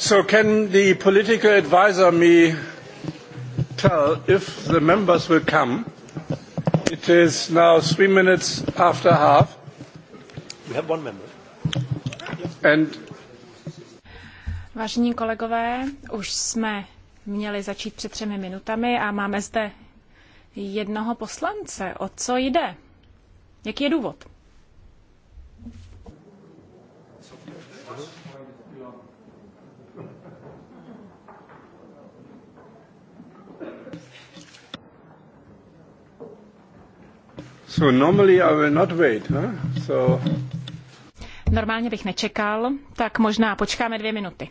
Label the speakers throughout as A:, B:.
A: So can the political advisor me tell if the members will come? It is now three minutes after half. We have one member. And
B: Vážení kolegové, už jsme měli začít před třemi minutami a máme zde jednoho poslance. O co jde? Jaký je důvod?
A: So normally I will not wait, huh?
B: so... Normálně bych nečekal, tak možná počkáme dvě minuty.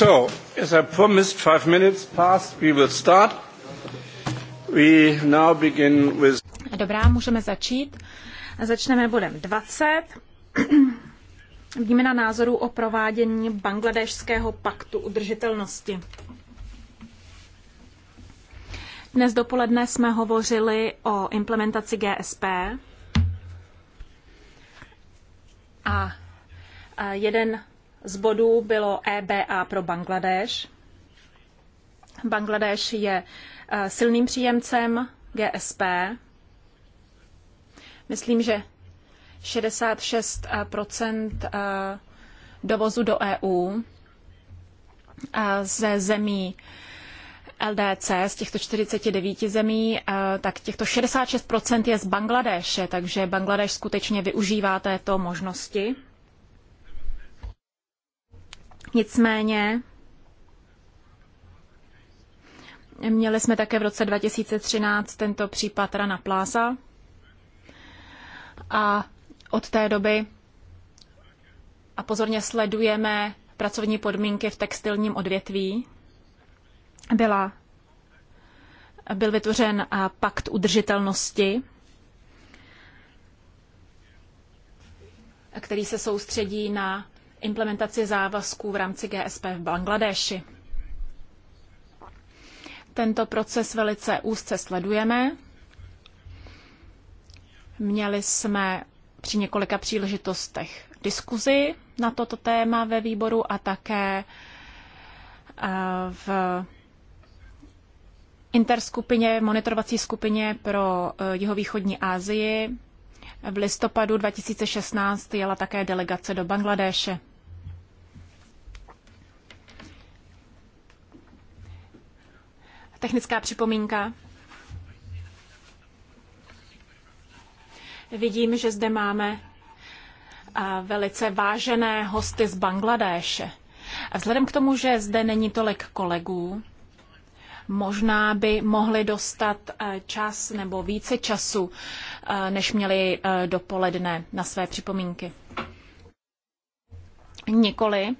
A: So, as I promised, five minutes we will start. We now begin with...
B: Dobrá, můžeme začít. Začneme bodem 20. Výměna názoru o provádění Bangladešského paktu udržitelnosti. Dnes dopoledne jsme hovořili o implementaci GSP a jeden z bodů bylo EBA pro Bangladeš. Bangladeš je eh, silným příjemcem GSP. Myslím, že 66 eh, eh, dovozu do EU ze zemí LDC, z těchto 49 zemí, tak těchto 66 je z Bangladeše, takže Bangladeš skutečně využívá této možnosti Nicméně měli jsme také v roce 2013 tento případ Rana Plaza a od té doby a pozorně sledujeme pracovní podmínky v textilním odvětví. Byla, byl vytvořen pakt udržitelnosti, který se soustředí na implementaci závazků v rámci GSP v Bangladeši. Tento proces velice úzce sledujeme. Měli jsme při několika příležitostech diskuzi na toto téma ve výboru a také eh, v interskupině, monitorovací skupině pro eh, jihovýchodní Asii. V listopadu 2016 jela také delegace do Bangladéše. Technická připomínka. Vidím, že zde máme velice vážené hosty z Bangladéše. A vzhledem k tomu, že zde není tolik kolegů, možná by mohli dostat čas nebo více času, než měli dopoledne na své připomínky. Nikoli,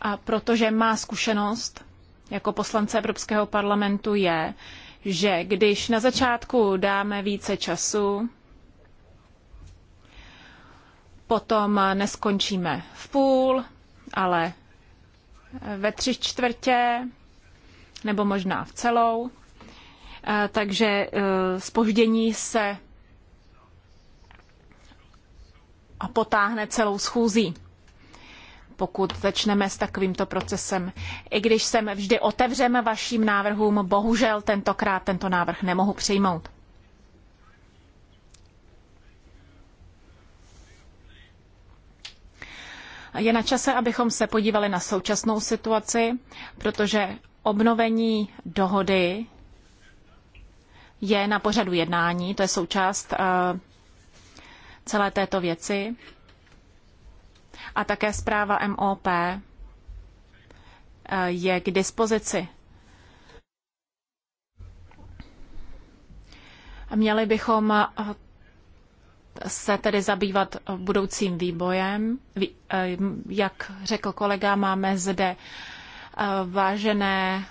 B: a protože má zkušenost jako poslance Evropského parlamentu je, že když na začátku dáme více času, potom neskončíme v půl, ale ve tři čtvrtě nebo možná v celou. Eh, takže spoždění eh, se a potáhne celou schůzí pokud začneme s takovýmto procesem. I když jsem vždy otevřem vaším návrhům, bohužel tentokrát tento návrh nemohu přijmout. Je na čase, abychom se podívali na současnou situaci, protože obnovení dohody je na pořadu jednání, to je součást eh, celé této věci a také zpráva MOP eh, je k dispozici. Měli bychom eh, se tedy zabývat eh, budoucím výbojem. Jak řekl kolega, máme zde váženého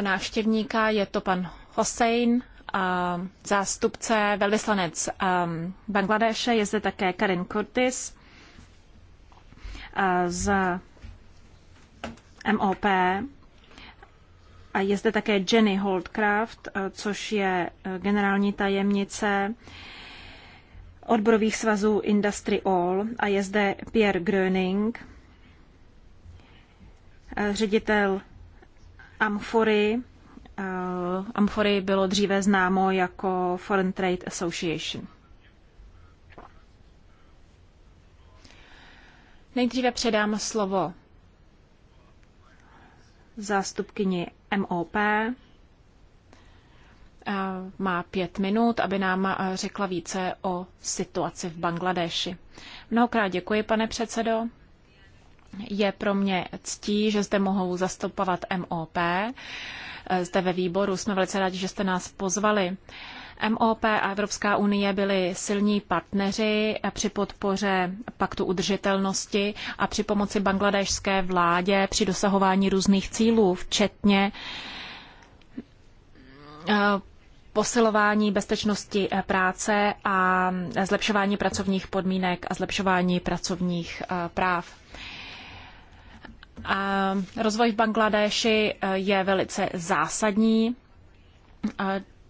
B: návštěvníka, je to pan Hossein, zástupce velvyslanec Bangladeše, je zde také Karin Curtis, z MOP. A je zde také Jenny Holdcraft, což je e, generální tajemnice odborových svazů Industry All a je zde Pierre Gröning, e, ředitel Amfory. E, Amfory bylo dříve známo jako Foreign Trade Association. Nejdříve předám slovo zástupkyni MOP. Má pět minut, aby nám řekla více o situaci v Bangladeši. Mnohokrát děkuji, pane předsedo. Je pro mě ctí, že zde mohou zastupovat MOP. Zde ve výboru jsme velice rádi, že jste nás pozvali. MOP a Evropská unie byly silní partneři při podpoře paktu udržitelnosti a při pomoci bangladešské vládě při dosahování různých cílů, včetně eh, posilování bezpečnosti eh, práce a zlepšování pracovních podmínek a zlepšování pracovních eh, práv. A rozvoj v Bangladeši je velice zásadní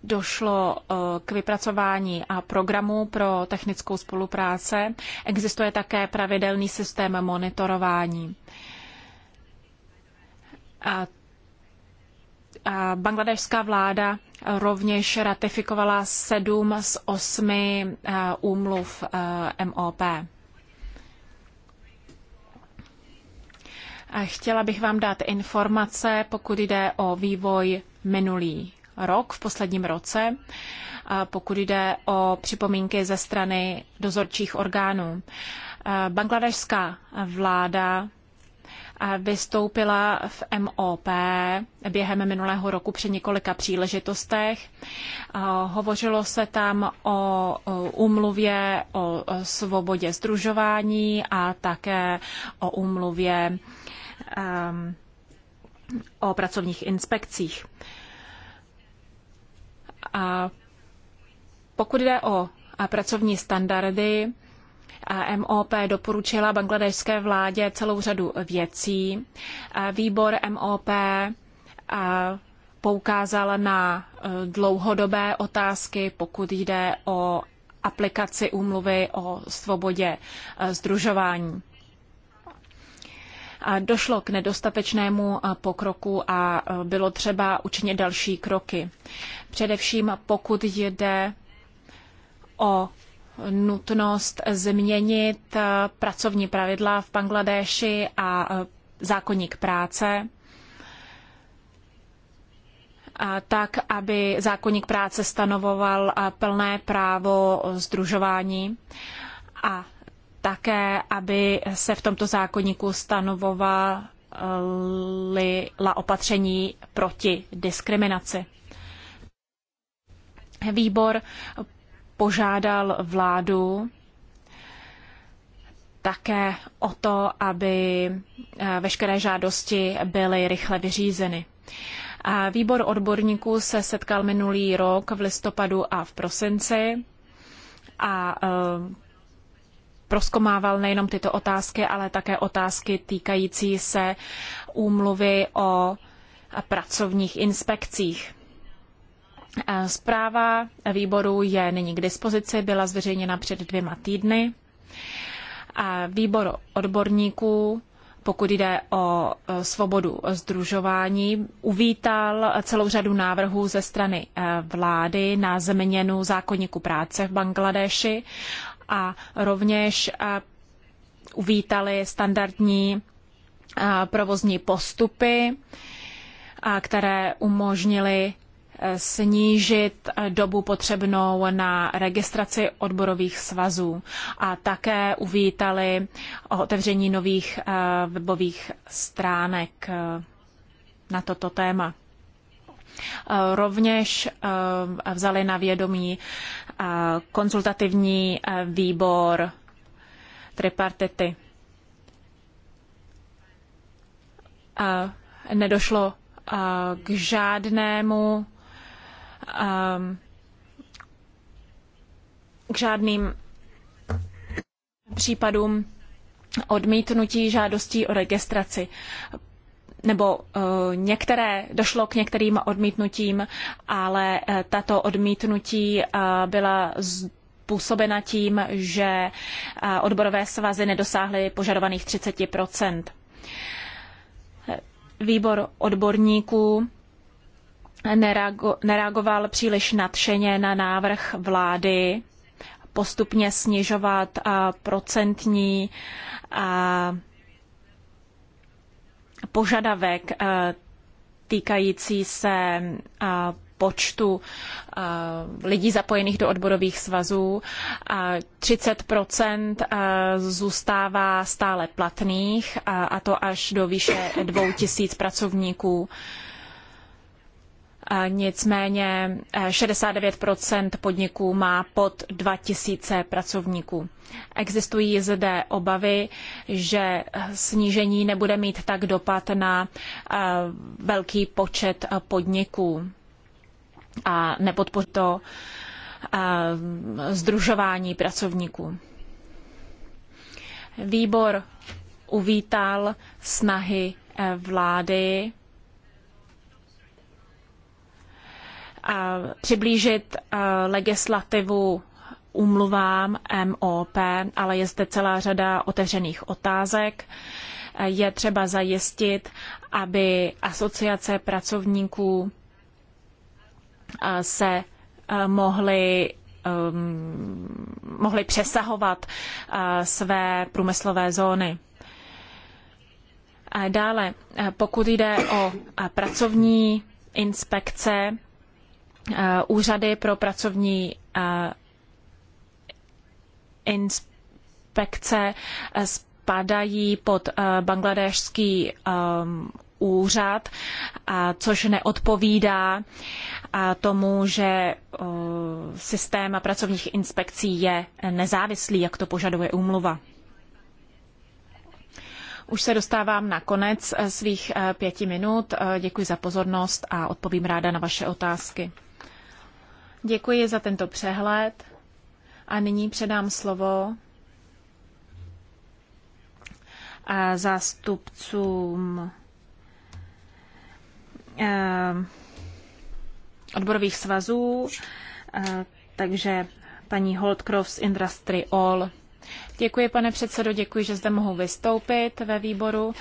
B: došlo eh, k vypracování a programu pro technickou spolupráce. Existuje také pravidelný systém monitorování. A Bangladešská vláda rovněž ratifikovala sedm z osmi eh, úmluv eh, MOP. Chtěla bych vám dát informace, pokud jde o vývoj minulý rok, v posledním roce, pokud jde o připomínky ze strany dozorčích orgánů. Bangladešská vláda vystoupila v MOP během minulého roku při několika příležitostech. Hovořilo se tam o úmluvě o svobodě združování a také o úmluvě ehm, o pracovních inspekcích. A pokud jde o a pracovní standardy, a MOP doporučila bangladežské vládě celou řadu věcí. Výbor MOP poukázal na e, dlouhodobé otázky, pokud jde o aplikaci úmluvy o svobodě združování. E, došlo k nedostatečnému pokroku a e, bylo třeba učinit další kroky. Především pokud jde o nutnost změnit e, pracovní pravidla v Bangladeši a e, zákonník práce, tak, aby zákonník práce stanovoval plné právo združování a také, aby se v tomto zákonníku stanovovala opatření proti diskriminaci. Výbor požádal vládu také o to, aby eh, veškeré žádosti byly rychle vyřízeny. Výbor odborníků se setkal minulý rok v listopadu a v prosinci a eh, proskomával nejenom tyto otázky, ale také otázky týkající se úmluvy o pracovních inspekcích. Zpráva výboru je nyní k dispozici, byla zveřejněna před dvěma týdny. Výbor odborníků, pokud jde o e, svobodu združování, uvítal celou řadu návrhů ze strany e, vlády na změnu zákonníku práce v Bangladeši a rovněž uvítali standardní provozní postupy, které umožnily e, snížit e, dobu potřebnou na registraci odborových svazů a také uvítali otevření nových e, webových stránek na toto téma. Eh, rovněž eh, vzali na vědomí eh, konzultativní výbor tripartity. Nedošlo k žádnému k žádným případům odmítnutí žádostí o registraci nebo eh, některé, došlo k některým odmítnutím, ale eh, tato odmítnutí eh, byla způsobena tím, že odborové svazy nedosáhly požadovaných 30 Výbor odborníků nereagoval příliš nadšeně na návrh vlády postupně snižovat procentní požadavek eh, týkající se eh, počtu eh, lidí zapojených do odborových svazů. 30 zůstává stále platných, a to až do výše 2000 pracovníků nicméně 69 eh, podniků má pod 2000 pracovníků. Existují zde obavy, že snížení nebude mít tak dopad na eh, velký počet podniků a nepodpoří to eh, združování pracovníků. Výbor uvítal snahy vlády přiblížit eh, legislativu umluvám MOP, ale je zde celá řada otevřených otázek. Eh, je třeba zajistit, aby asociace pracovníků eh, se mohly ehm, mohly přesahovat své průmyslové zóny. Dále, pokud jde o pracovní inspekce, Eh, úřady pro pracovní eh, inspekce eh, spadají pod bangladéšský úřad, což neodpovídá tomu, že systém pracovních inspekcí je nezávislý, jak to požaduje úmluva. Už se dostávám na konec svých pěti minut. Děkuji za pozornost a odpovím ráda na vaše otázky. Děkuji za tento přehled a nyní předám slovo eh, zástupcům eh, odborových svazů, eh, takže paní Holdcroft z Industry All. Děkuji, pane předsedo, děkuji, že zde mohu vystoupit ve výboru.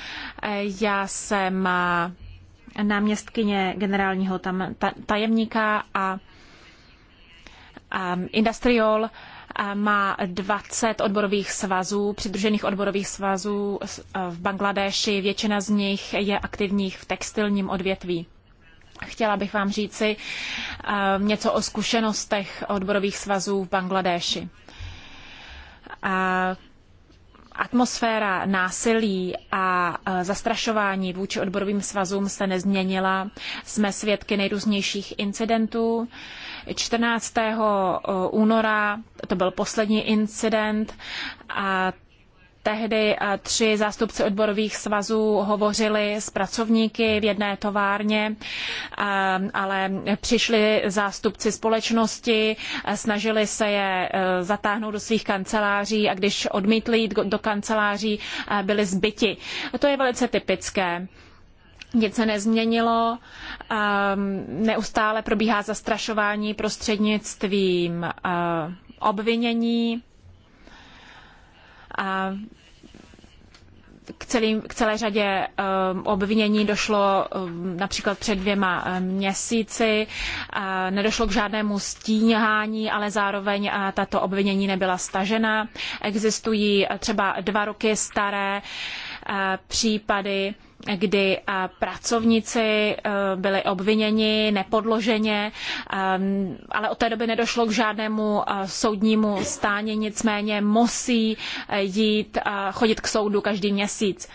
B: Já jsem náměstkyně generálního tajemníka a Um, Industriol um, má 20 odborových svazů, přidružených odborových svazů uh, v Bangladeši. Většina z nich je aktivních v textilním odvětví. Chtěla bych vám říci um, něco o zkušenostech odborových svazů v Bangladeši. Uh, Atmosféra násilí a uh, zastrašování vůči odborovým svazům se nezměnila. Jsme svědky nejrůznějších incidentů. 14. Eh, února to byl poslední incident a tehdy eh, tři zástupci odborových svazů hovořili s pracovníky v jedné továrně, eh, ale přišli zástupci společnosti, snažili se je zatáhnout do svých kanceláří a když odmítli jít do kanceláří, byli zbyti. To je velice typické nic se nezměnilo, ehm, neustále probíhá zastrašování prostřednictvím eh, obvinění. A k, celým, k celé řadě ehm, obvinění došlo ehm, například před dvěma eh, měsíci. Eh, nedošlo k žádnému stíhání, ale zároveň tato obvinění nebyla stažena. Existují třeba dva roky staré případy kdy eh, pracovníci eh, byli obviněni nepodloženě, ehm, ale od té doby nedošlo k žádnému eh, soudnímu stání, nicméně musí jít chodit k soudu každý měsíc.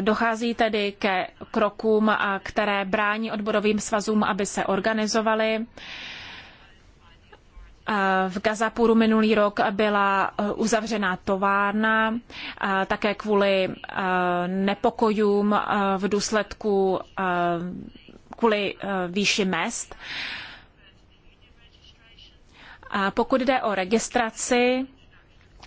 B: Dochází tedy ke krokům, které brání odborovým svazům, aby se organizovali. Eh, v Gazapuru minulý rok byla eh, uzavřena továrna, eh, také kvůli nepokojům v důsledku kvůli výši mest. Pokud jde o registraci,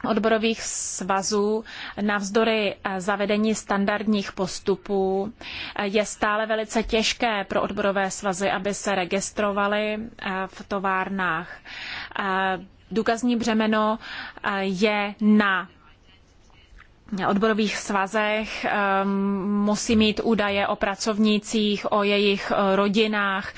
B: odborových svazů navzdory eh, zavedení standardních postupů eh, je stále velice těžké pro odborové svazy, aby se registrovaly eh, v továrnách. Důkazní břemeno je na odborových svazech ehm, musí mít údaje o pracovnících, o jejich eh, rodinách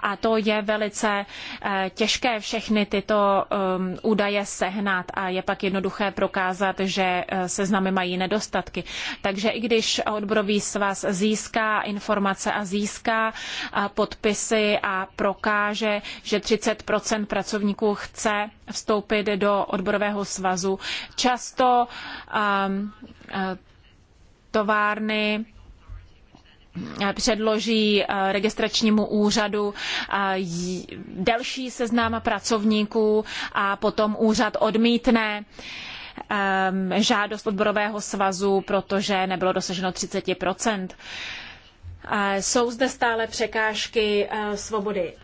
B: a to je velice eh, těžké všechny tyto ehm, údaje sehnat a je pak jednoduché prokázat, že eh, seznamy mají nedostatky. Takže i když odborový svaz získá informace a získá podpisy a prokáže, že 30% pracovníků chce vstoupit do odborového svazu. Často um, uh, továrny uh, předloží uh, registračnímu úřadu delší seznam pracovníků a potom úřad odmítne um, žádost odborového svazu, protože nebylo dosaženo 30 Jsou zde stále překážky svobody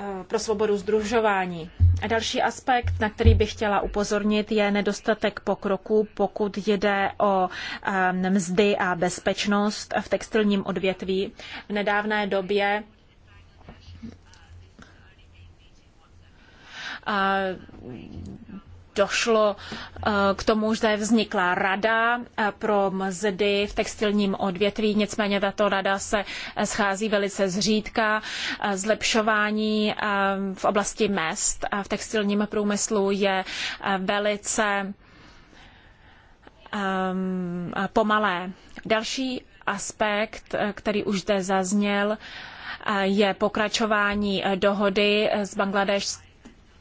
B: Eh, pro svobodu združování. A další aspekt, na který bych chtěla upozornit, je nedostatek pokroku, pokud jde o mzdy a bezpečnost v textilním odvětví. V nedávné době došlo eh, k tomu, že vznikla rada eh, pro mzdy v textilním odvětví, nicméně tato rada se eh, schází velice zřídka. Zlepšování v oblasti mest v textilním průmyslu je velice ehm, pomalé. Další aspekt, který už zde zazněl, je pokračování dohody s Bangladeš,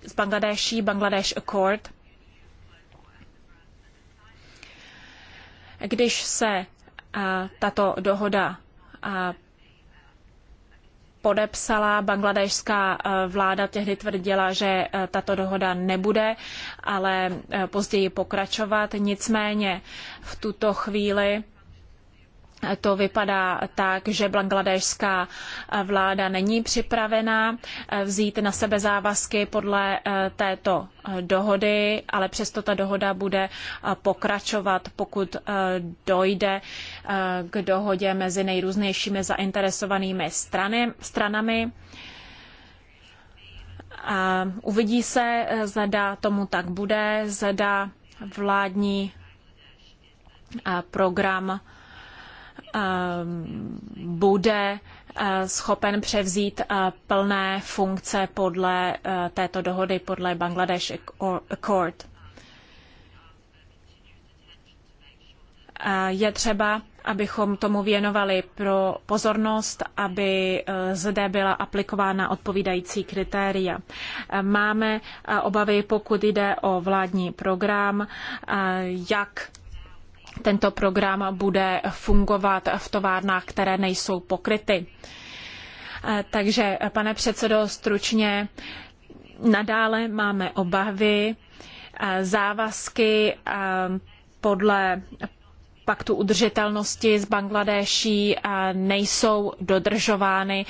B: s Bangladeší, Bangladesh Accord. Když se tato dohoda podepsala. Bangladešská vláda tehdy tvrdila, že tato dohoda nebude, ale později pokračovat. Nicméně v tuto chvíli to vypadá tak, že bangladešská vláda není připravená vzít na sebe závazky podle eh, této eh, dohody, ale přesto ta dohoda bude eh, pokračovat, pokud dojde k dohodě mezi nejrůznějšími zainteresovanými strany, stranami. A uvidí se, zda tomu tak bude, zda vládní program Ehm, bude eh, schopen převzít eh, plné funkce podle eh, této dohody, podle Bangladesh Accord. Je třeba, abychom tomu věnovali pro pozornost, aby zde byla aplikována odpovídající kritéria. Máme obavy, pokud jde o vládní program, jak tento program bude fungovat v továrnách, které nejsou pokryty. Eh, takže, pane předsedo, stručně nadále máme obavy, eh, závazky eh, podle paktu udržitelnosti z Bangladéší nejsou dodržovány.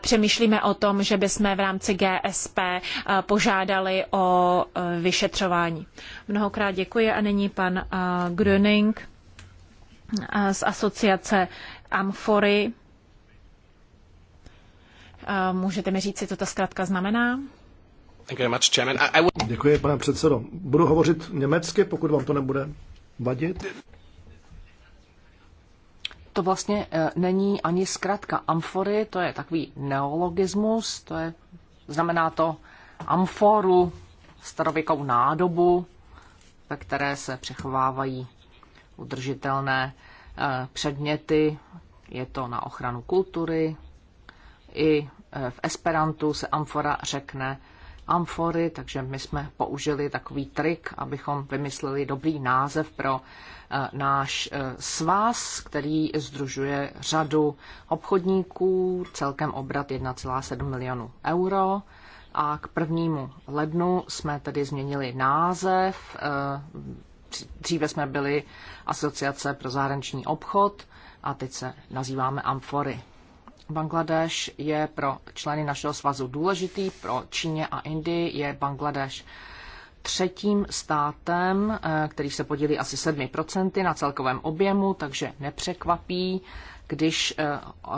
B: Přemýšlíme o tom, že bychom v rámci GSP požádali o vyšetřování. Mnohokrát děkuji a nyní pan eh, Gröning eh, z asociace Amfory. Eh, můžete mi říct, co ta zkrátka znamená?
A: Děkuji, pane předsedo. Budu hovořit německy, pokud vám to nebude vadit.
C: To vlastně není ani zkrátka amfory, to je takový neologismus, to je, znamená to amforu, starověkou nádobu, ve které se přechovávají udržitelné eh, předměty. Je to na ochranu kultury. I eh, v Esperantu se amfora řekne amfory, takže my jsme použili takový trik, abychom vymysleli dobrý název pro eh, náš svaz, který združuje řadu obchodníků, celkem obrat 1,7 milionu euro a k prvnímu lednu jsme tedy změnili název. Eh, dříve jsme byli Asociace pro zahraniční obchod a teď se nazýváme Amfory. Bangladeš je pro členy našeho svazu důležitý, pro Číně a Indii je Bangladeš třetím státem, eh, který se podílí asi 7% na celkovém objemu, takže nepřekvapí, když eh, eh,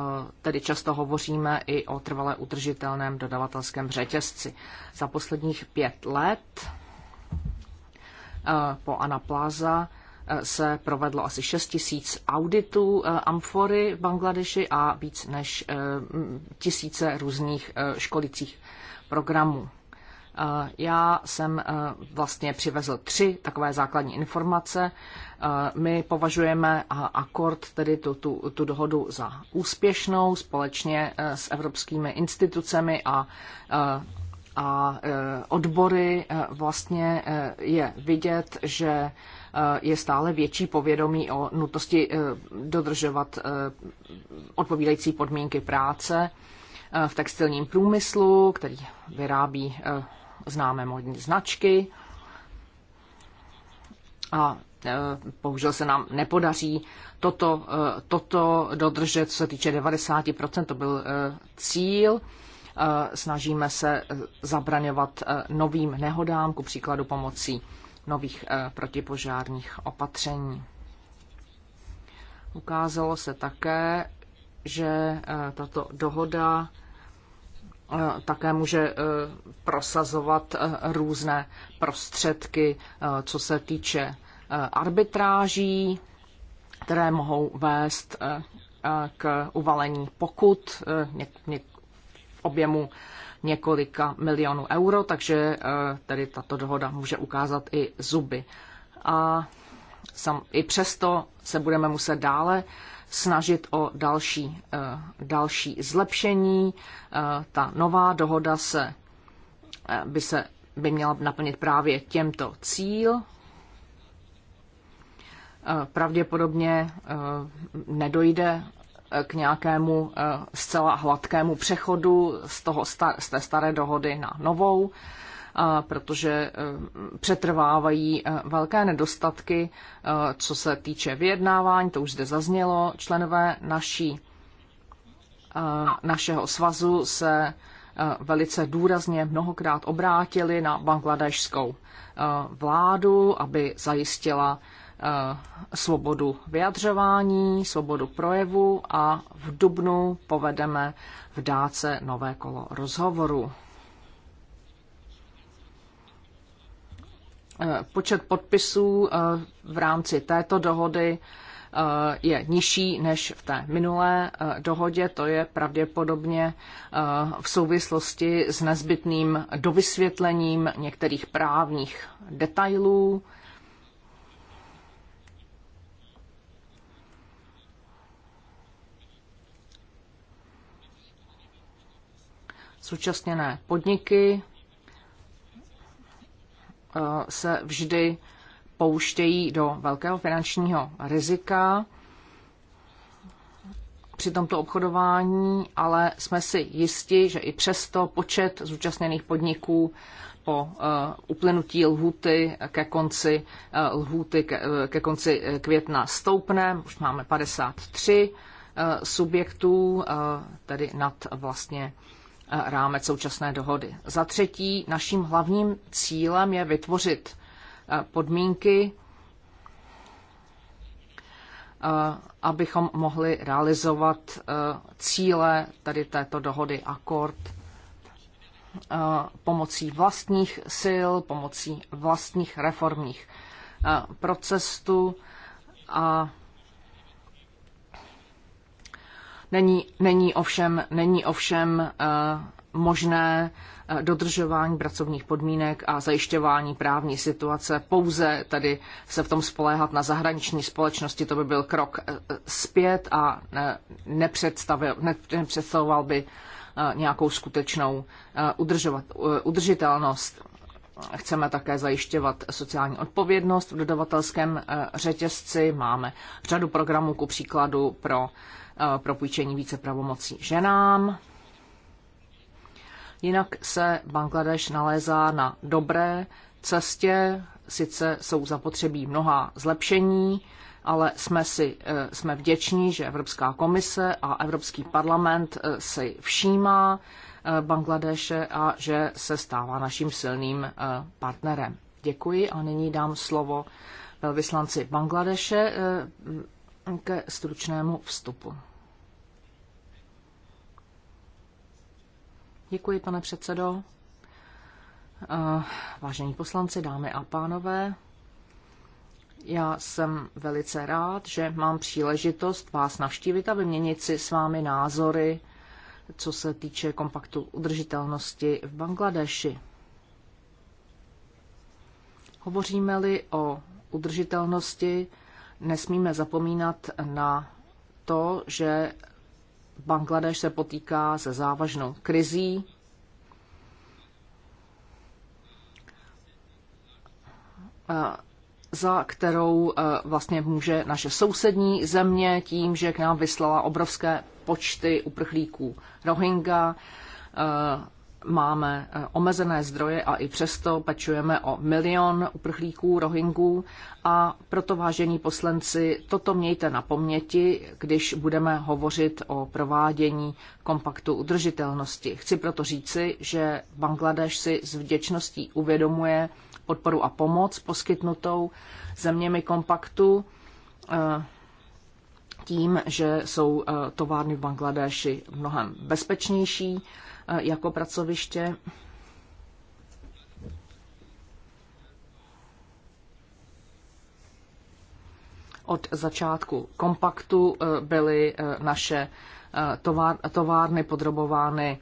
C: tedy často hovoříme i o trvale udržitelném dodavatelském řetězci. Za posledních pět let eh, po Anaplaza se provedlo asi 6 tisíc auditů amfory v Bangladeši a víc než tisíce různých školicích programů. Já jsem vlastně přivezl tři takové základní informace my považujeme akord, tedy tu, tu, tu dohodu za úspěšnou společně eh, s evropskými institucemi a eh, a eh, odbory vlastně je vidět, že je stále větší povědomí o nutnosti dodržovat odpovídající podmínky práce v textilním průmyslu, který vyrábí známé modní značky. A bohužel se nám nepodaří toto, eh, toto dodržet, co se týče 90%, to byl eh, cíl. Eh, snažíme se zabraňovat novým nehodám, ku příkladu pomocí nových protipožárních opatření. Ukázalo se také, že tato dohoda také může prosazovat různé prostředky, co se týče Eh, arbitráží, které mohou vést eh, eh, k uvalení pokut v objemu několika milionů euro, takže tedy tato dohoda může ukázat i zuby. A sam, i přesto se budeme muset dále snažit o další, další zlepšení. Ta nová dohoda se, by, se, by měla naplnit právě těmto cíl, pravděpodobně eh, nedojde eh, k nějakému eh, zcela hladkému přechodu z, toho, z té staré dohody na novou, protože přetrvávají velké nedostatky, co se týče vyjednávání, to už zde zaznělo, členové naší, našeho svazu se velice důrazně mnohokrát obrátili na bangladešskou vládu, aby zajistila Eh, svobodu vyjadřování, svobodu projevu a v dubnu povedeme v dáce nové kolo rozhovoru. Eh, počet podpisů eh, v rámci této dohody je nižší než v té minulé dohodě. To je pravděpodobně v souvislosti s nezbytným dovysvětlením některých právních detailů Současněné podniky eh, se vždy pouštějí do velkého finančního rizika při tomto obchodování, ale jsme si jisti, že i přesto počet zúčastněných podniků po eh, uplynutí lhuty ke konci, eh, lhuty ke, ke konci května stoupne. Už máme 53 subjektů, tedy nad vlastně rámec současné dohody. Za třetí, naším hlavním cílem je vytvořit eh, podmínky, eh, abychom mohli realizovat eh, cíle tady této dohody akord pomocí vlastních sil, pomocí vlastních reformních procesů a Není, není ovšem, není ovšem eh, možné eh, dodržování pracovních podmínek a zajišťování právní situace. Pouze tady se v tom spoléhat na zahraniční společnosti, to by byl krok eh, zpět a nepředstavoval by nějakou skutečnou udržovat, udržitelnost. Chceme také zajišťovat sociální odpovědnost v dodavatelském řetězci. Máme řadu programů, ku příkladu pro Eh, propůjčení více pravomocí ženám. Jinak se Bangladeš nalézá na dobré cestě, sice jsou zapotřebí mnoha zlepšení, ale jsme, si, eh, jsme vděční, že Evropská komise a Evropský parlament eh, si všímá Bangladeše a že se stává naším silným partnerem. Děkuji a nyní dám slovo velvyslanci Bangladeše, ke stručnému vstupu. Děkuji, pane předsedo. Eh, vážení poslanci, dámy a pánové, já jsem velice rád, že mám příležitost vás navštívit a vyměnit si s vámi názory, co se týče kompaktu udržitelnosti v Bangladeši. Hovoříme-li o udržitelnosti, nesmíme zapomínat na to, že Bangladeš se potýká se závažnou krizí. za kterou e, vlastně může naše sousední země tím, že k nám vyslala obrovské počty uprchlíků Rohingya, e, máme eh, omezené zdroje a i přesto pečujeme o milion uprchlíků, rohingů a proto, vážení poslanci, toto mějte na paměti, když budeme hovořit o provádění kompaktu udržitelnosti. Chci proto říci, že Bangladeš si s vděčností uvědomuje podporu a pomoc poskytnutou zeměmi kompaktu eh, tím, že jsou eh, továrny v Bangladeši mnohem bezpečnější Eh, jako pracoviště. Od začátku kompaktu eh, byly eh, naše továrny podrobovány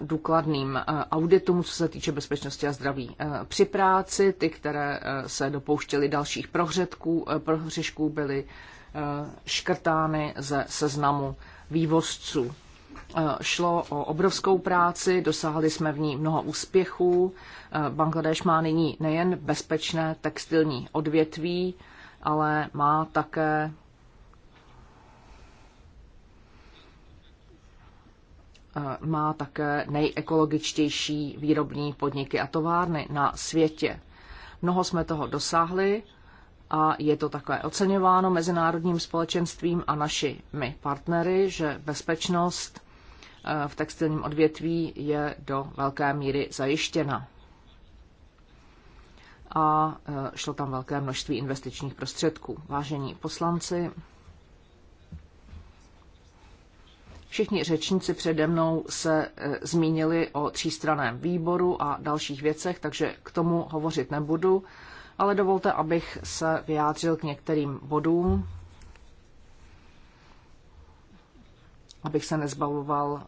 C: důkladným auditům, co se týče bezpečnosti a zdraví při práci. Ty, které se dopouštěly dalších prohřetků, prohřešků, byly škrtány ze seznamu vývozců. Eh, šlo o obrovskou práci, dosáhli jsme v ní mnoho úspěchů. Eh, Bangladeš má nyní nejen bezpečné textilní odvětví, ale má také eh, má také nejekologičtější výrobní podniky a továrny na světě. Mnoho jsme toho dosáhli a je to také oceňováno mezinárodním společenstvím a našimi partnery, že bezpečnost eh, v textilním odvětví je do velké míry zajištěna. A eh, šlo tam velké množství investičních prostředků. Vážení poslanci, Všichni řečníci přede mnou se eh, zmínili o třístraném výboru a dalších věcech, takže k tomu hovořit nebudu ale dovolte, abych se vyjádřil k některým bodům, abych se nezbavoval uh,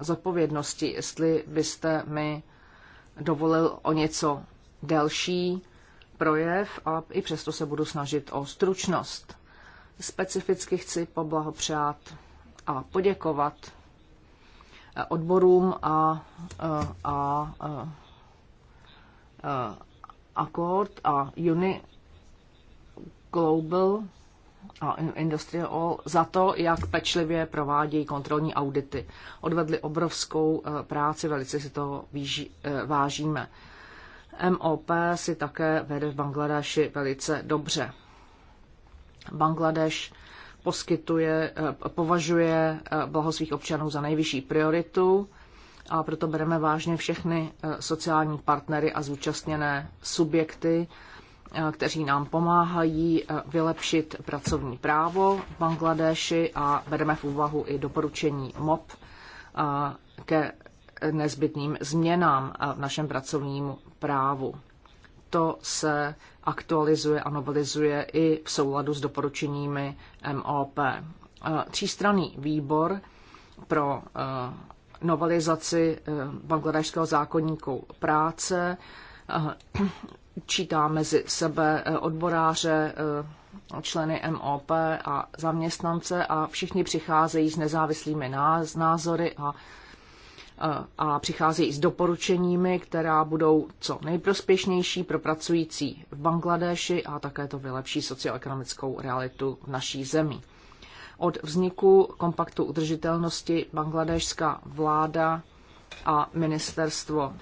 C: zodpovědnosti. Jestli byste mi dovolil o něco delší projev a i přesto se budu snažit o stručnost. Specificky chci poblahopřát a poděkovat eh, odborům a, eh, a, a, a Accord a Uni Global a Industrial za to, jak pečlivě provádějí kontrolní audity. Odvedli obrovskou eh, práci, velice si to eh, vážíme. MOP si také vede v Bangladeši velice dobře. Bangladeš poskytuje, eh, považuje blaho svých občanů za nejvyšší prioritu a proto bereme vážně všechny eh, sociální partnery a zúčastněné subjekty, eh, kteří nám pomáhají eh, vylepšit pracovní právo v Bangladeši a bereme v úvahu i doporučení MOP ke nezbytným změnám v našem pracovním právu. To se aktualizuje a novelizuje i v souladu s doporučeními MOP. Třístranný výbor pro novelizaci eh, bangladešského zákonníku práce. Eh, Čítá mezi sebe eh, odboráře, členy MOP a zaměstnance a všichni přicházejí s nezávislými názory a a přicházejí s doporučeními, která budou co nejprospěšnější pro pracující v Bangladeši a také to vylepší socioekonomickou realitu v naší zemi. Od vzniku kompaktu udržitelnosti bangladešská vláda a ministerstvo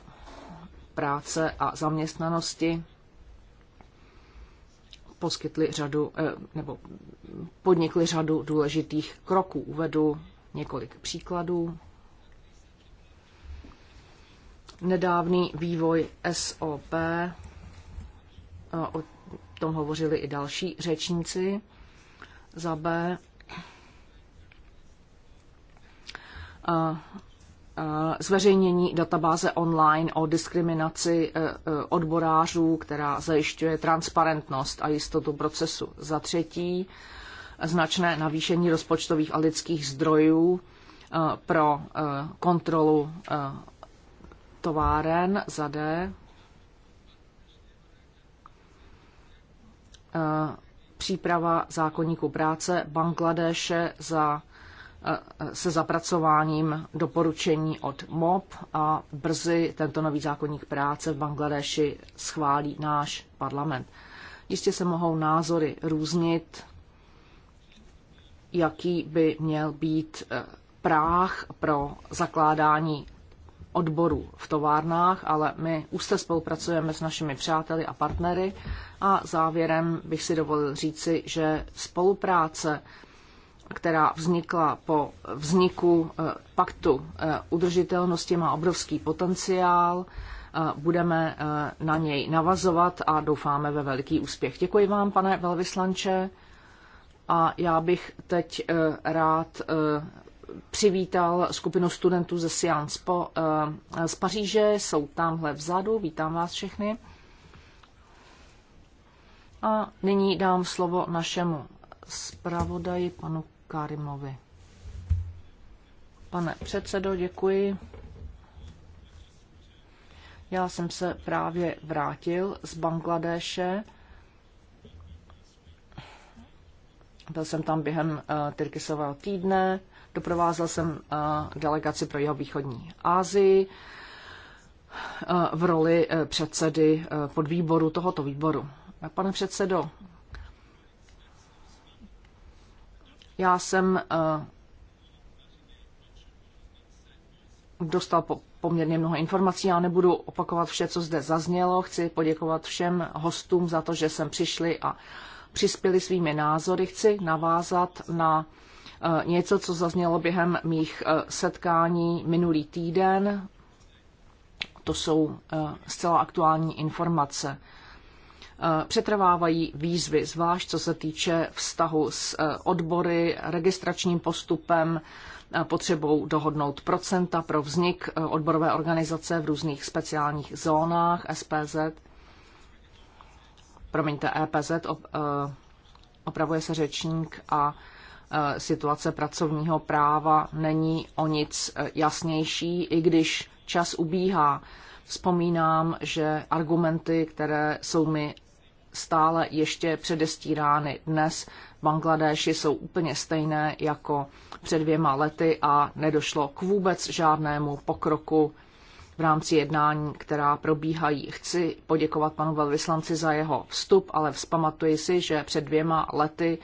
C: práce a zaměstnanosti poskytli řadu, eh, nebo podnikli řadu důležitých kroků. Uvedu několik příkladů. Nedávný vývoj SOP, eh, o tom hovořili i další řečníci, za B zveřejnění databáze online o diskriminaci e, e, odborářů, která zajišťuje transparentnost a jistotu procesu. Za třetí, značné navýšení rozpočtových a lidských zdrojů e, pro kontrolu továren za D. Příprava zákonníku práce Bangladeše za se zapracováním doporučení od MOB a brzy tento nový zákonník práce v Bangladeši schválí náš parlament. Jistě se mohou názory různit, jaký by měl být eh, práh pro zakládání odborů v továrnách, ale my úzce spolupracujeme s našimi přáteli a partnery a závěrem bych si dovolil říci, že spolupráce která vznikla po vzniku eh, paktu eh, udržitelnosti, má obrovský potenciál. Eh, budeme na něj navazovat a doufáme ve veliký úspěch. Děkuji vám, pane velvyslanče. A já bych teď rád přivítal skupinu studentů ze Sciences Po z Paříže. Jsou tamhle vzadu. Vítám vás všechny. A nyní dám slovo našemu zpravodaji panu Karimovi. Pane předsedo, děkuji. Já jsem se právě vrátil z Bangladéše. Byl jsem tam během uh, Tyrkisového týdne, doprovázel jsem uh, delegaci pro jeho východní Asii uh, v roli uh, předsedy uh, podvýboru tohoto výboru. Pane předsedo, Já jsem eh, dostal po, poměrně mnoho informací. Já nebudu opakovat vše, co zde zaznělo. Chci poděkovat všem hostům za to, že sem přišli a přispěli svými názory. Chci navázat na eh, něco, co zaznělo během mých eh, setkání minulý týden. To jsou zcela aktuální informace. Eh, přetrvávají výzvy, zvlášť co se týče vztahu s eh, odbory, registračním postupem, eh, potřebou dohodnout procenta pro vznik odborové organizace v různých speciálních zónách SPZ. Promiňte, EPZ, opravuje se řečník a situace pracovního práva není o nic jasnější, i když čas ubíhá. Vzpomínám, že argumenty, které jsou mi stále ještě předestírány dnes. Bangladeši jsou úplně stejné jako před dvěma lety a nedošlo k vůbec žádnému pokroku v rámci jednání, která probíhají. Chci poděkovat panu velvyslanci za jeho vstup, ale vzpamatuji si, že před dvěma lety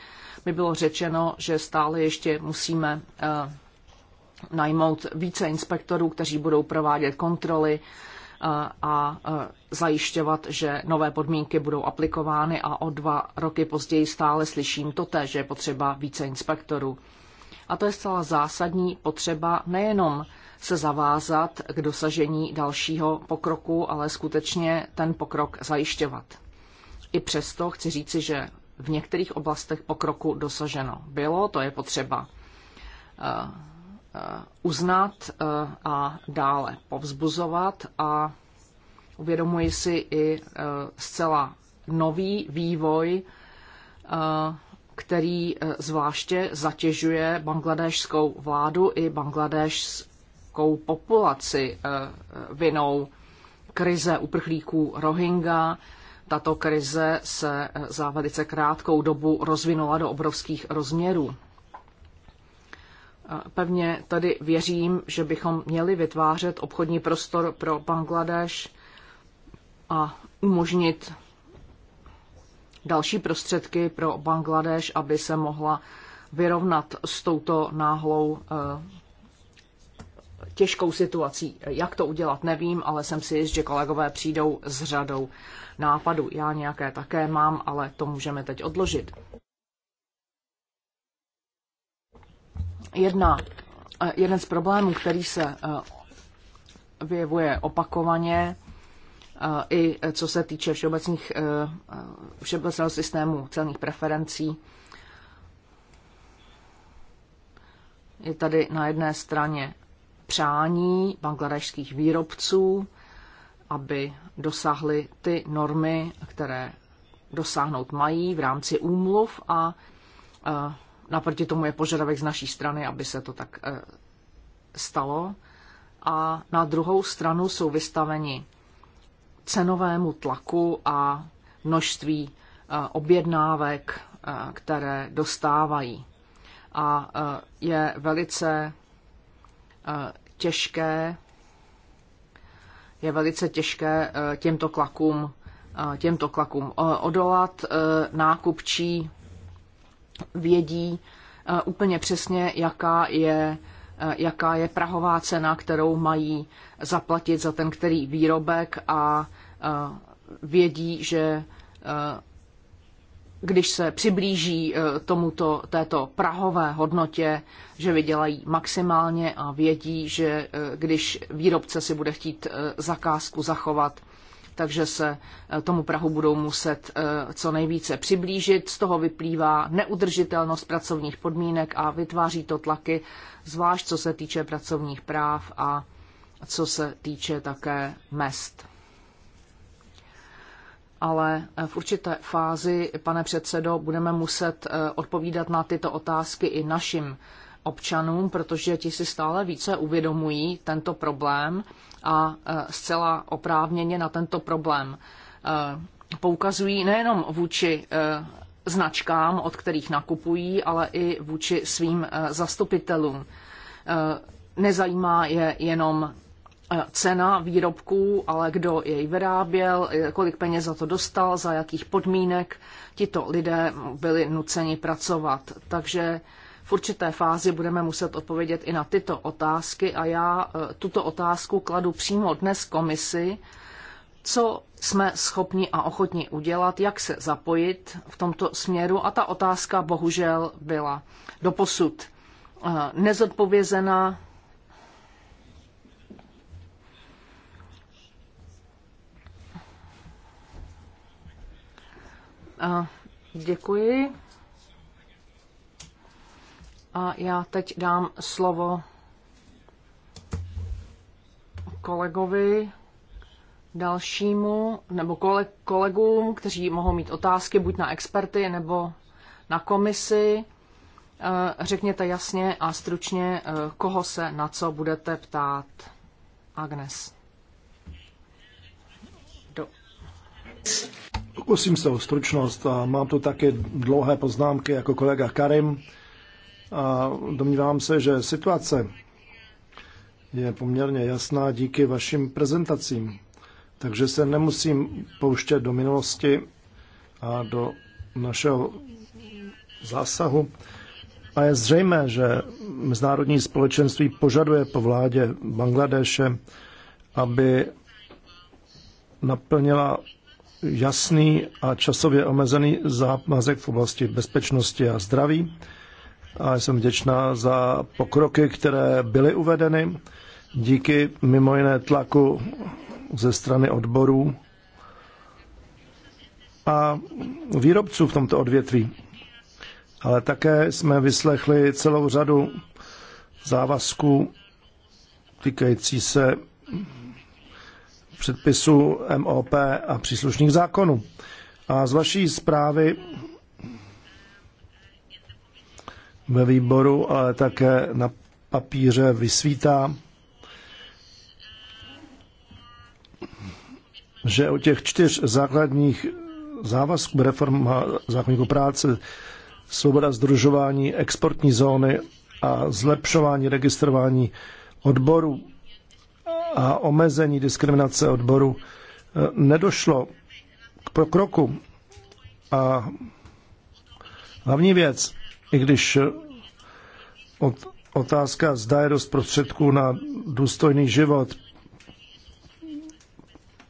C: mi bylo řečeno, že stále ještě musíme eh, najmout více inspektorů, kteří budou provádět kontroly, a zajišťovat, že nové podmínky budou aplikovány a o dva roky později stále slyším té, že je potřeba více inspektorů. A to je zcela zásadní potřeba nejenom se zavázat k dosažení dalšího pokroku, ale skutečně ten pokrok zajišťovat. I přesto chci říci, že v některých oblastech pokroku dosaženo bylo, to je potřeba eh, Eh, uznat eh, a dále povzbuzovat a uvědomuji si i eh, zcela nový vývoj, který zvláště zatěžuje bangladéšskou vládu i bangladéšskou populaci vinou krize uprchlíků Rohingya. Tato krize se za velice krátkou dobu rozvinula do obrovských rozměrů. Pevně tady věřím, že bychom měli vytvářet obchodní prostor pro Bangladeš a umožnit další prostředky pro Bangladeš, aby se mohla vyrovnat s touto náhlou eh, těžkou situací. Jak to udělat, nevím, ale jsem si jist, že kolegové přijdou s řadou nápadů. Já nějaké také mám, ale to můžeme teď odložit. Jedna, eh, jeden z problémů, který se eh, vyjevuje opakovaně, eh, i co se týče všeobecných, všeobecného systému celních preferencí, je tady na jedné straně přání bangladešských výrobců, aby dosáhly ty normy, které dosáhnout mají v rámci úmluv a Naproti tomu je požadavek z naší strany, aby se to tak eh, stalo. A na druhou stranu jsou vystaveni cenovému tlaku a množství eh, objednávek, eh, které dostávají. A je velice těžké, je velice těžké těmto klakům, těmto klakům odolat. Nákupčí vědí eh, úplně přesně, jaká je, eh, jaká je prahová cena, kterou mají zaplatit za ten který výrobek a eh, vědí, že když se přiblíží tomuto, této prahové hodnotě, že vydělají maximálně a vědí, že když výrobce si bude chtít zakázku zachovat, takže se eh, tomu Prahu budou muset eh, co nejvíce přiblížit. Z toho vyplývá neudržitelnost pracovních podmínek a vytváří to tlaky, zvlášť co se týče pracovních práv a co se týče také mest. Ale eh, v určité fázi, pane předsedo, budeme muset odpovídat na tyto otázky i našim občanům, protože ti si stále více uvědomují tento problém a e, zcela oprávněně na tento problém e, poukazují nejenom vůči e, značkám, od kterých nakupují, ale i vůči svým zastupitelům. Nezajímá je jenom cena výrobků, ale kdo jej vyráběl, kolik peněz za to dostal, za jakých podmínek tito lidé byli nuceni pracovat. Takže v určité fázi budeme muset odpovědět i na tyto otázky a já e, tuto otázku kladu přímo dnes komisi, co jsme schopni a ochotni udělat, jak se zapojit v tomto směru a ta otázka bohužel byla doposud e, nezodpovězená, e, Děkuji. A já teď dám slovo kolegovi dalšímu, nebo kole, kolegům, kteří mohou mít otázky buď na experty nebo na komisi. Eh, řekněte jasně a stručně, eh, koho se na co budete ptát. Agnes. Do.
A: Pokusím se o stručnost a mám tu také dlouhé poznámky jako kolega Karim. A domnívám se, že situace je poměrně jasná díky vašim prezentacím. Takže se nemusím pouštět do minulosti a do našeho zásahu. A je zřejmé, že mezinárodní společenství požaduje po vládě Bangladeše, aby naplnila jasný a časově omezený závazek v oblasti bezpečnosti a zdraví a jsem vděčná za pokroky, které byly uvedeny díky mimo jiné tlaku ze strany odborů a výrobců v tomto odvětví. Ale také jsme vyslechli celou řadu závazků týkající se předpisu MOP a příslušných zákonů. A z vaší zprávy ve výboru, ale také na papíře vysvítá, že o těch čtyř základních závazků reform zákonníku práce, svoboda združování, exportní zóny a zlepšování registrování odboru a omezení diskriminace odboru eh, nedošlo k pokroku. A hlavní věc, i když eh, otázka, zda je dost prostředků na důstojný život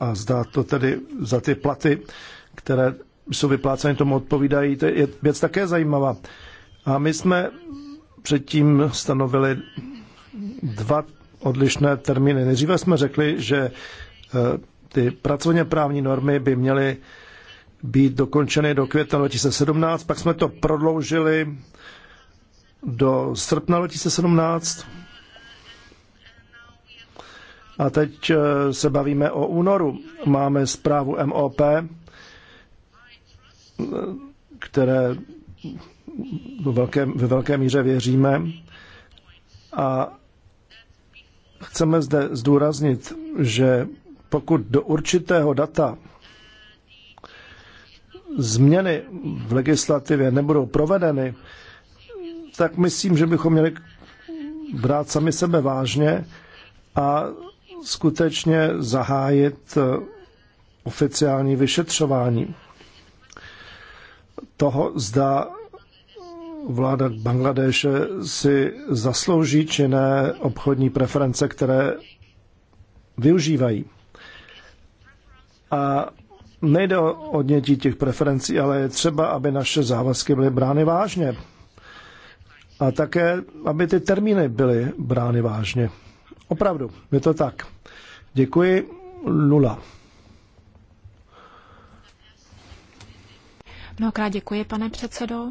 A: a zda to tedy za ty platy, které jsou vypláceny, tomu odpovídají, to je věc také zajímavá. A my jsme předtím stanovili dva odlišné termíny. Nejdříve jsme řekli, že eh, ty pracovně právní normy by měly být dokončeny do května 2017, pak jsme to prodloužili do srpna 2017. A teď eh, se bavíme o únoru. Máme zprávu MOP, eh, které ve velké, ve velké míře věříme. A chceme zde zdůraznit, že pokud do určitého data změny v legislativě nebudou provedeny, tak myslím, že bychom měli brát sami sebe vážně a skutečně zahájit eh, oficiální vyšetřování toho, zda vláda Bangladeše si zaslouží či ne obchodní preference, které využívají. A Nejde o odnětí těch preferencí, ale je třeba, aby naše závazky byly brány vážně. A také, aby ty termíny byly brány vážně. Opravdu, je to tak. Děkuji. Lula.
B: Mnohokrát děkuji, pane předsedo.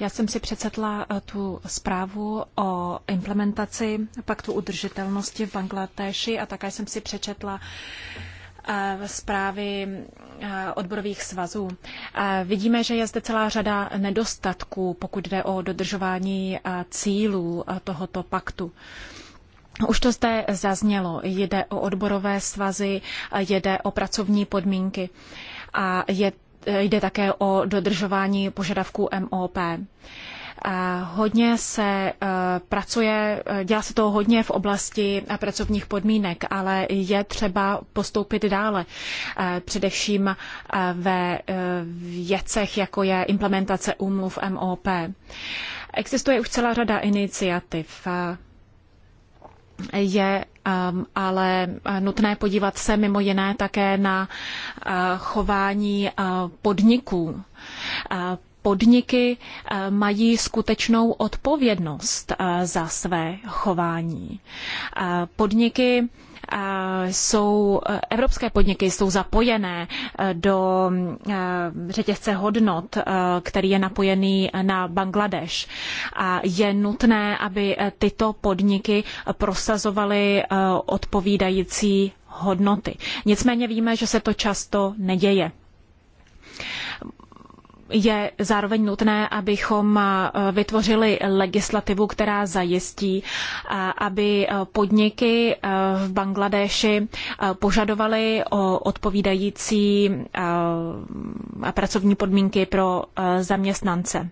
B: Já jsem si přecetla eh, tu zprávu o implementaci paktu udržitelnosti v Bangladeši a také jsem si přečetla zprávy odborových svazů. Vidíme, že je zde celá řada nedostatků, pokud jde o dodržování cílů tohoto paktu. Už to zde zaznělo. Jde o odborové svazy, jde o pracovní podmínky a je, jde také o dodržování požadavků MOP. Hodně se eh, pracuje, eh, dělá se toho hodně v oblasti eh, pracovních podmínek, ale je třeba postoupit dále, především ve věcech, jako je implementace úmluv MOP. Existuje už celá řada iniciativ je um, ale nutné podívat se mimo jiné také na uh, chování uh, podniků. Uh, podniky eh, mají skutečnou odpovědnost eh, za své chování. Eh, podniky jsou, evropské podniky jsou zapojené do řetězce hodnot, který je napojený na Bangladeš. A je nutné, aby tyto podniky prosazovaly odpovídající hodnoty. Nicméně víme, že se to často neděje je zároveň nutné, abychom vytvořili legislativu, která zajistí, aby podniky v Bangladeši požadovaly o odpovídající pracovní podmínky pro zaměstnance.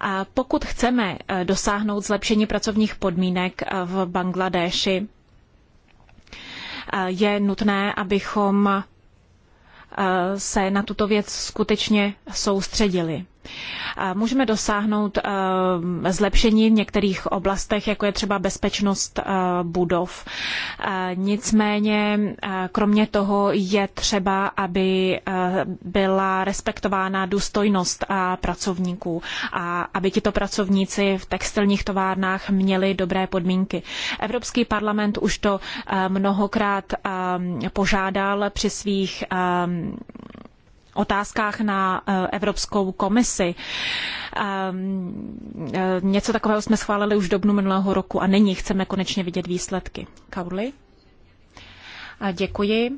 B: A pokud chceme dosáhnout zlepšení pracovních podmínek v Bangladeši, je nutné, abychom Eh, se na tuto věc skutečně soustředili. Můžeme dosáhnout eh, zlepšení v některých oblastech, jako je třeba bezpečnost eh, budov. Eh, nicméně, kromě toho je třeba, aby byla respektována důstojnost pracovníků a aby tito pracovníci v textilních továrnách měli dobré podmínky. Evropský parlament už to mnohokrát požádal při svých otázkách na eh, Evropskou komisi. Ehm, eh, něco takového jsme schválili už v dubnu minulého roku a nyní chceme konečně vidět výsledky. Kaurli? Děkuji.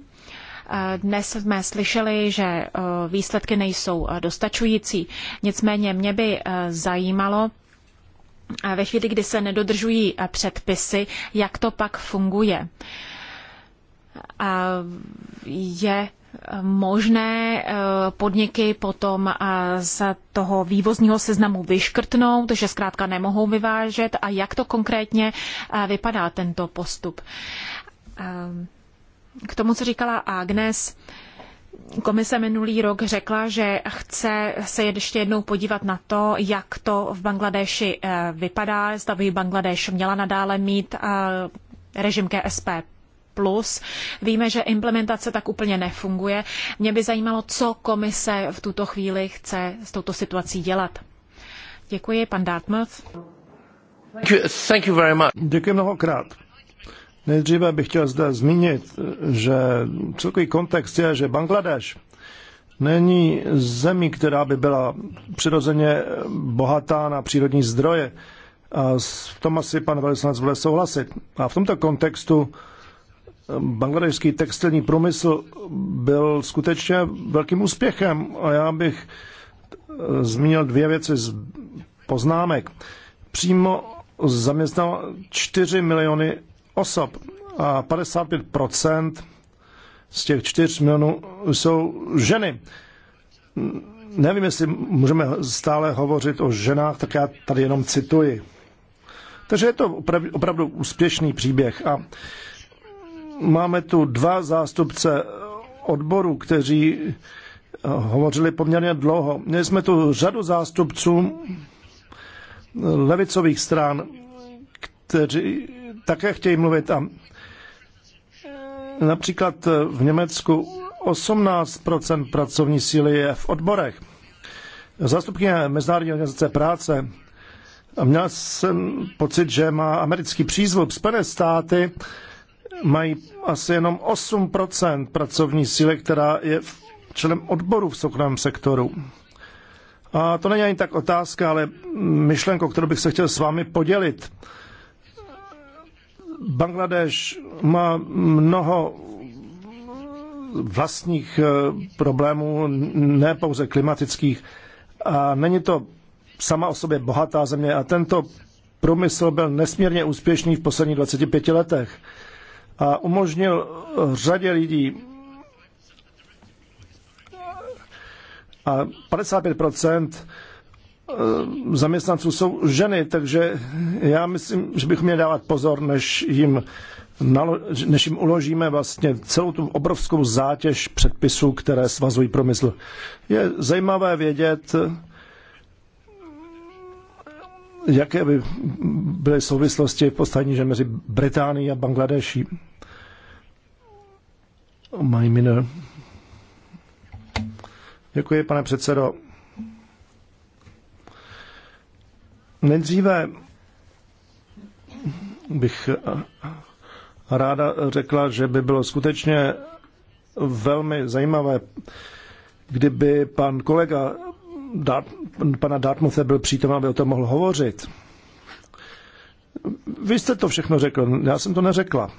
B: Eh, dnes jsme slyšeli, že výsledky nejsou dostačující. Nicméně mě by zajímalo, ve chvíli, kdy se nedodržují předpisy, jak to pak funguje. Je možné eh, podniky potom eh, z toho vývozního seznamu vyškrtnout, že zkrátka nemohou vyvážet a jak to konkrétně eh, vypadá tento postup. K tomu, co říkala Agnes, Komise minulý rok řekla, že chce se ještě jednou podívat na to, jak to v Bangladeši vypadá, zda by Bangladeš měla nadále mít režim KSP plus. Víme, že implementace tak úplně nefunguje. Mě by zajímalo, co komise v tuto chvíli chce s touto situací dělat. Děkuji, pan Dartmouth.
A: Thank you very much. Děkuji mnohokrát. Nejdříve bych chtěl zde zmínit, že celkový kontext je, že Bangladeš není zemí, která by byla přirozeně bohatá na přírodní zdroje. A v tom asi pan velvyslanec bude souhlasit. A v tomto kontextu bangladešský textilní průmysl byl skutečně velkým úspěchem a já bych eh, zmínil dvě věci z poznámek. Přímo zaměstnal 4 miliony osob a 55% z těch 4 milionů jsou ženy. Nevím, jestli můžeme stále hovořit o ženách, tak já tady jenom cituji. Takže je to opravdu úspěšný příběh. A Máme tu dva zástupce odboru, kteří eh, hovořili poměrně dlouho. Měli jsme tu řadu zástupců levicových stran, kteří také chtějí mluvit. A eh, například eh, v Německu 18 pracovní síly je v odborech. Zástupkyně Mezinárodní organizace práce a měl jsem pocit, že má americký přízvuk. Spojené státy mají asi jenom 8 pracovní síly, která je členem odboru v soukromém sektoru. A to není ani tak otázka, ale myšlenko, kterou bych se chtěl s vámi podělit. Bangladeš má mnoho vlastních eh, problémů, ne pouze klimatických. A není to sama o sobě bohatá země. A tento průmysl byl nesmírně úspěšný v posledních 25 letech a umožnil řadě lidí a 55% eh, zaměstnanců jsou ženy, takže já myslím, že bych měl dávat pozor, než jim, než jim uložíme vlastně celou tu obrovskou zátěž předpisů, které svazují promysl. Je zajímavé vědět, jaké by byly souvislosti v postavení že mezi Británií a Bangladeší. Majminer. Děkuji, pane předsedo. Nejdříve bych ráda řekla, že by bylo skutečně velmi zajímavé, kdyby pan kolega Dát, pana Dartmouthe byl přítomen, aby o tom mohl hovořit. Vy jste to všechno řekl, já jsem to neřekla.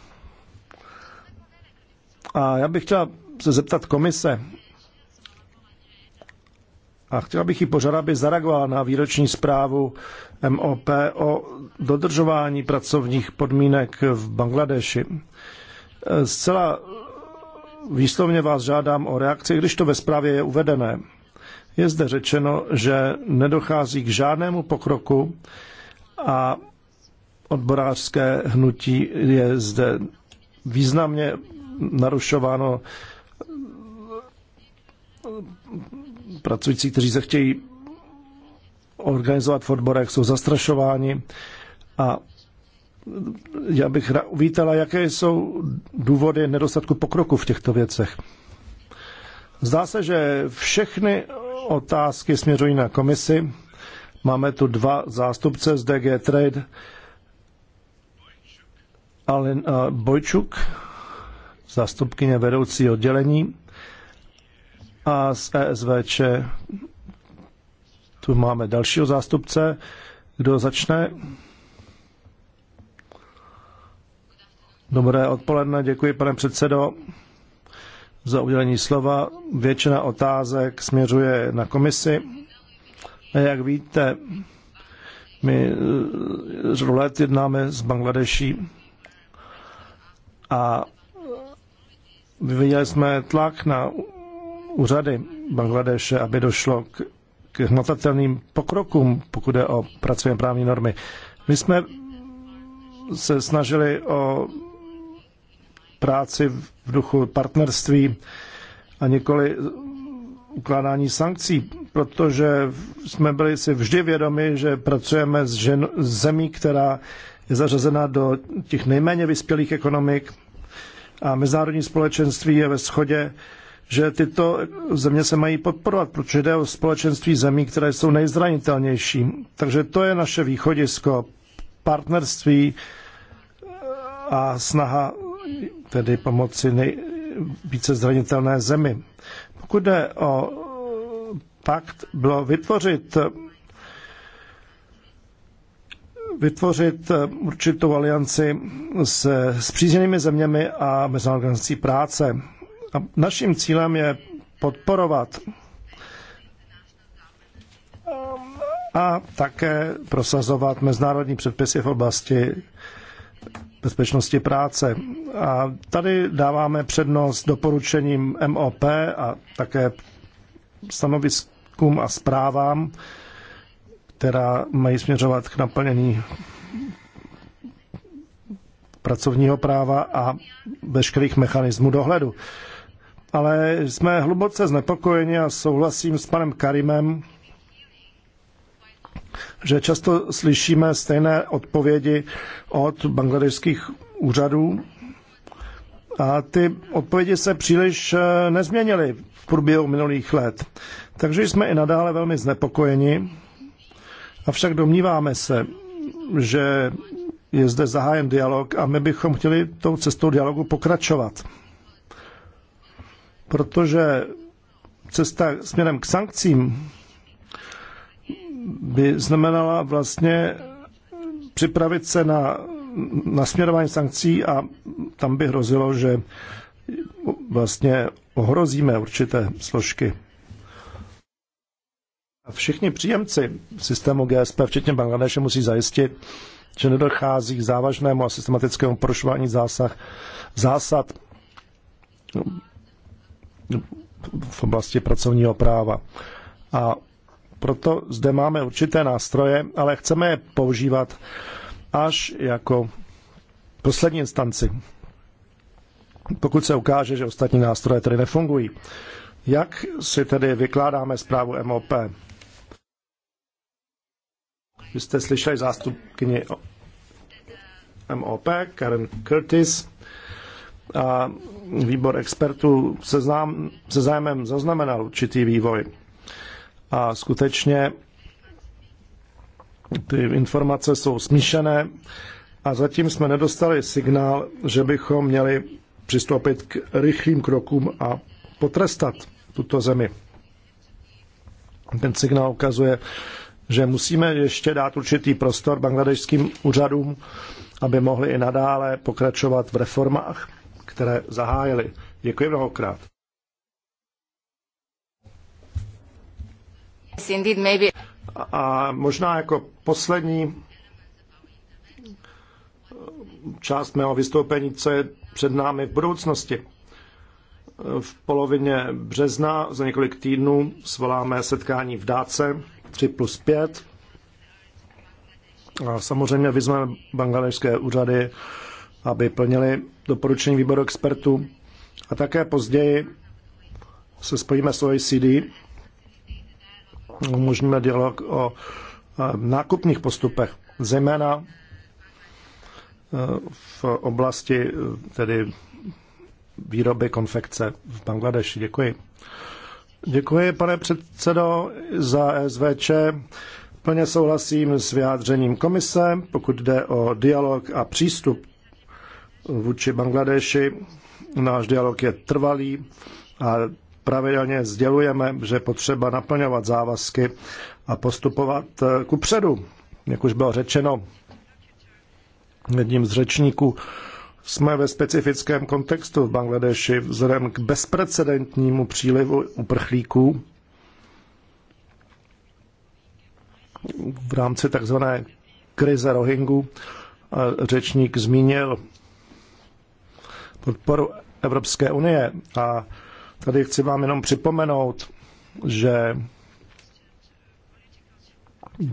A: A já bych chtěla se zeptat komise, a chtěla bych ji požádat, aby zareagovala na výroční zprávu MOP o dodržování pracovních podmínek v Bangladeši. Zcela výslovně vás žádám o reakci, když to ve zprávě je uvedené. Je zde řečeno, že nedochází k žádnému pokroku a odborářské hnutí je zde významně narušováno pracující, kteří se chtějí organizovat v odborech, jsou zastrašováni a já bych uvítala, jaké jsou důvody nedostatku pokroku v těchto věcech. Zdá se, že všechny otázky směřují na komisi. Máme tu dva zástupce z DG Trade, Alen eh, Bojčuk zástupkyně vedoucí oddělení a z ESVČ tu máme dalšího zástupce. Kdo začne? Dobré odpoledne, děkuji pane předsedo za udělení slova. Většina otázek směřuje na komisi. A jak víte, my z eh, let jednáme s Bangladeší a Vyvíjeli jsme tlak na úřady Bangladeše, aby došlo k, k hmatatelným pokrokům, pokud je o pracovní právní normy. My jsme se snažili o práci v duchu partnerství a nikoli ukládání sankcí, protože jsme byli si vždy vědomi, že pracujeme s žen, zemí, která je zařazena do těch nejméně vyspělých ekonomik a mezinárodní společenství je ve shodě, že tyto země se mají podporovat, protože jde o společenství zemí, které jsou nejzranitelnější. Takže to je naše východisko, partnerství eh, a snaha tedy pomoci nejvíce zranitelné zemi. Pokud jde o pakt, bylo vytvořit vytvořit eh, určitou alianci s spřízněnými zeměmi a Mezinárodní organizací práce. A naším cílem je podporovat a také prosazovat mezinárodní předpisy v oblasti bezpečnosti práce. A tady dáváme přednost doporučením MOP a také stanoviskům a zprávám, která mají směřovat k naplnění pracovního práva a veškerých mechanismů dohledu. Ale jsme hluboce znepokojeni a souhlasím s panem Karimem, že často slyšíme stejné odpovědi od bangladeských úřadů a ty odpovědi se příliš eh, nezměnily v průběhu minulých let. Takže jsme i nadále velmi znepokojeni Avšak domníváme se, že je zde zahájen dialog a my bychom chtěli tou cestou dialogu pokračovat. Protože cesta směrem k sankcím by znamenala vlastně připravit se na nasměrování sankcí a tam by hrozilo, že vlastně ohrozíme určité složky všichni příjemci systému GSP, včetně Bangladeše, musí zajistit, že nedochází k závažnému a systematickému porušování zásah, zásad no, v oblasti pracovního práva. A proto zde máme určité nástroje, ale chceme je používat až jako poslední instanci, pokud se ukáže, že ostatní nástroje tedy nefungují. Jak si tedy vykládáme zprávu MOP? Vy jste slyšeli zástupkyni MOP, Karen Curtis, a výbor expertů se, znám, se zájmem zaznamenal určitý vývoj. A skutečně ty informace jsou smíšené a zatím jsme nedostali signál, že bychom měli přistoupit k rychlým krokům a potrestat tuto zemi. Ten signál ukazuje, že musíme ještě dát určitý prostor bangladežským úřadům, aby mohli i nadále pokračovat v reformách, které zahájili. Děkuji mnohokrát. A možná jako poslední část mého vystoupení, co je před námi v budoucnosti. V polovině března za několik týdnů svoláme setkání v Dáce 3 plus 5. A samozřejmě vyzveme bangladežské úřady, aby plnili doporučení výboru expertů. A také později se spojíme s OECD, umožníme dialog o e, nákupních postupech, zejména e, v oblasti e, tedy výroby konfekce v Bangladeši. Děkuji. Děkuji, pane předsedo, za SVČ. Plně souhlasím s vyjádřením komise, pokud jde o dialog a přístup vůči Bangladeši. Náš dialog je trvalý a pravidelně sdělujeme, že je potřeba naplňovat závazky a postupovat eh, ku předu. Jak už bylo řečeno jedním z řečníků, jsme ve specifickém kontextu v Bangladeši vzhledem k bezprecedentnímu přílivu uprchlíků v rámci takzvané krize Rohingu. Řečník zmínil podporu Evropské unie a tady chci vám jenom připomenout, že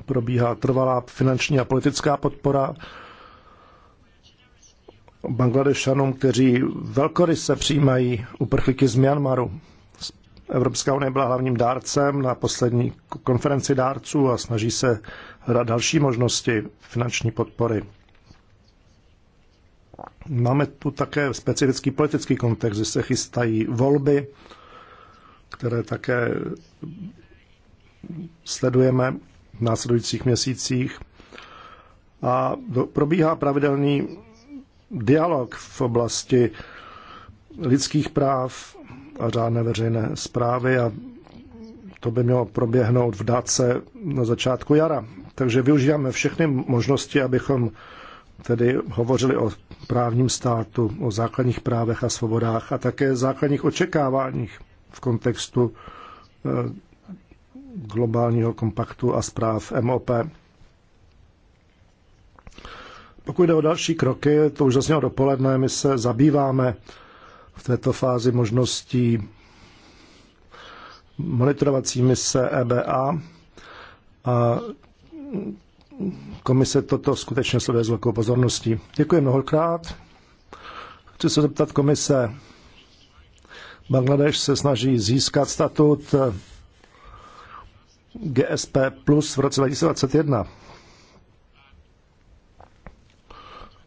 A: probíhá trvalá finanční a politická podpora Bangladešanům, kteří velkoryse přijímají uprchlíky z Myanmaru. Evropská unie byla hlavním dárcem na poslední konferenci dárců a snaží se hledat další možnosti finanční podpory. Máme tu také specifický politický kontext, kdy se chystají volby, které také sledujeme v následujících měsících. A do, probíhá pravidelný dialog v oblasti lidských práv a řádné veřejné zprávy a to by mělo proběhnout v dáce na začátku jara. Takže využíváme všechny možnosti, abychom tedy hovořili o právním státu, o základních právech a svobodách a také základních očekáváních v kontextu eh, globálního kompaktu a zpráv MOP. Pokud jde o další kroky, to už zaznělo dopoledne, my se zabýváme v této fázi možností monitorovací mise EBA a komise toto skutečně sleduje s velkou pozorností. Děkuji mnohokrát. Chci se zeptat komise. Bangladeš se snaží získat statut GSP plus v roce 2021.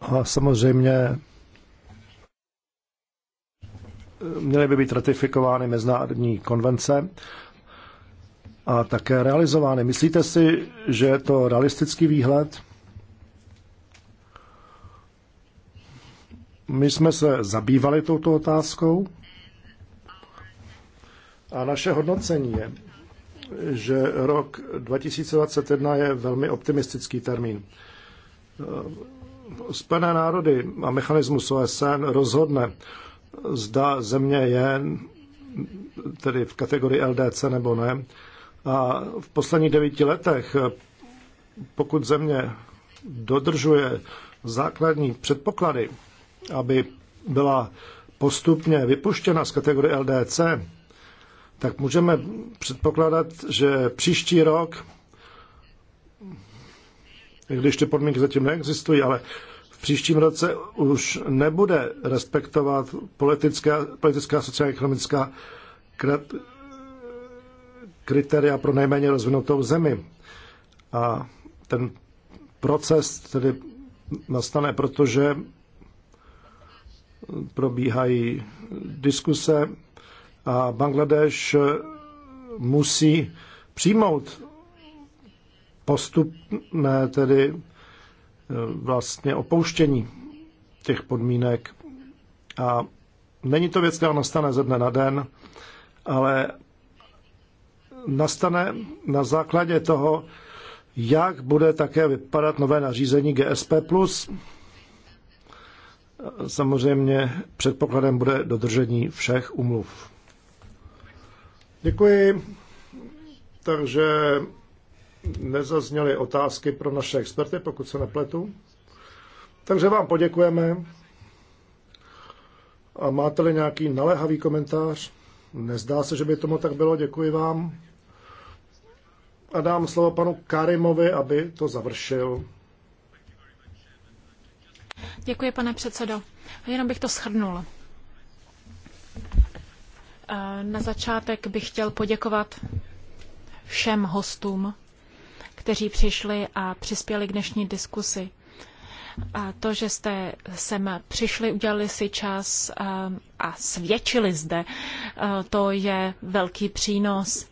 A: A samozřejmě měly by být ratifikovány mezinárodní konvence a také realizovány. Myslíte si, že je to realistický výhled? My jsme se zabývali touto otázkou a naše hodnocení je, že rok 2021 je velmi optimistický termín Spojené národy a mechanismus OSN rozhodne, zda země je tedy v kategorii LDC nebo ne. A v posledních devíti letech, pokud země dodržuje základní předpoklady, aby byla postupně vypuštěna z kategorie LDC, tak můžeme předpokládat, že příští rok když ty podmínky zatím neexistují, ale v příštím roce už nebude respektovat politická, politická sociálně ekonomická kritéria pro nejméně rozvinutou zemi. A ten proces tedy nastane, protože probíhají diskuse a Bangladeš musí přijmout postupné tedy eh, vlastně opouštění těch podmínek. A není to věc, která nastane ze dne na den, ale nastane na základě toho, jak bude také vypadat nové nařízení GSP+. Samozřejmě předpokladem bude dodržení všech umluv. Děkuji. Takže nezazněly otázky pro naše experty, pokud se nepletu. Takže vám poděkujeme. A máte-li nějaký naléhavý komentář? Nezdá se, že by tomu tak bylo. Děkuji vám. A dám slovo panu Karimovi, aby to završil.
B: Děkuji, pane předsedo. Jenom bych to shrnul. Eh, na začátek bych chtěl poděkovat všem hostům kteří přišli a přispěli k dnešní diskusi. A to, že jste sem přišli, udělali si čas a svědčili zde, to je velký přínos.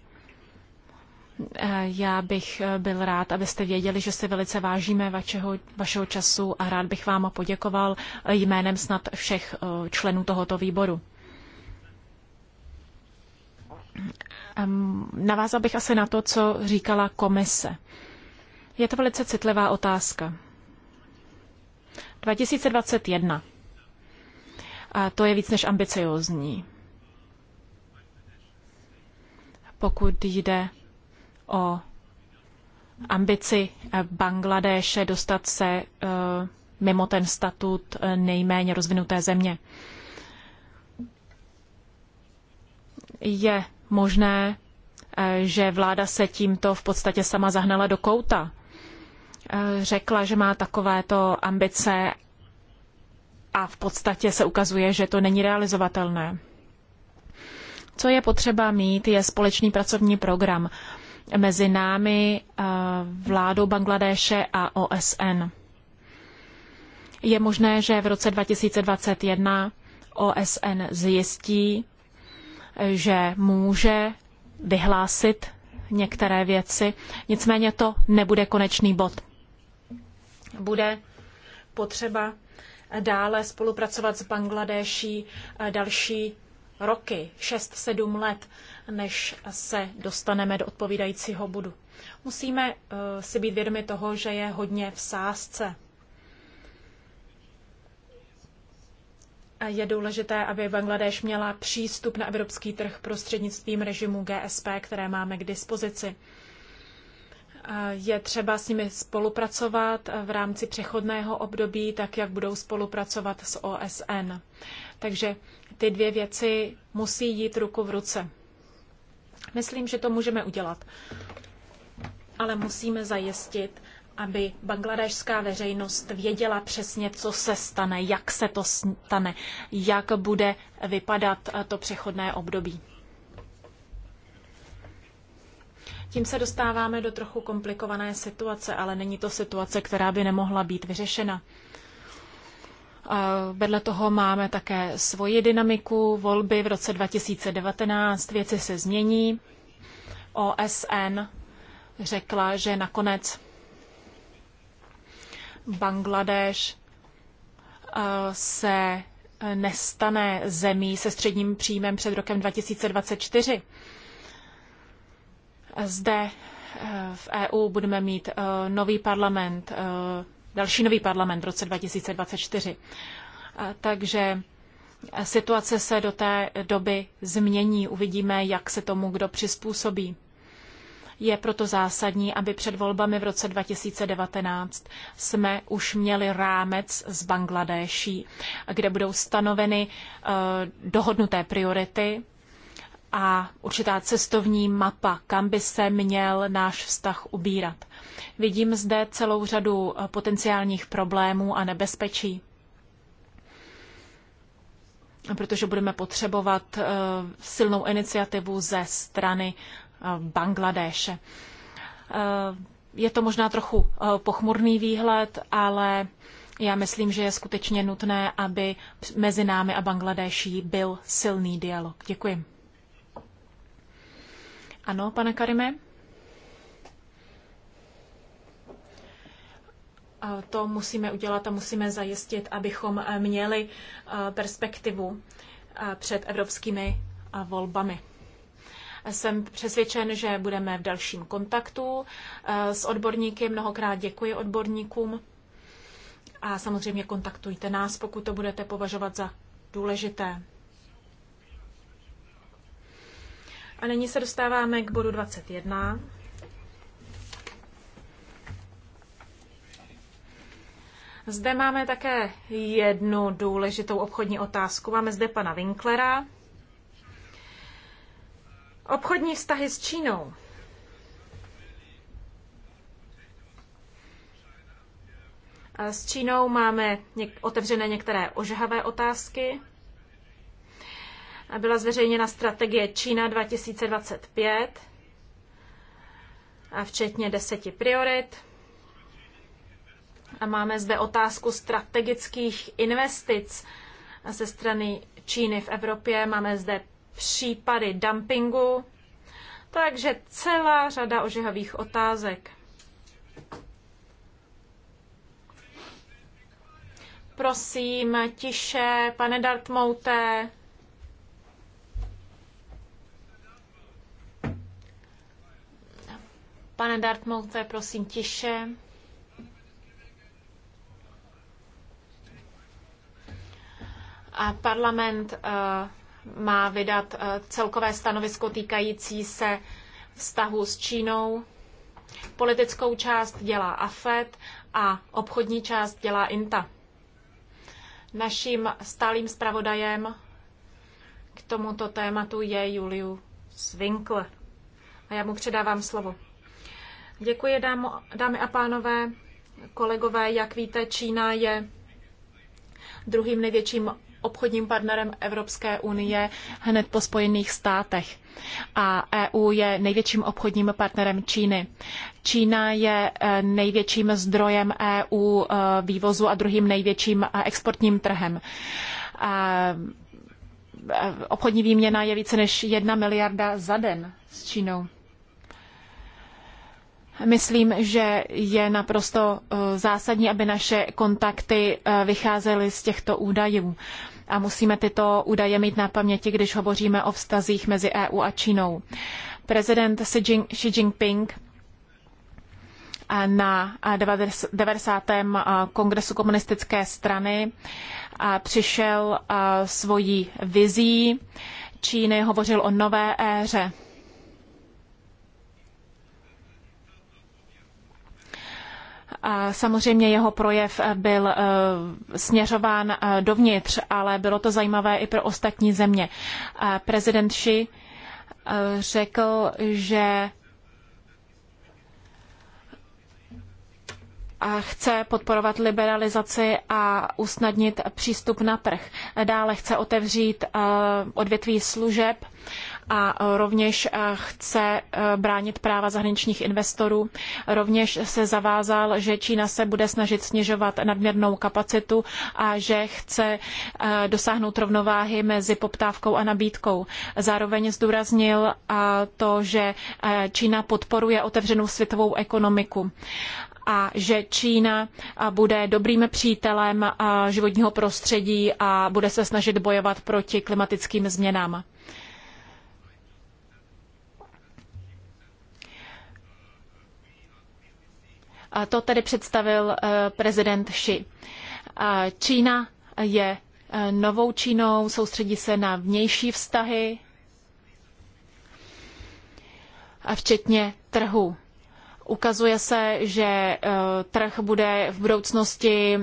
B: Já bych e, byl rád, abyste věděli, že si velice vážíme vašeho, vašeho času a rád bych vám poděkoval jménem snad všech e, členů tohoto výboru. Navázal bych asi na to, co říkala komise. Je to velice citlivá otázka. 2021. A to je víc než ambiciozní. Pokud jde o ambici Bangladéše dostat se e, mimo ten statut e, nejméně rozvinuté země. Je možné, eh, že vláda se tímto v podstatě sama zahnala do kouta. Eh, řekla, že má takovéto ambice a v podstatě se ukazuje, že to není realizovatelné. Co je potřeba mít, je společný pracovní program mezi námi, eh, vládou Bangladéše a OSN. Je možné, že v roce 2021 OSN zjistí, že může vyhlásit některé věci, nicméně to nebude konečný bod. Bude potřeba dále spolupracovat s Bangladeší další roky, 6-7 let, než se dostaneme do odpovídajícího bodu. Musíme eh, si být vědomi toho, že je hodně v sázce. je důležité, aby Bangladeš měla přístup na evropský trh prostřednictvím režimu GSP, které máme k dispozici. Je třeba s nimi spolupracovat v rámci přechodného období, tak jak budou spolupracovat s OSN. Takže ty dvě věci musí jít ruku v ruce. Myslím, že to můžeme udělat. Ale musíme zajistit, aby bangladešská veřejnost věděla přesně, co se stane, jak se to stane, jak bude vypadat to přechodné období. Tím se dostáváme do trochu komplikované situace, ale není to situace, která by nemohla být vyřešena. Vedle toho máme také svoji dynamiku, volby v roce 2019, věci se změní. OSN řekla, že nakonec Bangladeš eh, se eh, nestane zemí se středním příjmem před rokem 2024. Zde eh, v EU budeme mít nový parlament, další nový parlament v roce 2024. Takže situace se do té doby změní. Uvidíme, jak se tomu kdo přizpůsobí. Je proto zásadní, aby před volbami v roce 2019 jsme už měli rámec z Bangladéší, kde budou stanoveny eh, dohodnuté priority a určitá cestovní mapa, kam by se měl náš vztah ubírat. Vidím zde celou řadu eh, potenciálních problémů a nebezpečí protože budeme potřebovat eh, silnou iniciativu ze strany Eh, Bangladéše. Eh, je to možná trochu eh, pochmurný výhled, ale já myslím, že je skutečně nutné, aby mezi námi a Bangladéší byl silný dialog. Děkuji. Ano, pane Karime? To musíme udělat a musíme zajistit, abychom měli perspektivu před evropskými volbami. Jsem přesvědčen, že budeme v dalším kontaktu eh, s odborníky. Mnohokrát děkuji odborníkům a samozřejmě kontaktujte nás, pokud to budete považovat za důležité. A nyní se dostáváme k bodu 21. Zde máme také jednu důležitou obchodní otázku. Máme zde pana Winklera. Obchodní vztahy s Čínou. S Čínou máme něk- otevřené některé ožehavé otázky. Byla zveřejněna strategie Čína 2025, a včetně deseti priorit. A máme zde otázku strategických investic ze strany Číny v Evropě. Máme zde případy dumpingu, takže celá řada ožehavých otázek. Prosím, tiše, pane Dartmoute. Pane Dartmoute, prosím, tiše. A parlament uh, má vydat eh, celkové stanovisko týkající se vztahu s Čínou. Politickou část dělá AFED a obchodní část dělá INTA. Naším stálým zpravodajem k tomuto tématu je Juliu Svinkl. A já mu předávám slovo. Děkuji, dámo, dámy a pánové, kolegové. Jak víte, Čína je druhým největším obchodním partnerem Evropské unie hned po Spojených státech. A EU je největším obchodním partnerem Číny. Čína je e, největším zdrojem EU e, vývozu a druhým největším e, exportním trhem. Obchodní výměna je více než jedna miliarda za den s Čínou. Myslím, že je naprosto eh, zásadní, aby naše kontakty eh, vycházely z těchto údajů. A musíme tyto údaje mít na paměti, když hovoříme o vztazích mezi EU a Čínou. Prezident Xi Jinping eh, na 90. kongresu komunistické strany přišel svojí vizí Číny, hovořil o nové éře. Samozřejmě jeho projev byl eh, směřován eh, dovnitř, ale bylo to zajímavé i pro ostatní země. Prezident Xi eh, řekl, že chce podporovat liberalizaci a usnadnit přístup na trh. Dále chce otevřít odvětví služeb a rovněž eh, chce eh, bránit práva zahraničních investorů. Rovněž se zavázal, že Čína se bude snažit snižovat nadměrnou kapacitu a že chce eh, dosáhnout rovnováhy mezi poptávkou a nabídkou. Zároveň zdůraznil to, že Čína podporuje otevřenou světovou ekonomiku a že Čína bude dobrým přítelem životního prostředí a bude se snažit bojovat proti klimatickým změnám. A to tedy představil eh, prezident Xi. Čína je eh, novou Čínou, soustředí se na vnější vztahy, a včetně trhu. Ukazuje se, že eh, trh bude v budoucnosti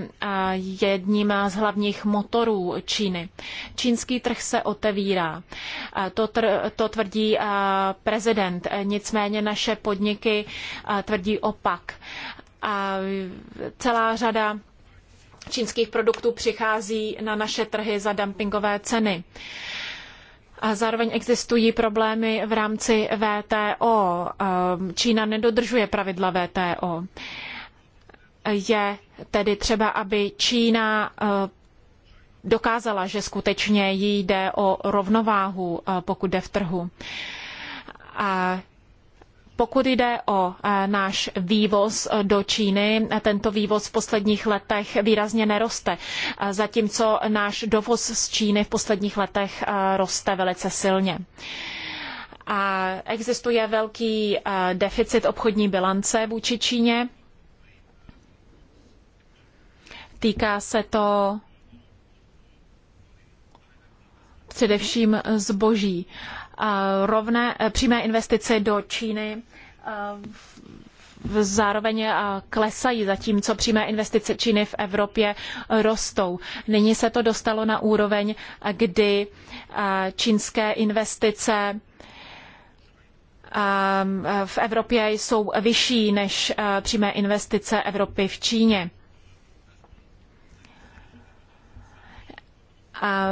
B: jedním z hlavních motorů Číny. Čínský trh se otevírá. To, tr- to tvrdí prezident. Nicméně naše podniky tvrdí opak. A celá řada čínských produktů přichází na naše trhy za dumpingové ceny. A zároveň existují problémy v rámci VTO. Čína nedodržuje pravidla VTO. Je tedy třeba, aby Čína e, dokázala, že skutečně jí jde o rovnováhu, e, pokud jde v trhu. A pokud jde o e, náš vývoz e, do Číny, e, tento vývoz v posledních letech výrazně neroste, zatímco náš dovoz z Číny v posledních letech roste velice silně. A existuje velký deficit obchodní bilance vůči Číně. Týká se to především zboží rovné, eh, přímé investice do Číny eh, zároveň eh, klesají, zatímco přímé investice Číny v Evropě rostou. Nyní se to dostalo na úroveň, kdy čínské investice v Evropě jsou vyšší než přímé investice Evropy v Číně.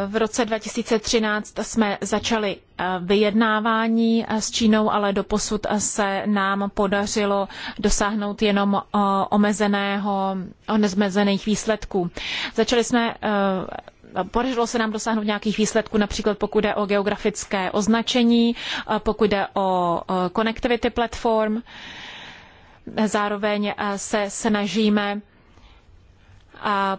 B: V roce 2013 jsme začali eh, vyjednávání eh, s Čínou, ale doposud eh, se nám podařilo dosáhnout jenom omezeného, omezených výsledků. Začali jsme Podařilo se nám dosáhnout nějakých výsledků, například pokud jde o geografické označení, pokud jde o connectivity platform. Zároveň se snažíme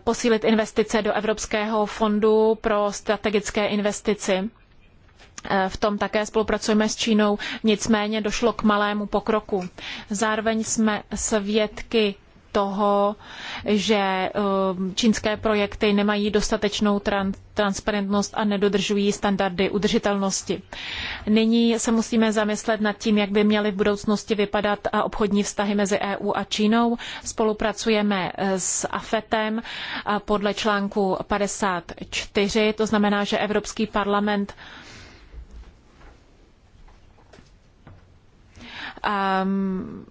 B: posílit investice do Evropského fondu pro strategické investici. E, v tom také spolupracujeme s Čínou, nicméně došlo k malému pokroku. Zároveň jsme svědky toho, že um, čínské projekty nemají dostatečnou transparentnost a nedodržují standardy udržitelnosti. Nyní se musíme zamyslet nad tím, jak by měly v budoucnosti vypadat obchodní vztahy mezi EU a Čínou. Spolupracujeme eh, s AFETem podle článku 54, to znamená, že Evropský parlament um,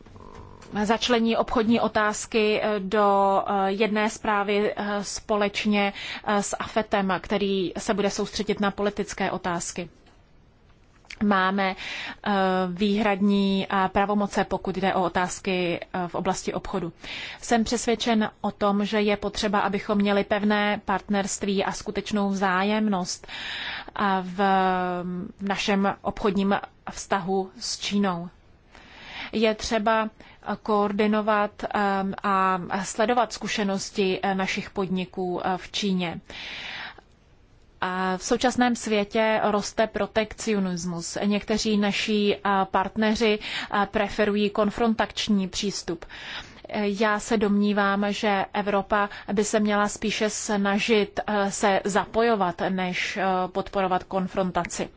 B: začlení obchodní otázky eh, do eh, jedné zprávy eh, společně s AFETem, který se bude soustředit na politické otázky. Máme výhradní pravomoce, pokud jde o otázky v oblasti obchodu. Jsem přesvědčen o tom, že je potřeba, abychom měli pevné partnerství a skutečnou vzájemnost v našem obchodním vztahu s Čínou. Je třeba koordinovat a sledovat zkušenosti eh, našich podniků eh, v Číně. A v současném světě roste protekcionismus. Někteří naši eh, partneři preferují konfrontační přístup. Já se domnívám, že Evropa by se měla spíše snažit se zapojovat, než podporovat konfrontaci.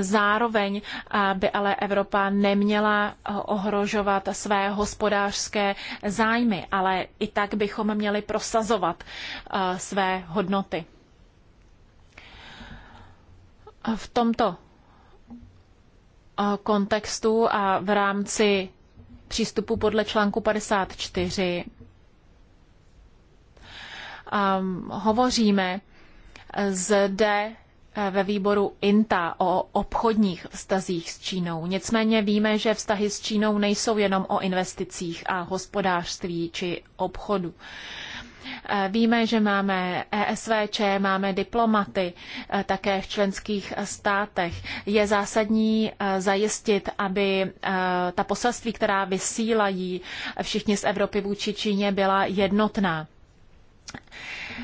B: Zároveň eh, by ale Evropa neměla eh, ohrožovat své hospodářské zájmy, ale i tak bychom měli prosazovat eh, své hodnoty. V tomto kontextu a v rámci přístupu podle článku 54 ehm, hovoříme zde ve výboru INTA o obchodních vztazích s Čínou. Nicméně víme, že vztahy s Čínou nejsou jenom o investicích a hospodářství či obchodu. Eh, víme, že máme ESVČ, máme diplomaty eh, také v členských státech. Je zásadní eh, zajistit, aby ta poselství, která vysílají všichni z Evropy vůči Číně, byla jednotná.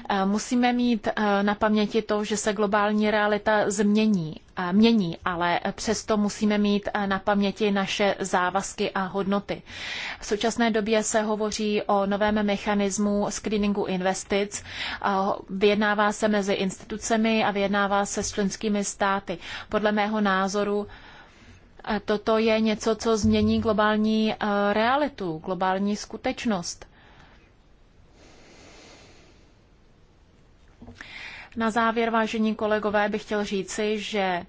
B: Eh, musíme mít eh, na paměti to, že se globální realita změní, eh, mění, ale přesto musíme mít na paměti naše závazky a hodnoty. V současné době se hovoří o novém mechanismu screeningu investic. Vyjednává se mezi institucemi a vyjednává se s členskými státy. Podle mého názoru toto je něco, co změní globální realitu, globální skutečnost. Na závěr, vážení kolegové, bych chtěl říci, že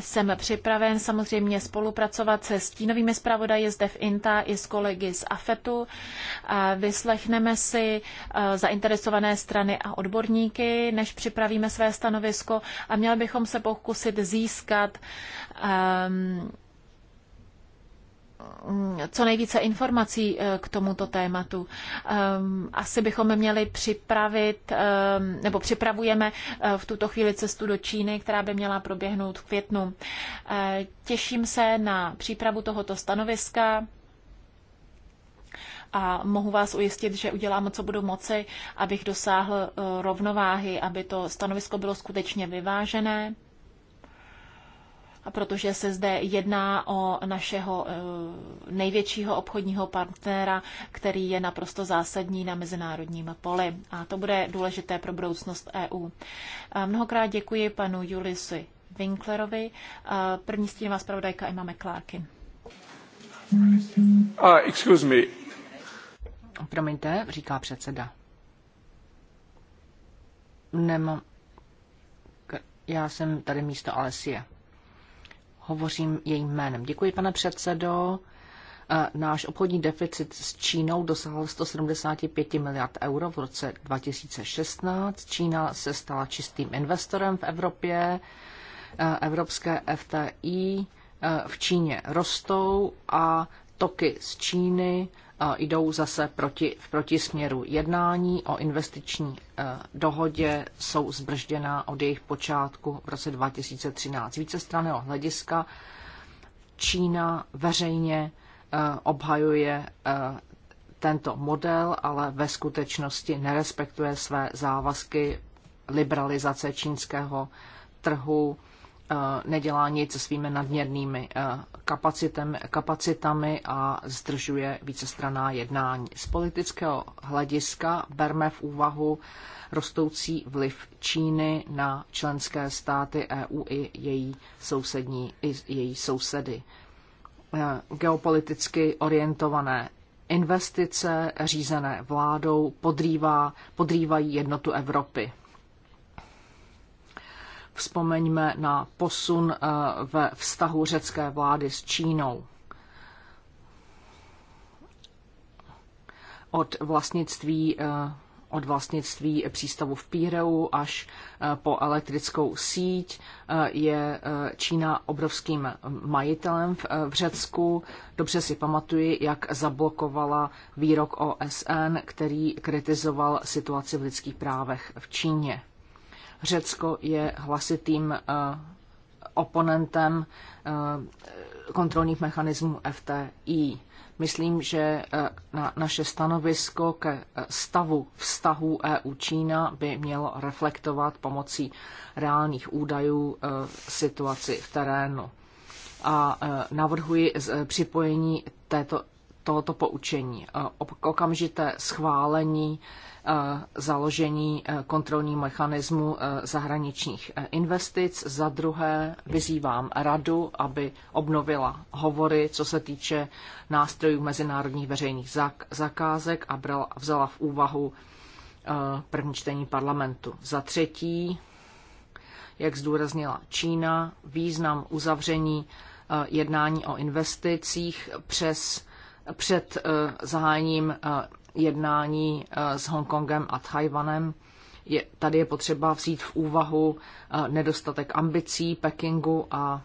B: jsem připraven samozřejmě spolupracovat se stínovými zpravodaji z v i s kolegy z AFETu. Vyslechneme si e, zainteresované strany a odborníky, než připravíme své stanovisko a měli bychom se pokusit získat um, co nejvíce informací eh, k tomuto tématu. Ehm, asi bychom měli připravit, ehm, nebo připravujeme eh, v tuto chvíli cestu do Číny, která by měla proběhnout v květnu. Eh, těším se na přípravu tohoto stanoviska a mohu vás ujistit, že udělám, co budu moci, abych dosáhl rovnováhy, aby to stanovisko bylo skutečně vyvážené a protože se zde jedná o našeho eh, největšího obchodního partnera, který je naprosto zásadní na mezinárodním poli. A to bude důležité pro budoucnost EU. A mnohokrát děkuji panu Julisi Winklerovi. A první vás
C: pravodajka Emma McClarkin.
B: Uh, excuse me.
C: Promiňte, říká předseda. Nemám. Já jsem tady místo Alessia hovořím jejím jménem. Děkuji, pane předsedo. Eh, náš obchodní deficit s Čínou dosáhl 175 miliard euro v roce 2016. Čína se stala čistým investorem v Evropě. Eh, evropské FTI eh, v Číně rostou a toky z Číny jdou zase proti, v protisměru. Jednání o investiční eh, dohodě jsou zbržděná od jejich počátku v roce 2013. Více straného hlediska Čína veřejně eh, obhajuje eh, tento model, ale ve skutečnosti nerespektuje své závazky liberalizace čínského trhu, Eh, nedělá nic se svými nadměrnými eh, kapacitami a zdržuje vícestraná jednání. Z politického hlediska berme v úvahu rostoucí vliv Číny na členské státy EU i její, sousední, i její sousedy. Eh, geopoliticky orientované investice řízené vládou podrývá, podrývají jednotu Evropy Vzpomeňme na posun eh, ve vztahu řecké vlády s Čínou. Od vlastnictví eh, od vlastnictví přístavu v Píreu až eh, po elektrickou síť. Je Čína obrovským majitelem v Řecku. Dobře si pamatuji, jak zablokovala výrok OSN, který kritizoval situaci v lidských právech v Číně. Řecko je hlasitým eh, oponentem eh, kontrolních mechanismů FTI. Myslím, že eh, na naše stanovisko ke stavu vztahů EU-Čína by mělo reflektovat pomocí reálných údajů situaci v terénu. A navrhuji připojení této tohoto poučení. Okamžité schválení e, založení e, kontrolní mechanismu e, zahraničních investic. Za druhé vyzývám radu, aby obnovila hovory, co se týče nástrojů mezinárodních veřejných zakázek a vzala v úvahu první čtení parlamentu. Za třetí, jak zdůraznila Čína, význam uzavření jednání o investicích přes před eh, zahájením eh, jednání eh, s Hongkongem a Tajvanem. Je, tady je potřeba vzít v úvahu nedostatek ambicí Pekingu a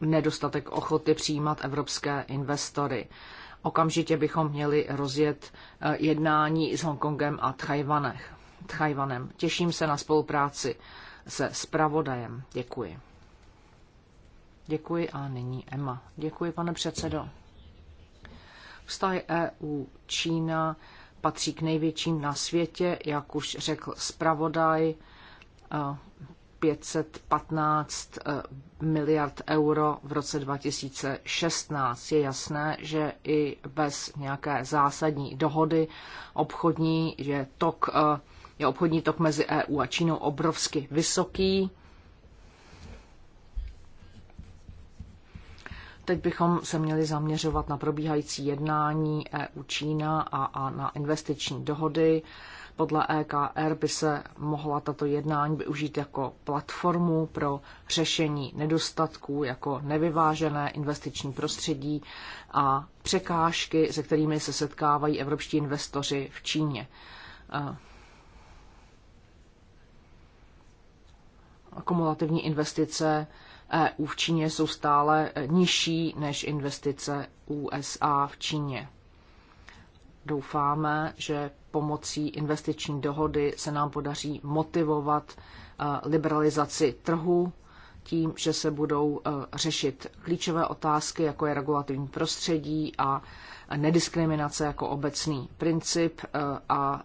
C: nedostatek ochoty přijímat evropské investory. Okamžitě bychom měli rozjet jednání s Hongkongem a Tchajvanem. Těším se na spolupráci se spravodajem. Děkuji. Děkuji a nyní Emma. Děkuji, pane předsedo. Vztahy EU-Čína patří k největším na světě, jak už řekl zpravodaj, 515 eh, eh, miliard euro v roce 2016. Je jasné, že i bez nějaké zásadní dohody obchodní že tok eh, je obchodní tok mezi EU a Čínou obrovsky vysoký Teď bychom se měli zaměřovat na probíhající jednání EU-Čína a, a na investiční dohody. Podle EKR by se mohla tato jednání využít jako platformu pro řešení nedostatků, jako nevyvážené investiční prostředí a překážky, se kterými se setkávají evropští investoři v Číně. E, akumulativní investice EU v Číně jsou stále nižší než investice USA v Číně. Doufáme, že pomocí investiční dohody se nám podaří motivovat e, liberalizaci trhu tím, že se budou e, řešit klíčové otázky, jako je regulativní prostředí a nediskriminace jako obecný princip e, a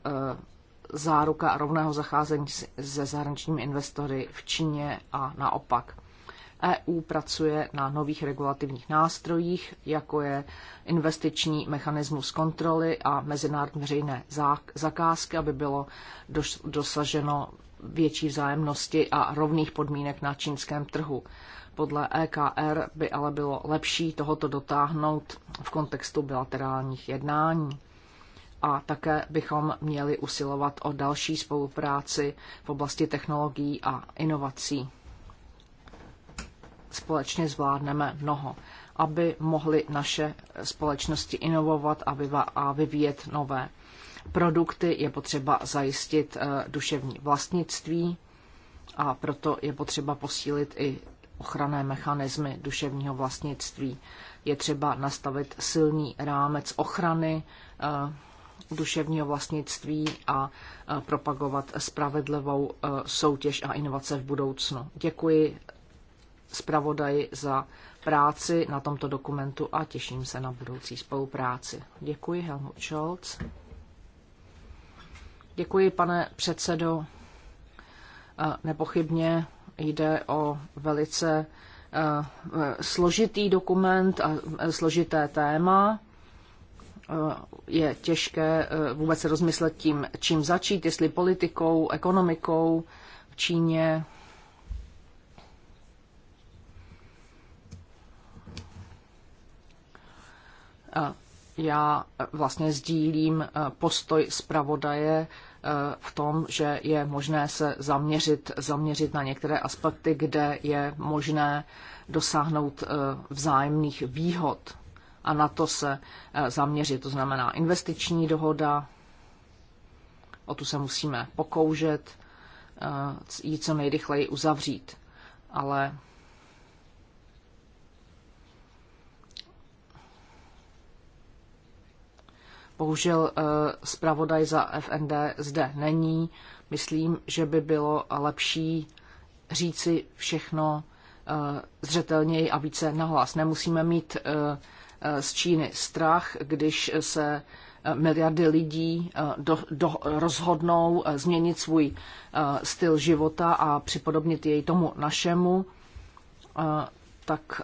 C: záruka rovného zacházení se zahraničními investory v Číně a naopak. EU pracuje na nových regulativních nástrojích, jako je investiční mechanismus kontroly a mezinárodní veřejné zakázky, aby bylo dosaženo větší vzájemnosti a rovných podmínek na čínském trhu. Podle EKR by ale bylo lepší tohoto dotáhnout v kontextu bilaterálních jednání. A také bychom měli usilovat o další spolupráci v oblasti technologií a inovací společně zvládneme mnoho, aby mohly naše společnosti inovovat a vyvíjet nové produkty. Je potřeba zajistit eh, duševní vlastnictví a proto je potřeba posílit i ochranné mechanismy duševního vlastnictví. Je třeba nastavit silný rámec ochrany eh, duševního vlastnictví a eh, propagovat spravedlivou soutěž a inovace v budoucnu. Děkuji zpravodaji za práci na tomto dokumentu a těším se na budoucí spolupráci. Děkuji, Helmut Scholz. Děkuji, pane předsedo. Eh, nepochybně jde o velice eh, složitý dokument a eh, složité téma. Je těžké vůbec rozmyslet tím, čím začít, jestli politikou, ekonomikou v Číně, Já eh, vlastně sdílím eh, postoj zpravodaje eh, v tom, že je možné se zaměřit, zaměřit na některé aspekty, kde je možné dosáhnout vzájemných výhod a na to se zaměřit. To znamená investiční dohoda, o tu se musíme pokoušet, ji co nejrychleji uzavřít. Ale Bohužel eh, zpravodaj za FND zde není. Myslím, že by bylo lepší říci všechno eh, zřetelněji a více nahlas. Nemusíme mít eh, z Číny strach, když se miliardy lidí do, do, rozhodnou změnit svůj styl života a připodobnit jej tomu našemu, tak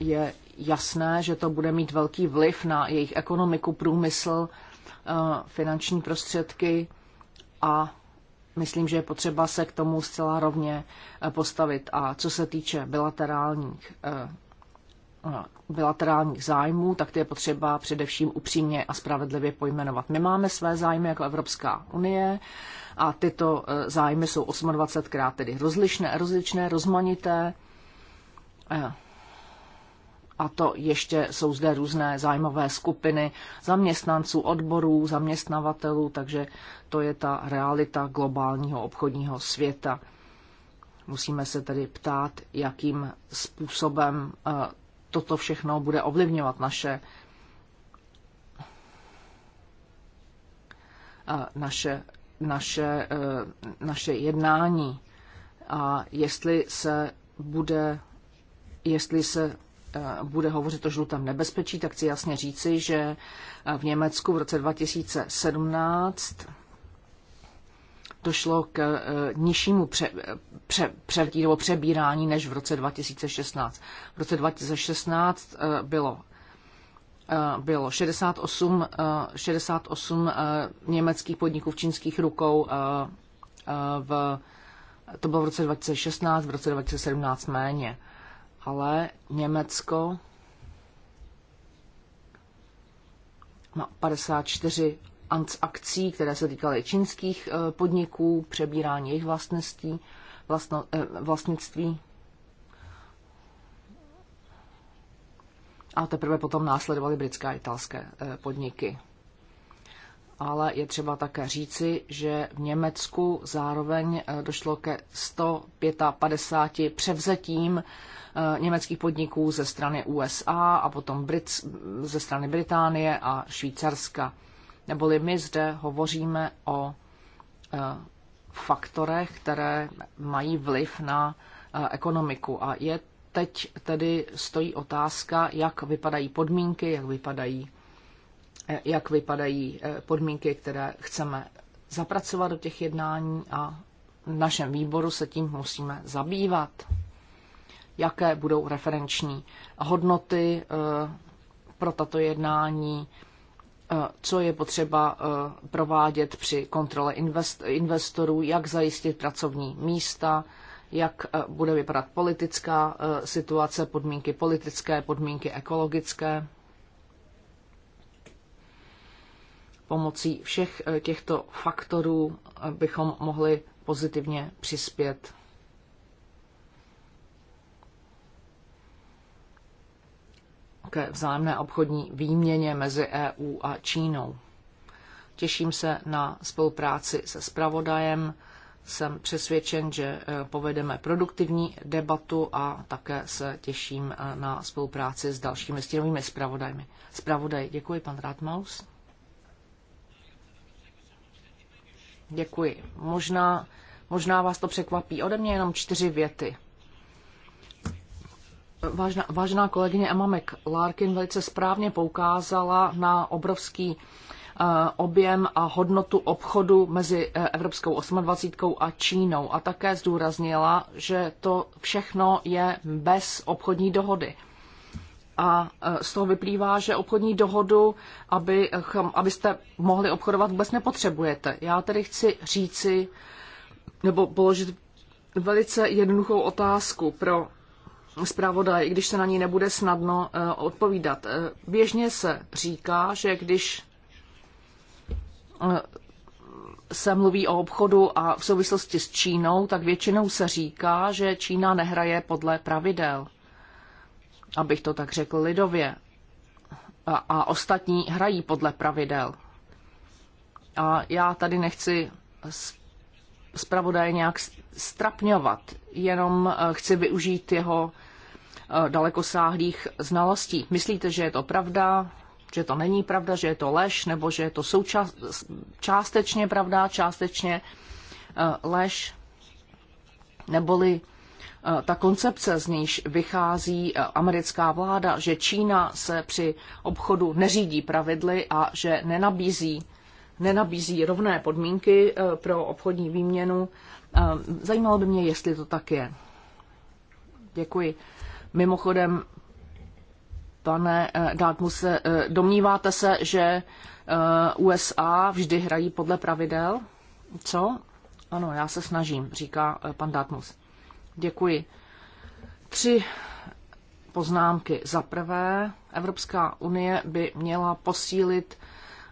C: je jasné, že to bude mít velký vliv na jejich ekonomiku, průmysl, eh, finanční prostředky a myslím, že je potřeba se k tomu zcela rovně eh, postavit. A co se týče bilaterálních eh, no, bilaterálních zájmů, tak ty je potřeba především upřímně a spravedlivě pojmenovat. My máme své zájmy jako Evropská unie a tyto zájmy jsou 28krát tedy rozlišné, rozličné, rozmanité a to ještě jsou zde různé zájmové skupiny zaměstnanců, odborů, zaměstnavatelů, takže to je ta realita globálního obchodního světa. Musíme se tedy ptát, jakým způsobem eh, toto všechno bude ovlivňovat naše, eh, naše, naše, eh, naše jednání a jestli se bude jestli se Eh, bude hovořit o žlutém nebezpečí, tak chci jasně říci, že eh, v Německu v roce 2017 došlo k eh, nižšímu pře, pře, pře, nebo přebírání než v roce 2016. V roce 2016 bylo bylo 68, 68 německých podniků v čínských rukou v, to bylo v roce 2016, v roce 2017 méně ale Německo má 54 akcí, které se týkaly čínských eh, podniků, přebírání jejich vlastností, vlastno, eh, vlastnictví. A teprve potom následovaly britské a italské eh, podniky ale je třeba také říci, že v Německu zároveň eh, došlo ke 155 převzetím eh, německých podniků ze strany USA a potom Brit, ze strany Británie a Švýcarska. Neboli my zde hovoříme o eh, faktorech, které mají vliv na ekonomiku. A je teď tedy stojí otázka, jak vypadají podmínky, jak vypadají Eh, jak vypadají eh, podmínky, které chceme zapracovat do těch jednání a v našem výboru se tím musíme zabývat. Jaké budou referenční hodnoty eh, pro tato jednání, co je potřeba provádět při kontrole investorů, jak zajistit pracovní místa, jak bude vypadat politická situace, podmínky politické, podmínky ekologické. Pomocí všech eh, těchto faktorů bychom mohli pozitivně přispět ke vzájemné obchodní výměně mezi EU a Čínou. Těším se na spolupráci se spravodajem. Jsem přesvědčen, že eh, povedeme produktivní debatu a také se těším eh, na spolupráci s dalšími stěnovými spravodajmi. Spravodaj, děkuji, pan Radmaus. Děkuji. Možná, možná vás to překvapí. Ode mě jenom čtyři věty. Vážná, vážná kolegyně Emma McLarkin velice správně poukázala na obrovský eh, objem a hodnotu obchodu mezi eh, Evropskou 28 a Čínou a také zdůraznila, že to všechno je bez obchodní dohody a e, z toho vyplývá, že obchodní dohodu, aby, abyste mohli obchodovat, vůbec nepotřebujete. Já tedy chci říci, nebo položit velice jednoduchou otázku pro zpravodaj, i když se na ní nebude snadno e, odpovídat. E, běžně se říká, že když se mluví o obchodu a v souvislosti s Čínou, tak většinou se říká, že Čína nehraje podle pravidel abych to tak řekl lidově. A, a ostatní hrají podle pravidel. A já tady nechci zpravodaje nějak strapňovat, jenom eh, chci využít jeho eh, dalekosáhlých znalostí. Myslíte, že je to pravda, že to není pravda, že je to lež, nebo že je to součas- částečně pravda, částečně eh, lež, neboli Eh, ta koncepce, z níž vychází eh, americká vláda, že Čína se při obchodu neřídí pravidly a že nenabízí, nenabízí rovné podmínky eh, pro obchodní výměnu. Zajímalo by mě, jestli to tak je. Děkuji. Mimochodem, pane Dátmuse, domníváte se, že USA vždy hrají podle pravidel? Co? Ano, já se snažím, říká pan Dátmus. Děkuji. Tři poznámky. Za prvé, Evropská unie by měla posílit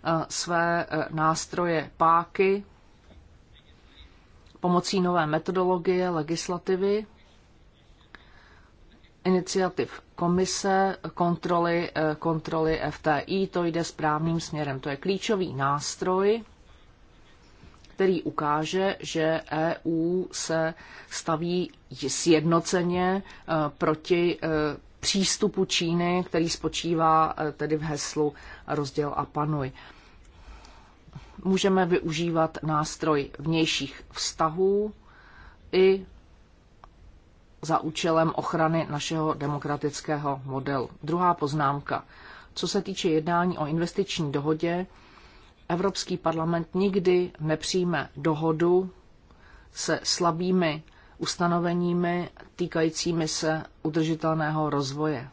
C: eh, své eh, nástroje páky pomocí nové metodologie legislativy, iniciativ komise, kontroly, eh, kontroly FTI, to jde správným směrem. To je klíčový nástroj, který ukáže, že EU se staví sjednoceně eh, proti eh, přístupu Číny, který spočívá eh, tedy v heslu rozděl a panuj. Můžeme využívat nástroj vnějších vztahů i za účelem ochrany našeho demokratického modelu. Druhá poznámka. Co se týče jednání o investiční dohodě, Evropský parlament nikdy nepřijme dohodu se slabými ustanoveními týkajícími se udržitelného rozvoje.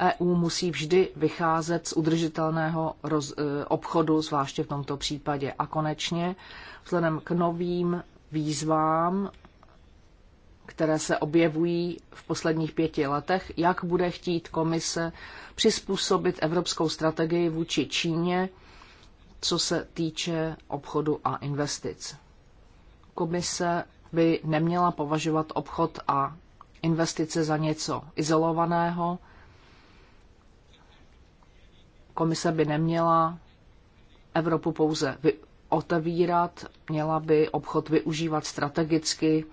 C: EU musí vždy vycházet z udržitelného roz, e, obchodu, zvláště v tomto případě. A konečně, vzhledem k novým výzvám, které se objevují v posledních pěti letech, jak bude chtít komise přizpůsobit evropskou strategii vůči Číně co se týče obchodu a investic. Komise by neměla považovat obchod a investice za něco izolovaného. Komise by neměla Evropu pouze otevírat, měla by obchod využívat strategicky,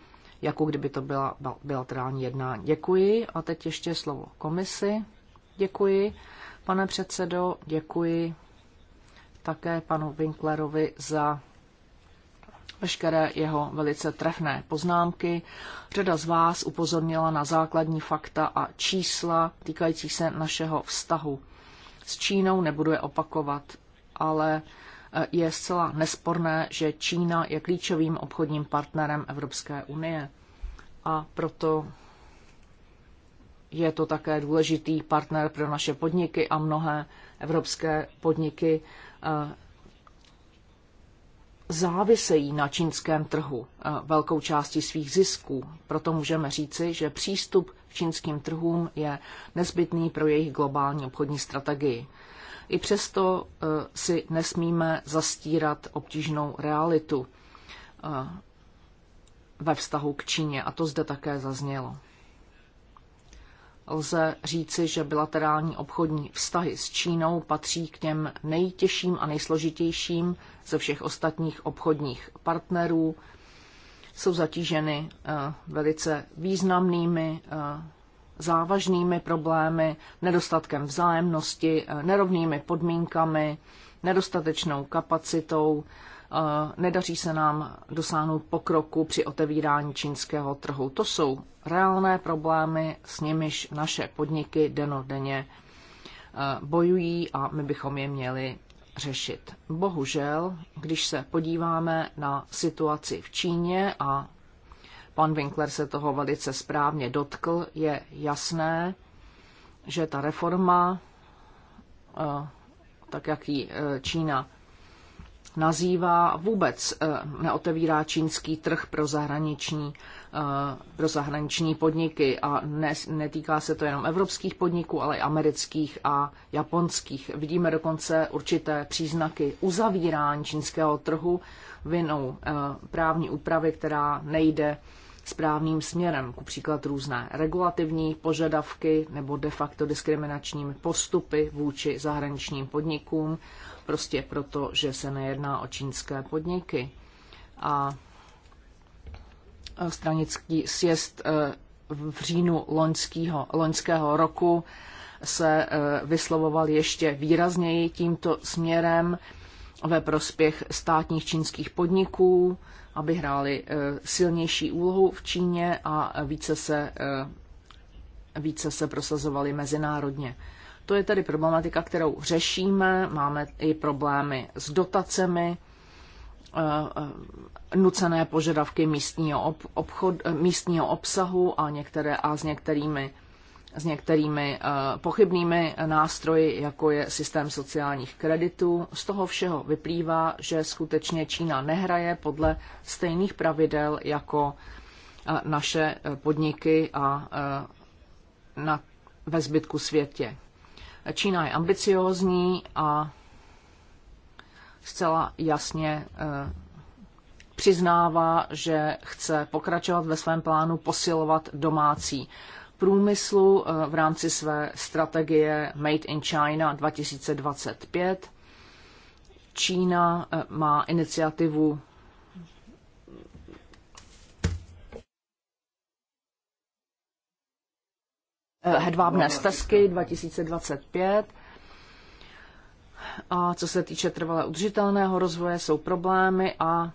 C: jako kdyby to byla bilaterální jednání. Děkuji a teď ještě slovo komisi. Děkuji, pane předsedo, děkuji také panu Winklerovi za veškeré jeho velice trefné poznámky. Řada z vás upozornila na základní fakta a čísla týkající se našeho vztahu s Čínou, nebudu je opakovat, ale eh, je zcela nesporné, že Čína je klíčovým obchodním partnerem Evropské unie. A proto je to také důležitý partner pro naše podniky a mnohé evropské podniky závisejí na čínském trhu velkou částí svých zisků. Proto můžeme říci, že přístup k čínským trhům je nezbytný pro jejich globální obchodní strategii. I přesto e, si nesmíme zastírat obtížnou realitu e, ve vztahu k Číně, a to zde také zaznělo lze říci, že bilaterální obchodní vztahy s Čínou patří k těm nejtěžším a nejsložitějším ze všech ostatních obchodních partnerů. Jsou zatíženy eh, velice významnými eh, závažnými problémy, nedostatkem vzájemnosti, eh, nerovnými podmínkami, nedostatečnou kapacitou nedaří se nám dosáhnout pokroku při otevírání čínského trhu. To jsou reálné problémy, s nimiž naše podniky denodenně e, bojují a my bychom je měli řešit. Bohužel, když se podíváme na situaci v Číně a pan Winkler se toho velice správně dotkl, je jasné, že ta reforma, e, tak jak ji e, Čína nazývá, vůbec eh, neotevírá čínský trh pro zahraniční, eh, pro zahraniční podniky a ne, netýká se to jenom evropských podniků, ale i amerických a japonských. Vidíme dokonce určité příznaky uzavírání čínského trhu vinou eh, právní úpravy, která nejde správným směrem, ku příklad různé regulativní požadavky nebo de facto diskriminačními postupy vůči zahraničním podnikům Prostě proto, že se nejedná o čínské podniky. A e, stranický sjezd e, v říjnu loňského, loňského roku se e, vyslovoval ještě výrazněji tímto směrem ve prospěch státních čínských podniků, aby hráli silnější úlohu v Číně a více se, více se prosazovali mezinárodně. To je tedy problematika, kterou řešíme. Máme i problémy s dotacemi, eh, eh, nucené požadavky místního, obchod, eh, místního obsahu a, některé, a s některými, s některými pochybnými nástroji, jako je systém sociálních kreditů. Z toho všeho vyplývá, že skutečně Čína nehraje podle stejných pravidel jako naše podniky a na, ve zbytku světě. Čína je ambiciózní a zcela jasně eh, přiznává, že chce pokračovat ve svém plánu posilovat domácí průmyslu eh, v rámci své strategie Made in China 2025. Čína eh, má iniciativu Eh, hedvábné stezky 2025. A co se týče trvalé udržitelného rozvoje, jsou problémy a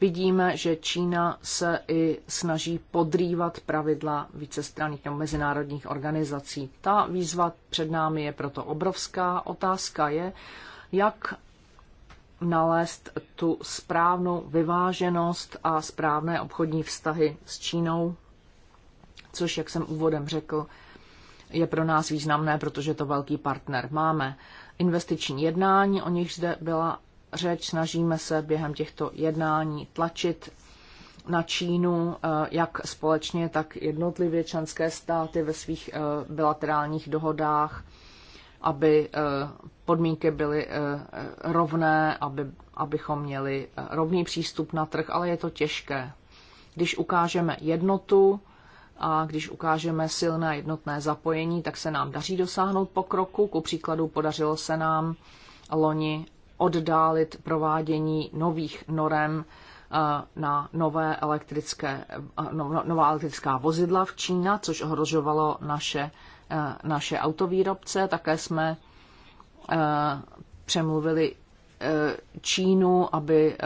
C: vidíme, že Čína se i snaží podrývat pravidla vícestranných nebo mezinárodních organizací. Ta výzva před námi je proto obrovská. Otázka je, jak nalézt tu správnou vyváženost a správné obchodní vztahy s Čínou což, jak jsem úvodem řekl, je pro nás významné, protože to velký partner máme. Investiční jednání, o nich zde byla řeč, snažíme se během těchto jednání tlačit na Čínu, eh, jak společně, tak jednotlivě členské státy ve svých eh, bilaterálních dohodách, aby eh, podmínky byly rovné, aby, abychom měli rovný přístup na trh, ale je to těžké. Když ukážeme jednotu, a když ukážeme silné jednotné zapojení, tak se nám daří dosáhnout pokroku. Ku příkladu podařilo se nám loni oddálit provádění nových norem eh, na nové elektrické, eh, no, no, nová elektrická vozidla v Čína, což ohrožovalo naše, eh, naše autovýrobce. Také jsme přemluvili Eh, Čínu, aby eh,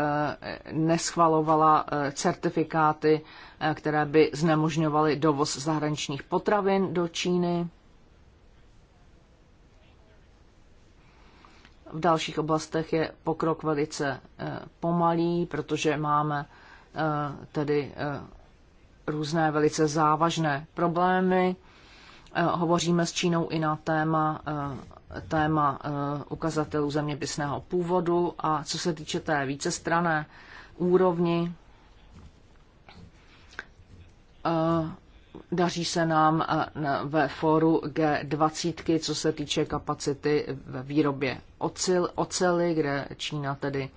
C: neschvalovala eh, certifikáty, které by znemožňovaly dovoz zahraničních potravin do Číny. V dalších oblastech je pokrok velice pomalý, protože máme tedy různé velice závažné problémy. Hovoříme s Čínou i na téma téma eh, ukazatelů zeměpisného původu a co se týče té vícestrané úrovni, eh, daří se nám eh, ve fóru G20, co se týče kapacity ve výrobě ocely, kde Čína tedy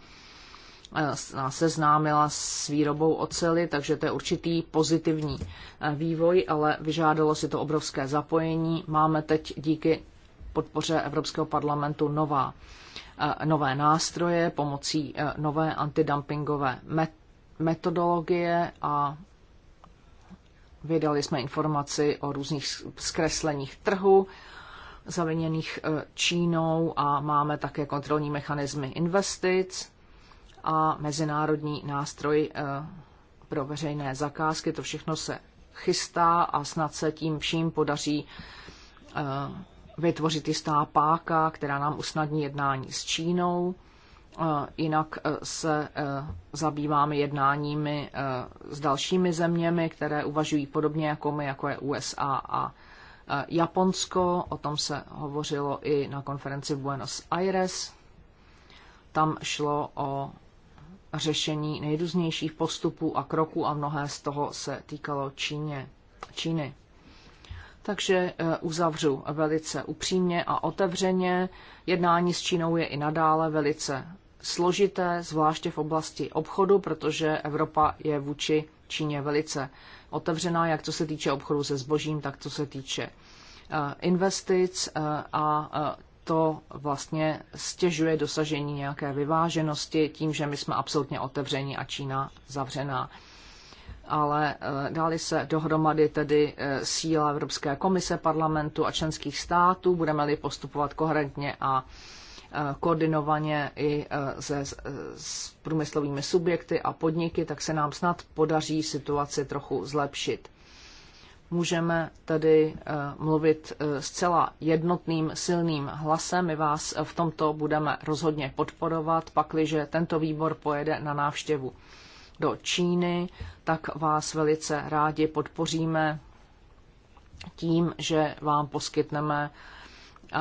C: nás seznámila s výrobou ocely, takže to je určitý pozitivní vývoj, ale vyžádalo si to obrovské zapojení. Máme teď díky podpoře Evropského parlamentu nová, eh, nové nástroje pomocí eh, nové antidumpingové metodologie a vydali jsme informaci o různých zkresleních trhu zaviněných eh, Čínou a máme také kontrolní mechanismy investic a mezinárodní nástroj pro veřejné zakázky. To všechno se chystá a snad se tím vším podaří vytvořit jistá páka, která nám usnadní jednání s Čínou. Eh, jinak eh, se eh, zabýváme jednáními s dalšími zeměmi, které uvažují podobně jako my, jako je USA a Japonsko. O tom se hovořilo i na konferenci v Buenos Aires. Tam šlo o řešení nejrůznějších postupů a kroků a mnohé z toho se týkalo Číně, Číny. Takže eh, uzavřu velice upřímně a otevřeně. Jednání s Čínou je i nadále velice složité, zvláště v oblasti obchodu, protože Evropa je vůči Číně velice otevřená, jak co se týče obchodu se zbožím, tak co se týče eh, investic eh, a to vlastně stěžuje dosažení nějaké vyváženosti tím, že my jsme absolutně otevření a Čína zavřená ale eh, dali se dohromady tedy eh, síla Evropské komise, parlamentu a členských států. Budeme-li postupovat koherentně a eh, koordinovaně i se, s průmyslovými subjekty a podniky, tak se nám snad podaří situaci trochu zlepšit. Můžeme tedy mluvit zcela jednotným, silným hlasem. My vás v tomto budeme rozhodně podporovat, pakliže tento výbor pojede na návštěvu do Číny, tak vás velice rádi podpoříme tím, že vám poskytneme eh,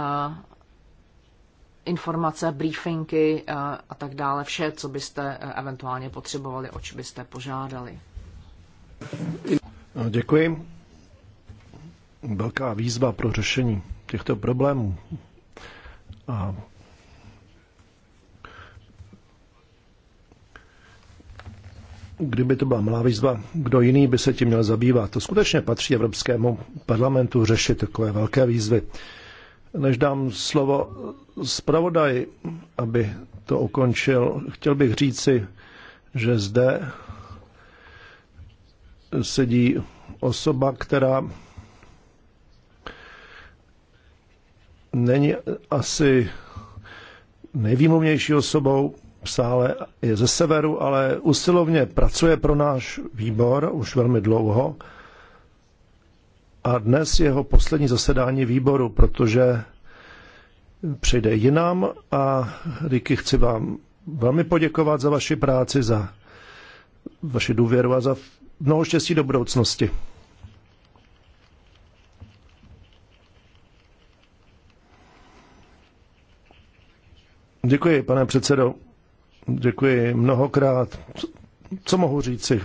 C: informace, briefingy eh, a tak dále, vše, co byste eh, eventuálně potřebovali, oč byste požádali.
A: Děkuji. Velká výzva pro řešení těchto problémů. A kdyby to byla malá výzva, kdo jiný by se tím měl zabývat. To skutečně patří Evropskému parlamentu řešit takové velké výzvy. Než dám slovo zpravodaj, aby to ukončil, chtěl bych říci, že zde sedí osoba, která není asi nejvýmluvnější osobou, v sále, je ze severu, ale usilovně pracuje pro náš výbor už velmi dlouho. A dnes jeho poslední zasedání výboru, protože přijde jinam a Riky, chci vám velmi poděkovat za vaši práci, za vaši důvěru a za mnoho štěstí do budoucnosti. Děkuji, pane předsedo. Děkuji mnohokrát. Co mohu říci?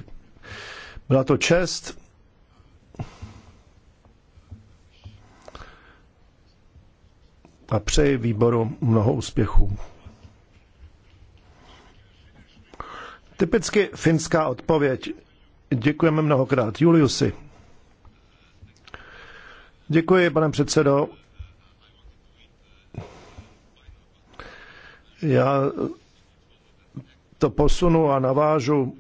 A: Byla to čest. A přeji výboru mnoho úspěchů. Typicky finská odpověď. Děkujeme mnohokrát. Juliusi. Děkuji, pane předsedo. Já to posunu a navážu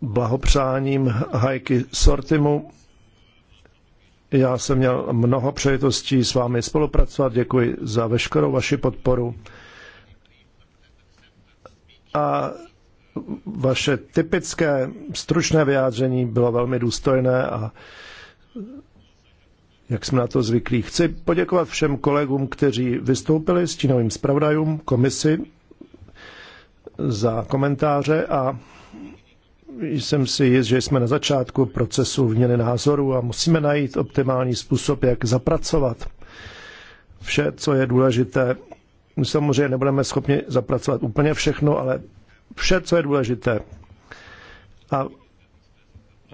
A: blahopřáním Hajky Sortimu. Já jsem měl mnoho přejetostí s vámi spolupracovat. Děkuji za veškerou vaši podporu. A vaše typické stručné vyjádření bylo velmi důstojné a jak jsme na to zvyklí. Chci poděkovat všem kolegům, kteří vystoupili, stínovým zpravodajům, komisi za komentáře a jsem si jist, že jsme na začátku procesu vměny názoru a musíme najít optimální způsob, jak zapracovat vše, co je důležité. My samozřejmě nebudeme schopni zapracovat úplně všechno, ale vše, co je důležité. A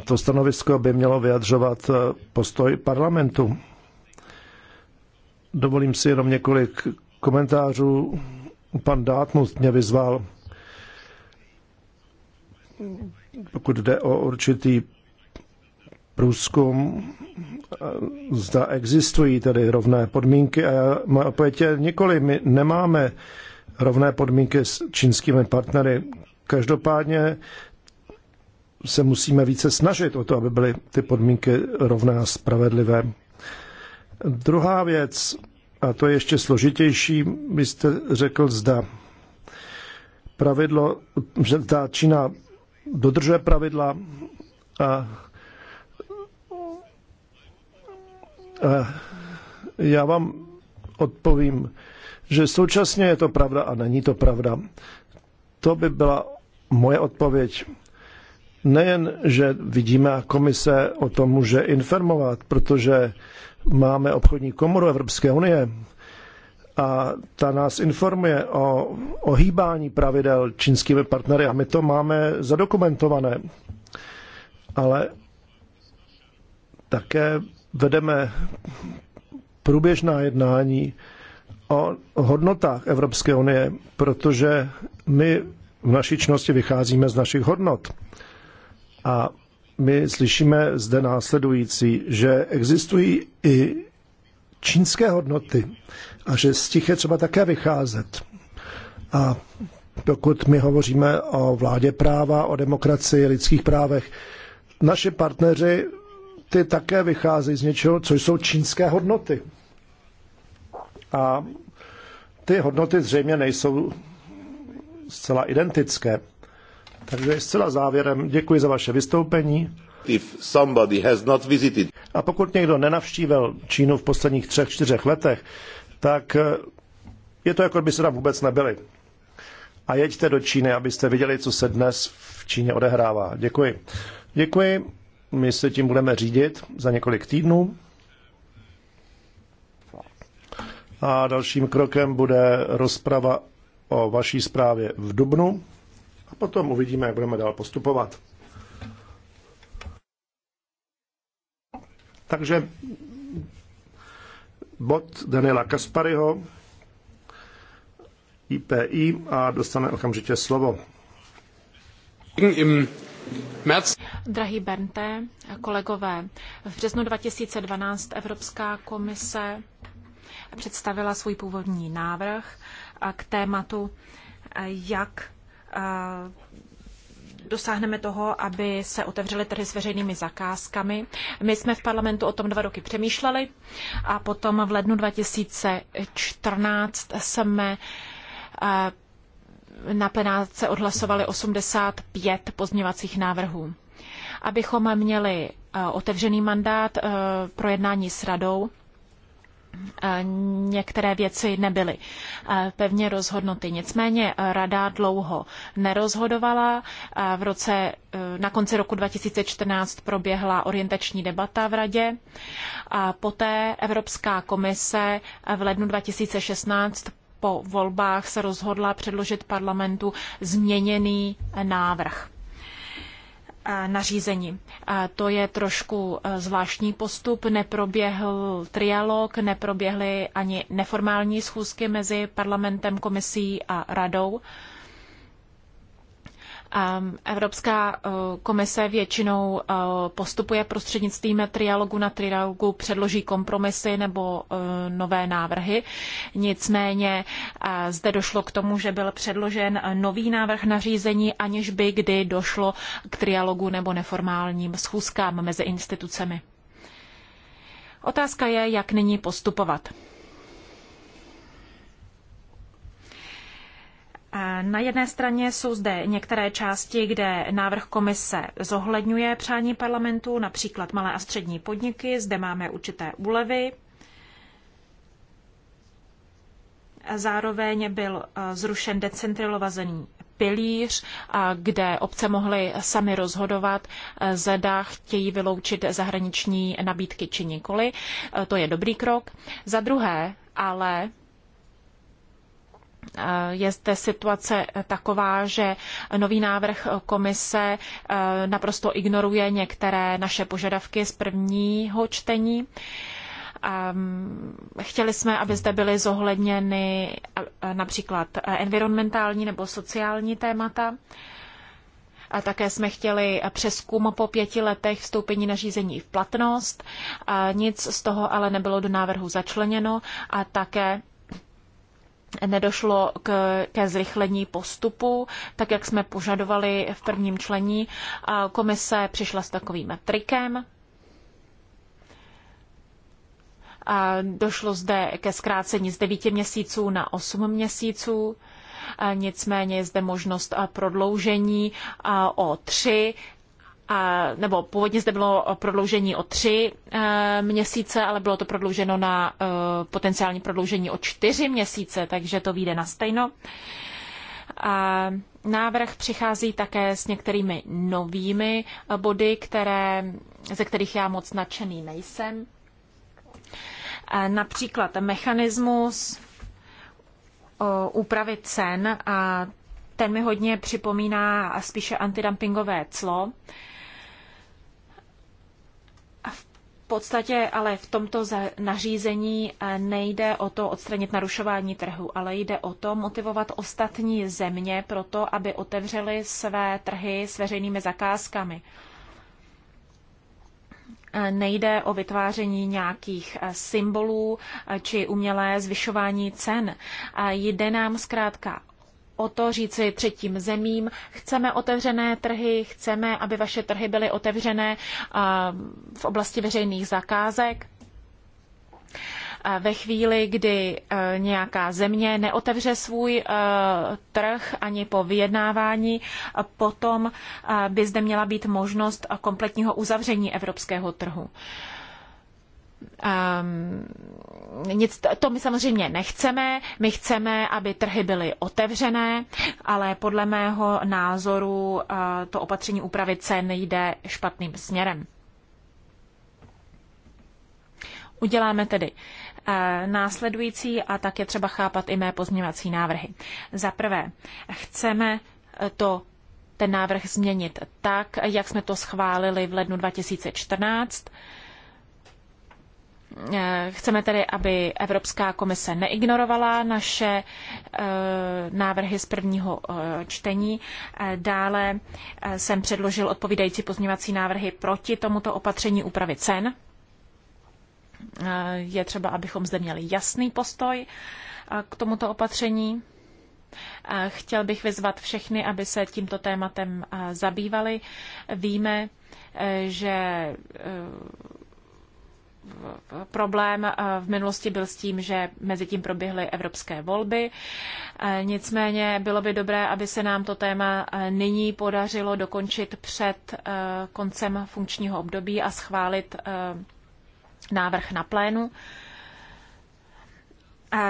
A: to stanovisko by mělo vyjadřovat eh, postoj parlamentu. Dovolím si jenom několik komentářů. Pan Dátmus mě vyzval, pokud jde o určitý průzkum, eh, zda existují tedy rovné podmínky. A má odpověď je nikoli, my nemáme rovné podmínky s čínskými partnery. Každopádně se musíme více snažit o to, aby byly ty podmínky rovné a spravedlivé. Druhá věc, a to je ještě složitější, byste řekl, zda pravidlo, že ta Čína dodržuje pravidla a, a já vám odpovím, že současně je to pravda a není to pravda. To by byla moje odpověď nejen, že vidíme a komise o tom může informovat, protože máme obchodní komoru Evropské unie a ta nás informuje o ohýbání pravidel čínskými partnery a my to máme zadokumentované. Ale také vedeme průběžná jednání o hodnotách Evropské unie, protože my v naší činnosti vycházíme z našich hodnot. A my slyšíme zde následující, že existují i čínské hodnoty a že z těch je třeba také vycházet. A pokud my hovoříme o vládě práva, o demokracii, lidských právech, naši partneři ty také vycházejí z něčeho, co jsou čínské hodnoty. A ty hodnoty zřejmě nejsou zcela identické. Takže zcela závěrem děkuji za vaše vystoupení. If somebody has not visited. A pokud někdo nenavštívil Čínu v posledních třech, čtyřech letech, tak eh, je to, jako by se tam vůbec nebyli. A jeďte do Číny, abyste viděli, co se dnes v Číně odehrává. Děkuji. Děkuji. My se tím budeme řídit za několik týdnů. A dalším krokem bude rozprava o vaší zprávě v Dubnu a potom uvidíme, jak budeme dál postupovat. Takže bod Daniela Kaspariho, IPI a dostane okamžitě slovo.
B: Drahý Bernte, kolegové, v březnu 2012 Evropská komise představila svůj původní návrh k tématu, jak dosáhneme toho, aby se otevřely trhy s veřejnými zakázkami. My jsme v parlamentu o tom dva roky přemýšleli a potom v lednu 2014 jsme eh, na plenáce odhlasovali 85 pozměvacích návrhů. Abychom měli eh, otevřený mandát eh, pro jednání s radou, některé věci nebyly pevně rozhodnuty. Nicméně rada dlouho nerozhodovala. V roce, e, na konci roku 2014 proběhla orientační debata v radě. A poté Evropská komise v lednu 2016 po volbách se rozhodla předložit parlamentu změněný návrh nařízení. To je trošku e, zvláštní postup. Neproběhl trialog, neproběhly ani neformální schůzky mezi parlamentem, komisí a radou. Evropská eh, komise většinou eh, postupuje prostřednictvím trialogu na trialogu, předloží kompromisy nebo eh, nové návrhy. Nicméně zde došlo k tomu, že byl předložen nový návrh nařízení, aniž by kdy došlo k trialogu nebo neformálním schůzkám mezi institucemi. Otázka je, jak nyní postupovat. Na jedné straně jsou zde některé části, kde návrh komise zohledňuje přání parlamentu, například malé a střední podniky, zde máme určité úlevy. Zároveň byl eh, zrušen decentralizovaný pilíř, eh, kde obce mohly sami rozhodovat, eh, zda chtějí vyloučit zahraniční nabídky či nikoli. To je dobrý krok. Za druhé, ale je zde situace taková, že nový návrh komise eh, naprosto ignoruje některé naše požadavky z prvního čtení. Ehm, chtěli jsme, aby zde byly zohledněny eh, například eh, environmentální nebo sociální témata. A také jsme chtěli přeskum po pěti letech vstoupení nařízení v platnost. A nic z toho ale nebylo do návrhu začleněno a také nedošlo k, ke zrychlení postupu, tak jak jsme požadovali v prvním člení. Komise přišla s takovým trikem. A došlo zde ke zkrácení z 9 měsíců na 8 měsíců. A nicméně je zde možnost prodloužení o tři nebo původně zde bylo prodloužení o tři eh, měsíce, ale bylo to prodlouženo na eh, potenciální prodloužení o čtyři měsíce, takže to vyjde na stejno. A návrh přichází také s některými novými eh, body, které, ze kterých já moc nadšený nejsem. Například mechanismus úpravy cen, a ten mi hodně připomíná spíše antidumpingové clo. podstatě ale v tomto nařízení eh, nejde o to odstranit narušování trhu, ale jde o to motivovat ostatní země pro to, aby otevřely své trhy s veřejnými zakázkami. Eh, nejde o vytváření nějakých eh, symbolů či umělé zvyšování cen. Jde nám zkrátka o to říci třetím zemím, chceme otevřené trhy, chceme, aby vaše trhy byly otevřené v oblasti veřejných zakázek. Ve chvíli, kdy e, nějaká země neotevře svůj e, trh ani po vyjednávání, potom by zde měla být možnost kompletního uzavření evropského trhu. Um, nic, to my samozřejmě nechceme. My chceme, aby trhy byly otevřené, ale podle mého názoru uh, to opatření úpravy cen jde špatným směrem. Uděláme tedy eh, následující a tak je třeba chápat i mé pozměňovací návrhy. Za prvé, chceme eh, to ten návrh změnit tak, jak jsme to schválili v lednu 2014 Eh, chceme tedy, aby Evropská komise neignorovala naše eh, návrhy z prvního eh, čtení. Dále jsem předložil odpovídající pozměňovací návrhy proti tomuto opatření úpravy cen. Je třeba, abychom zde měli jasný postoj k tomuto opatření. Chtěl bych vyzvat všechny, aby se tímto tématem zabývali. Víme, že problém eh, v minulosti byl s tím, že mezi tím proběhly evropské volby. Eh, nicméně bylo by dobré, aby se nám to téma eh, nyní podařilo dokončit před koncem funkčního období a schválit návrh na plénu.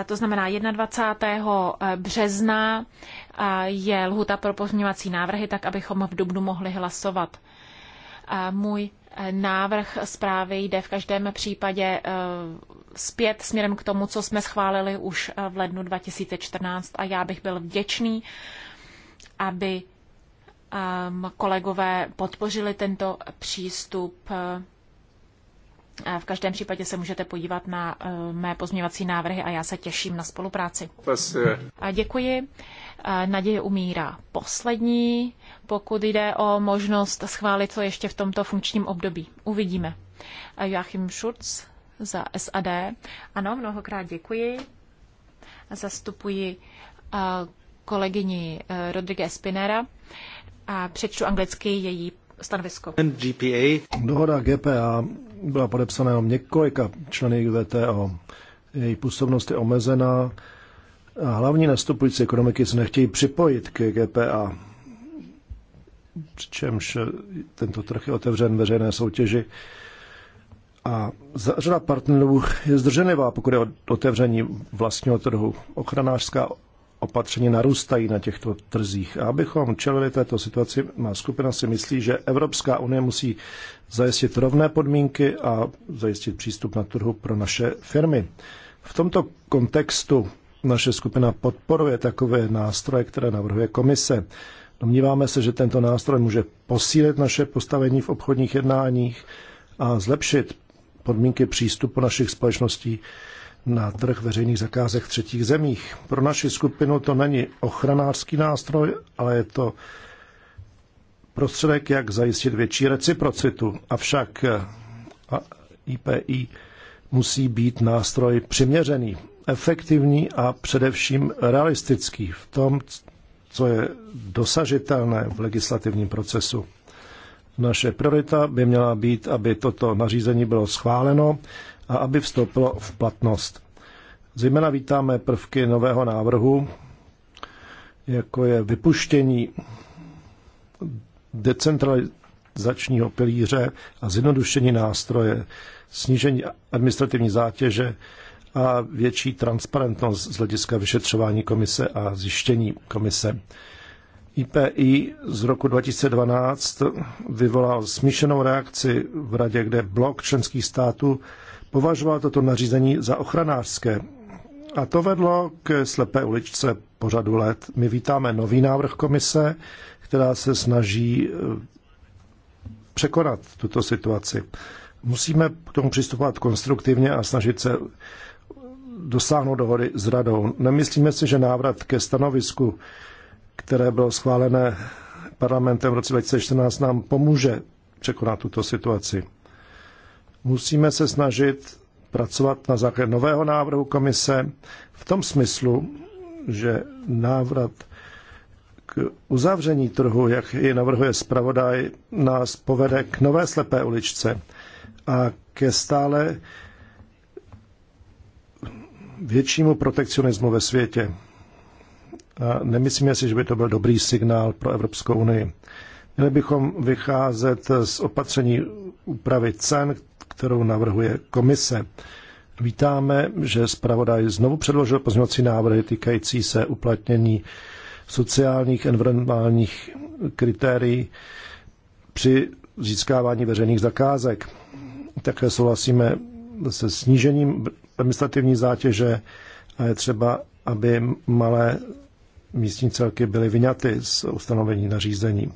B: To znamená 21. března je lhuta pro pozměňovací návrhy, tak abychom v Dubnu mohli hlasovat. Můj Návrh zprávy jde v každém případě eh, zpět směrem k tomu, co jsme schválili už eh, v lednu 2014 a já bych byl vděčný, aby ehm, kolegové podpořili tento přístup. Eh, v každém případě se můžete podívat na mé pozměňovací návrhy a já se těším na spolupráci. A děkuji. Naděje umírá poslední pokud jde o možnost schválit to ještě v tomto funkčním období. Uvidíme. Joachim Schurz za SAD. Ano, mnohokrát děkuji. Zastupuji eh, kolegyni eh, Rodriguez Spinera a přečtu anglicky její stanovisko.
A: GPA. Dohoda GPA byla podepsána jenom několika členy VTO. Její působnost je omezená a hlavní nastupující ekonomiky se nechtějí připojit k GPA přičemž tento trh je otevřen veřejné soutěži. A řada partnerů je zdrženlivá, pokud je o otevření vlastního trhu. Ochranářská opatření narůstají na těchto trzích. A abychom čelili této situaci, má skupina si myslí, že Evropská unie musí zajistit rovné podmínky a zajistit přístup na trhu pro naše firmy. V tomto kontextu naše skupina podporuje takové nástroje, které navrhuje komise. Domníváme se, že tento nástroj může posílit naše postavení v obchodních jednáních a zlepšit podmínky přístupu našich společností na trh veřejných zakázek v třetích zemích. Pro naši skupinu to není ochranářský nástroj, ale je to prostředek, jak zajistit větší reciprocitu. Avšak IPI eh, musí být nástroj přiměřený, efektivní a především realistický v tom, co je dosažitelné v legislativním procesu. Naše priorita by měla být, aby toto nařízení bylo schváleno a aby vstoupilo v platnost. Zejména vítáme prvky nového návrhu, jako je vypuštění decentralizačního pilíře a zjednodušení nástroje, snížení administrativní zátěže a větší transparentnost z hlediska vyšetřování komise a zjištění komise. IPI z roku 2012 vyvolal smíšenou reakci v radě, kde blok členských států považoval toto nařízení za ochranářské. A to vedlo k slepé uličce po řadu let. My vítáme nový návrh komise, která se snaží eh, překonat tuto situaci. Musíme k tomu přistupovat konstruktivně a snažit se dosáhnout dohody s radou. Nemyslíme si, že návrat ke stanovisku, které bylo schválené parlamentem v roce 2014, nám pomůže překonat tuto situaci. Musíme se snažit pracovat na základě nového návrhu komise v tom smyslu, že návrat k uzavření trhu, jak ji navrhuje zpravodaj, nás povede k nové slepé uličce a ke stále většímu protekcionismu ve světě. A nemyslíme si, že by to byl dobrý signál pro Evropskou unii. Měli bychom vycházet z opatření úpravy cen, kterou navrhuje komise. Vítáme, že zpravodaj znovu předložil pozměňovací návrhy týkající se uplatnění sociálních, environmentálních kritérií při získávání veřejných zakázek. Také souhlasíme se snížením administrativní zátěže a je třeba, aby malé místní celky byly vyňaty z ustanovení nařízení.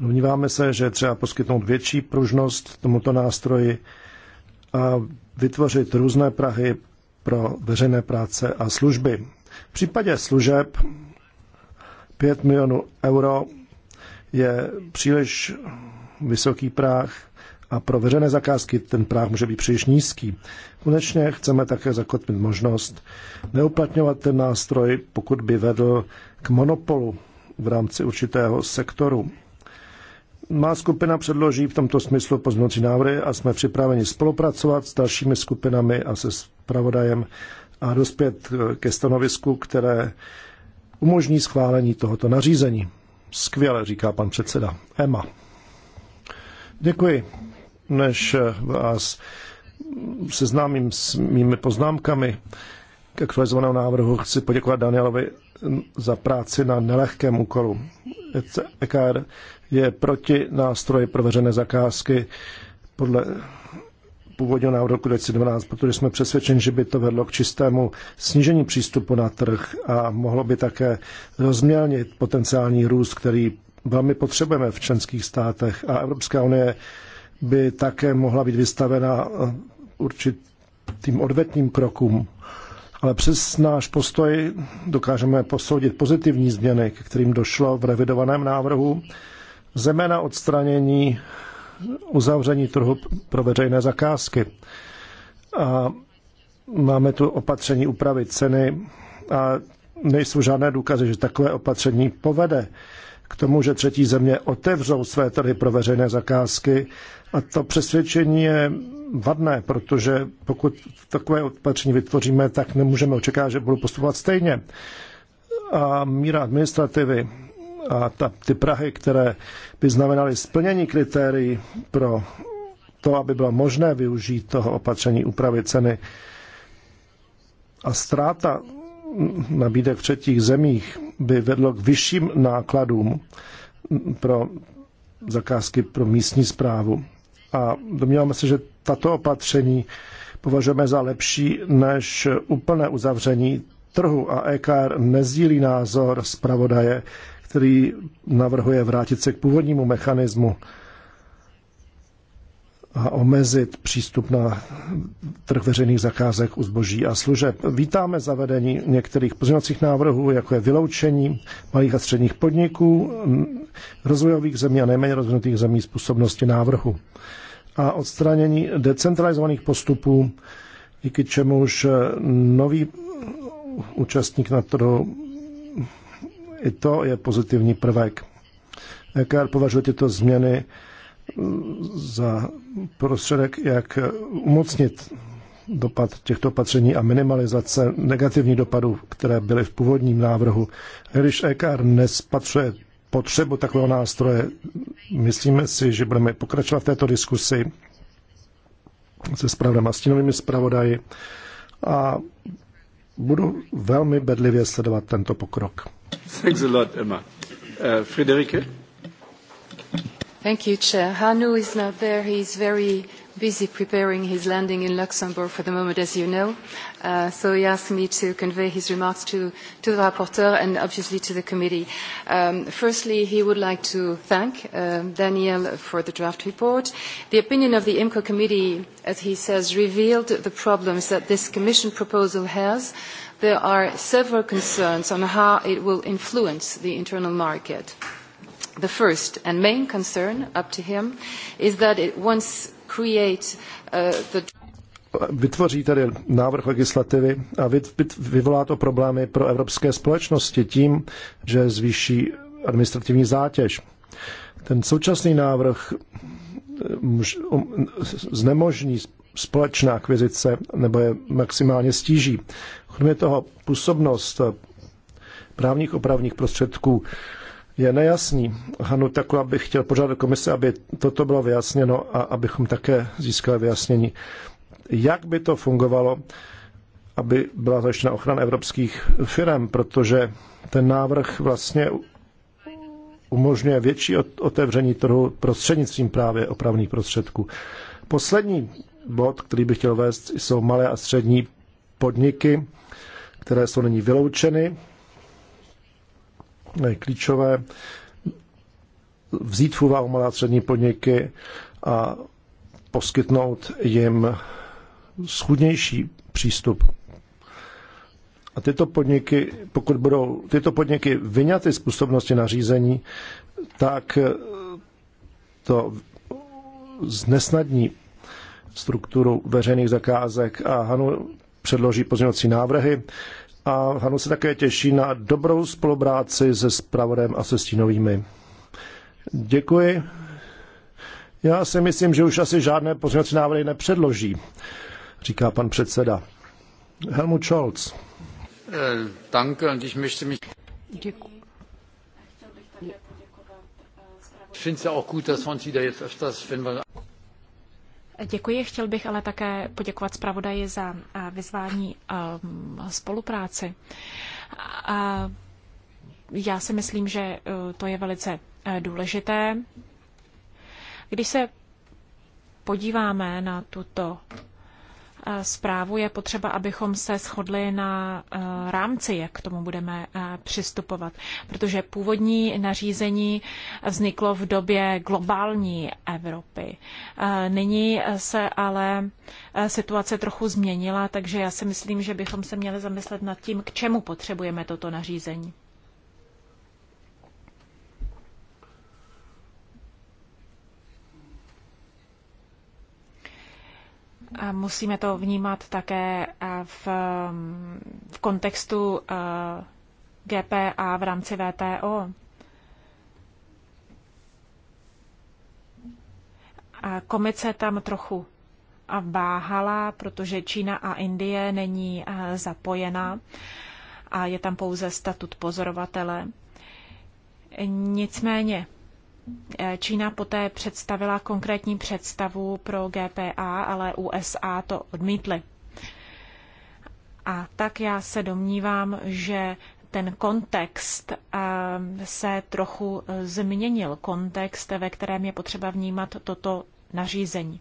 A: Domníváme se, že třeba poskytnout větší pružnost tomuto nástroji a vytvořit různé prahy pro veřejné práce a služby. V případě služeb 5 milionů euro je příliš vysoký práh a pro veřejné zakázky ten práh může být příliš nízký. Konečně chceme také zakotvit možnost neuplatňovat ten nástroj, pokud by vedl k monopolu v rámci určitého sektoru. Má skupina předloží v tomto smyslu pozměňovací návrhy a jsme připraveni spolupracovat s dalšími skupinami a se spravodajem a dospět ke stanovisku, které umožní schválení tohoto nařízení. Skvěle, říká pan předseda. Emma. Děkuji než eh, vás seznámím s mými poznámkami k aktualizovanému návrhu, chci poděkovat Danielovi za práci na nelehkém úkolu. EKR e je proti nástroji pro veřejné zakázky podle původního návrhu roku 2012, protože jsme přesvědčeni, že by to vedlo k čistému snížení přístupu na trh a mohlo by také rozmělnit potenciální růst, který velmi potřebujeme v členských státech a Evropská unie by také mohla být vystavena eh, určitým odvetným krokům. Ale přes náš postoj dokážeme posoudit pozitivní změny, k kterým došlo v revidovaném návrhu, zejména odstranění uzavření trhu pro veřejné zakázky. A máme tu opatření upravit ceny a nejsou žádné důkazy, že takové opatření povede k tomu, že třetí země otevřou své trhy pro veřejné zakázky. A to přesvědčení je vadné, protože pokud takové opatření vytvoříme, tak nemůžeme očekávat, že budou postupovat stejně. A míra administrativy a ta, ty Prahy, které by znamenaly splnění kritérií pro to, aby bylo možné využít toho opatření, upravit ceny a ztráta nabídek v třetích zemích by vedlo k vyšším nákladům pro zakázky pro místní zprávu. A domníváme se, že tato opatření považujeme za lepší než úplné uzavření trhu a EKR nezdílí názor zpravodaje, který navrhuje vrátit se k původnímu mechanismu a omezit přístup na trh veřejných zakázek u zboží a služeb. Vítáme zavedení některých pozměňovacích návrhů, jako je vyloučení malých a středních podniků, rozvojových zemí a nejméně rozvinutých zemí z působnosti návrhu a odstranění decentralizovaných postupů, díky čemuž nový účastník na trhu i to je pozitivní prvek. EKR považuje tyto změny za prostředek, jak umocnit dopad těchto opatření a minimalizace negativních dopadů, které byly v původním návrhu. Když EKR nespatřuje potřebu takového nástroje, myslíme si, že budeme pokračovat v této diskusi se správným a stínovými zpravodaji a budu velmi bedlivě sledovat tento pokrok. Thanks a lot, Emma. Uh, Friederike?
C: Thank you, Chair. Hanu is not there. He's very busy preparing his landing in Luxembourg for the moment, as you know. Uh, so he asked me to convey his remarks to, to the rapporteur and obviously to the committee. Um, firstly, he would like to thank um, Daniel for the draft report. The opinion of the IMCO committee, as he says, revealed the problems that this Commission proposal has. There are several concerns on how it will influence the internal market. The first and main concern up to him is that it once create uh, the
A: vytvoří tady návrh legislativy a vyvolá to problémy pro evropské společnosti tím, že zvýší administrativní zátěž. Ten současný návrh eh, um, znemožní společná akvizice nebo je maximálně stíží. Kromě toho působnost právních opravních prostředků je nejasný. Hanu tak, bych chtěl požádat komise, aby toto bylo vyjasněno a abychom také získali vyjasnění, jak by to fungovalo, aby byla zajištěna ochrana evropských firm, protože ten návrh vlastně umožňuje větší otevření trhu prostřednictvím právě opravných prostředků. Poslední bod, který bych chtěl vést, jsou malé a střední podniky, které jsou nyní vyloučeny klíčové vzít v úvahu malé střední podniky a poskytnout jim schudnější přístup. A tyto podniky, pokud budou tyto podniky vyňaty z působnosti nařízení, tak to znesnadní strukturu veřejných zakázek a Hanu předloží pozměňovací návrhy, a Hanu se také těší na dobrou spolupráci se Spravodem a se Stínovými. Děkuji. Já si myslím, že už asi žádné pozměňovací návrhy nepředloží, říká pan předseda. Helmut Scholz. Danke und ich möchte mich...
B: Děkuji. Ich finde es ja auch gut, dass wir uns wieder jetzt öfters, wenn wir Děkuji, chtěl bych ale také poděkovat zpravodaji za vyzvání um, spolupráci. A já si myslím, že uh, to je velice uh, důležité. Když se podíváme na tuto Eh, zprávu, je potřeba, abychom se shodli na eh, rámci, jak k tomu budeme eh, přistupovat. Protože původní nařízení vzniklo v době globální Evropy. Nyní se ale situace trochu změnila, takže já si myslím, že bychom se měli zamyslet nad tím, k čemu potřebujeme toto nařízení. A musíme to vnímat také eh, v, v kontextu eh, GPA v rámci VTO. A komice tam trochu eh, váhala, protože Čína a Indie není zapojena a je tam pouze statut pozorovatele. Nicméně Eh, Čína poté představila konkrétní představu pro GPA, ale USA to odmítly. A tak já se domnívám, že ten kontext eh, se trochu změnil. Kontext, ve kterém je potřeba vnímat toto nařízení.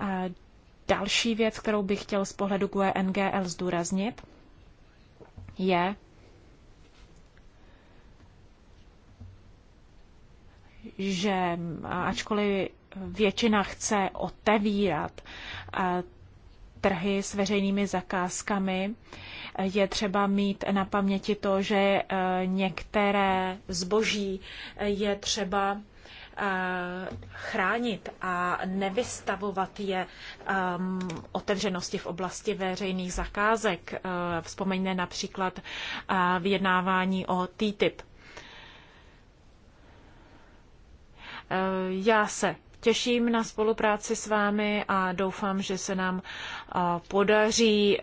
B: Eh, Další věc, kterou bych chtěl z pohledu GUE NGL zdůraznit, je, že ačkoliv většina chce otevírat trhy s veřejnými zakázkami, je třeba mít na paměti to, že e, některé zboží e, je třeba e, chránit a nevystavovat je um, otevřenosti v oblasti veřejných zakázek. vzpomeňte například uh, vyjednávání o TTIP. Eh, já se těším na spolupráci s vámi a doufám, že se nám eh, podaří eh,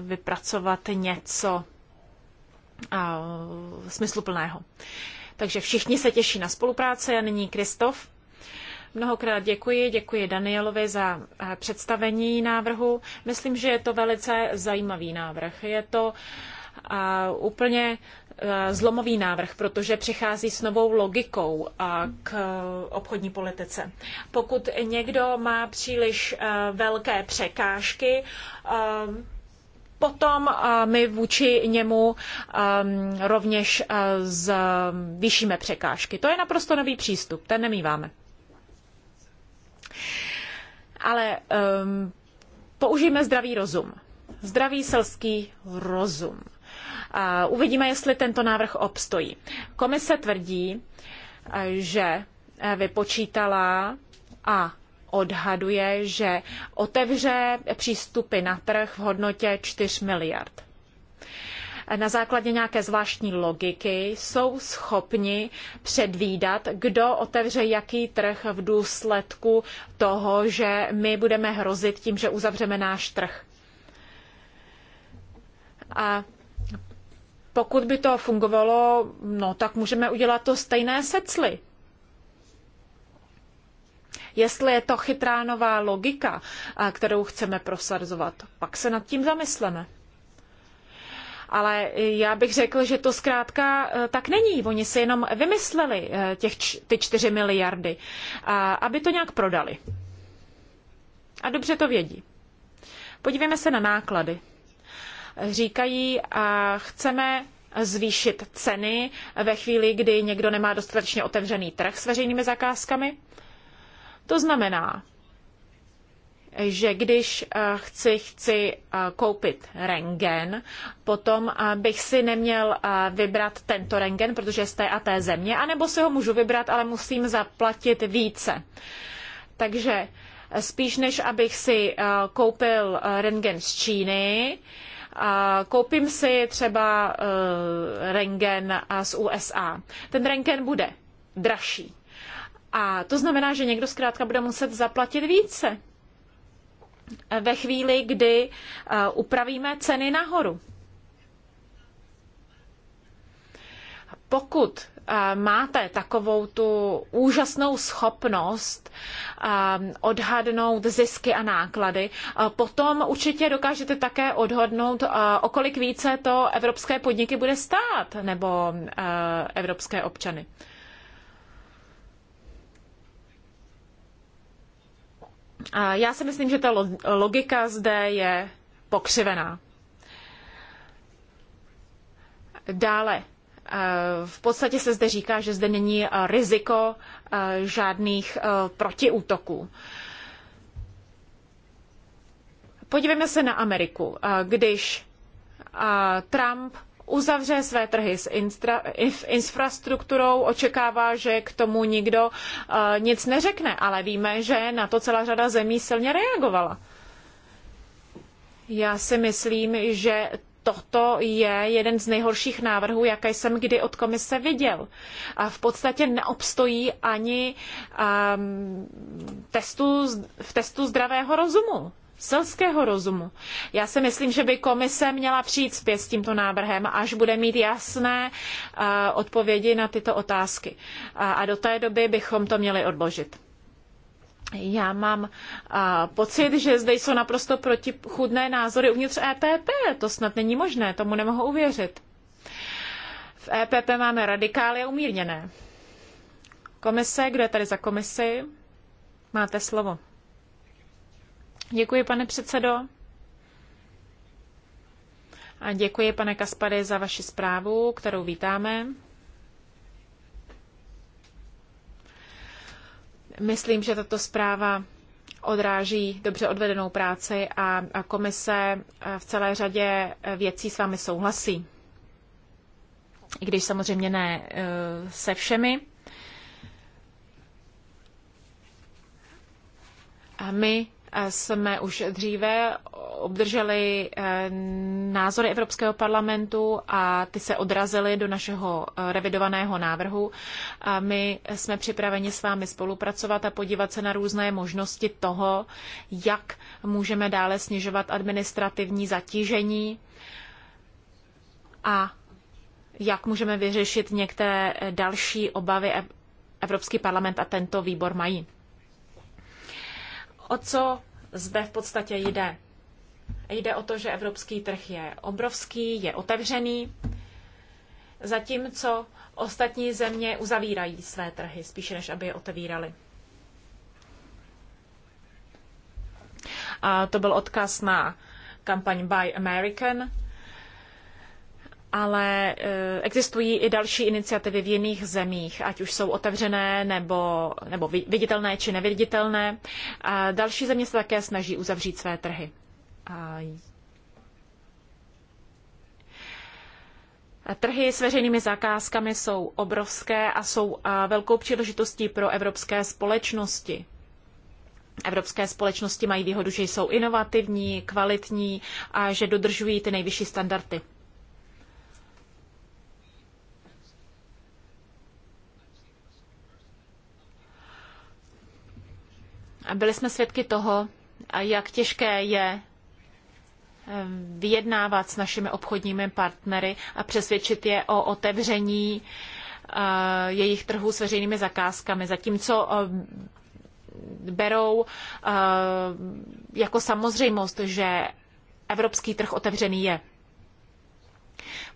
B: vypracovat něco smysluplného. Takže všichni se těší na spolupráci a nyní Kristof. Mnohokrát děkuji, děkuji Danielovi za představení návrhu. Myslím, že je to velice zajímavý návrh. Je to úplně Eh, zlomový návrh, protože přichází s novou logikou eh, k obchodní politice. Pokud někdo má příliš eh, velké překážky, potom my vůči němu rovněž zvýšíme překážky. To je naprosto nový přístup, ten nemýváme. Ale použijeme zdravý rozum. Zdravý selský rozum Uvidíme, jestli tento návrh obstojí. Komise tvrdí, že vypočítala a odhaduje, že otevře přístupy na trh v hodnotě 4 miliard. Na základě nějaké zvláštní logiky jsou schopni předvídat, kdo otevře jaký trh v důsledku toho, že my budeme hrozit tím, že uzavřeme náš trh. A pokud by to fungovalo, no tak můžeme udělat to stejné secly. Jestli je to chytrá nová logika, kterou chceme prosazovat, pak se nad tím zamysleme. Ale já bych řekl, že to zkrátka e, tak není. Oni si jenom vymysleli e, těch, ty čtyři miliardy, aby to nějak prodali. A dobře to vědí. Podívejme se na náklady říkají, chceme zvýšit ceny ve chvíli, kdy někdo nemá dostatečně otevřený trh s veřejnými zakázkami. To znamená, že když eh, chci, chci eh, koupit rengen, potom eh, bych si neměl vybrat tento rengen, protože je z té a té země, anebo si ho můžu vybrat, ale musím zaplatit více. Takže spíš než abych si koupil rengen z Číny, a koupím si třeba uh, rengen z USA. Ten rengen bude dražší. A to znamená, že někdo zkrátka bude muset zaplatit více ve chvíli, kdy eh, upravíme ceny nahoru. pokud eh, máte takovou tu úžasnou schopnost eh, odhadnout zisky a náklady, eh, potom určitě dokážete také odhadnout, o kolik více to evropské podniky bude stát nebo evropské občany. Já si myslím, že ta logika zde je pokřivená. Dále, Eh, v podstatě se zde říká, že zde není eh, riziko eh, žádných protiútoků. Podívejme se na Ameriku. Když Trump uzavře své trhy s infrastrukturou, očekává, že k tomu nikdo nic neřekne, ale víme, že na to celá řada zemí silně reagovala. Já si myslím, že toto je jeden z nejhorších návrhů, jaké jsem kdy od komise viděl. A v podstatě neobstojí ani um, testu, v testu zdravého rozumu selského rozumu. Já si myslím, že by komise měla přijít zpět s tímto návrhem, až bude mít jasné uh, odpovědi na tyto otázky. A, a do té doby bychom to měli odložit. Já mám a, pocit, že zde jsou naprosto protichudné názory uvnitř EPP. To snad není možné, tomu nemohu uvěřit. V EPP máme radikály a umírněné. Komise, kdo je tady za komisi? Máte slovo. Děkuji, pane předsedo. A děkuji, pane Kaspary, za vaši zprávu, kterou vítáme. Myslím, že tato zpráva odráží dobře odvedenou práci a komise eh, v celé řadě eh, věcí s vámi souhlasí. I když samozřejmě ne eh, se všemi. A my jsme už dříve obdrželi eh, názory Evropského parlamentu a ty se odrazily do našeho eh, revidovaného návrhu. A my jsme připraveni s vámi spolupracovat a podívat se na různé možnosti toho, jak můžeme dále snižovat administrativní zatížení a jak můžeme vyřešit některé eh, další obavy Evropský parlament a tento výbor mají. O co zde v podstatě jde? Jde o to, že evropský trh je obrovský, je otevřený, zatímco ostatní země uzavírají své trhy, spíše než aby je otevírali. A to byl odkaz na kampaň Buy American, ale eh, existují i další iniciativy v jiných zemích, ať už jsou otevřené nebo, nebo viditelné či neviditelné. A další země se také snaží uzavřít své trhy. A... Trhy s veřejnými zakázkami jsou obrovské a jsou velkou příležitostí pro evropské společnosti. Evropské společnosti mají výhodu, že jsou inovativní, kvalitní a že dodržují ty nejvyšší standardy. Byli jsme svědky toho, jak těžké je eh, vyjednávat s našimi obchodními partnery a přesvědčit je o otevření eh, jejich trhů s veřejnými zakázkami. Zatímco eh, berou jako samozřejmost, že evropský trh otevřený je.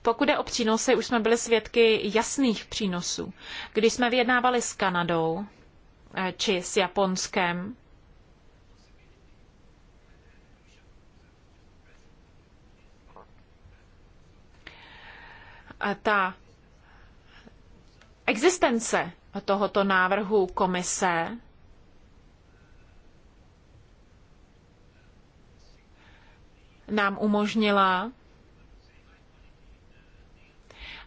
B: Pokud je o přínosy, už jsme byli svědky jasných přínosů. Když jsme vyjednávali s Kanadou či s Japonskem, ta existence tohoto návrhu komise nám umožnila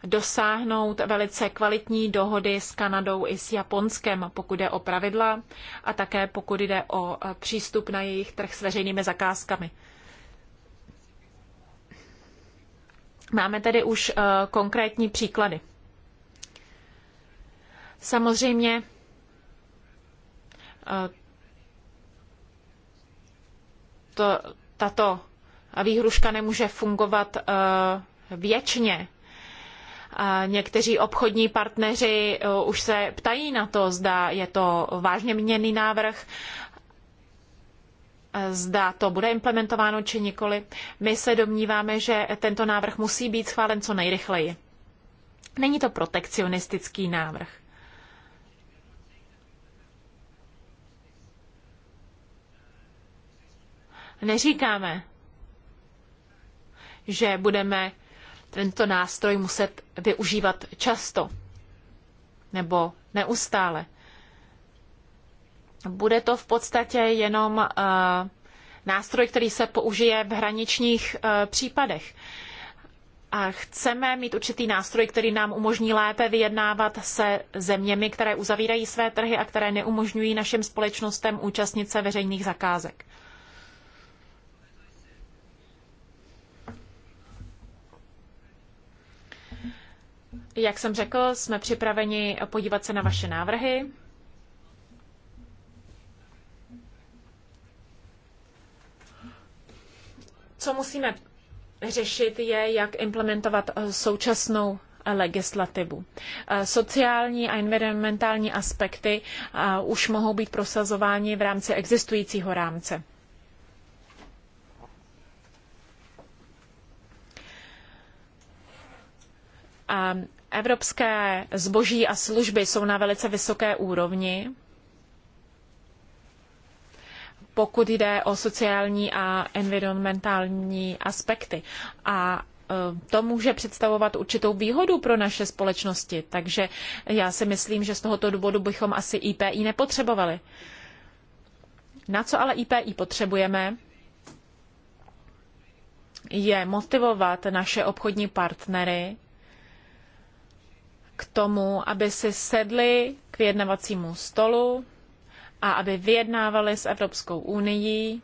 B: dosáhnout velice kvalitní dohody s Kanadou i s Japonskem, pokud jde o pravidla a také pokud jde o přístup na jejich trh s veřejnými zakázkami. Máme tedy už eh, konkrétní příklady. Samozřejmě eh, to, tato výhruška nemůže fungovat eh, věčně. Někteří obchodní partneři už se ptají na to, zda je to vážně měný návrh zda to bude implementováno či nikoli. My se domníváme, že tento návrh musí být schválen co nejrychleji. Není to protekcionistický návrh. Neříkáme, že budeme tento nástroj muset využívat často nebo neustále bude to v podstatě jenom eh, nástroj, který se použije v hraničních eh, případech. A chceme mít určitý nástroj, který nám umožní lépe vyjednávat se zeměmi, které uzavírají své trhy a které neumožňují našim společnostem účastnit se veřejných zakázek. Jak jsem řekl, jsme připraveni podívat se na vaše návrhy. Co musíme řešit, je, jak implementovat eh, současnou eh, legislativu. Eh, sociální a environmentální aspekty už mohou být prosazovány v rámci existujícího rámce. evropské zboží a služby jsou na velice vysoké úrovni pokud jde o sociální a environmentální aspekty. A e, to může představovat určitou výhodu pro naše společnosti, takže já si myslím, že z tohoto důvodu bychom asi IPI nepotřebovali. Na co ale IPI potřebujeme, je motivovat naše obchodní partnery k tomu, aby si sedli k vyjednavacímu stolu a aby vyjednávali s Evropskou unii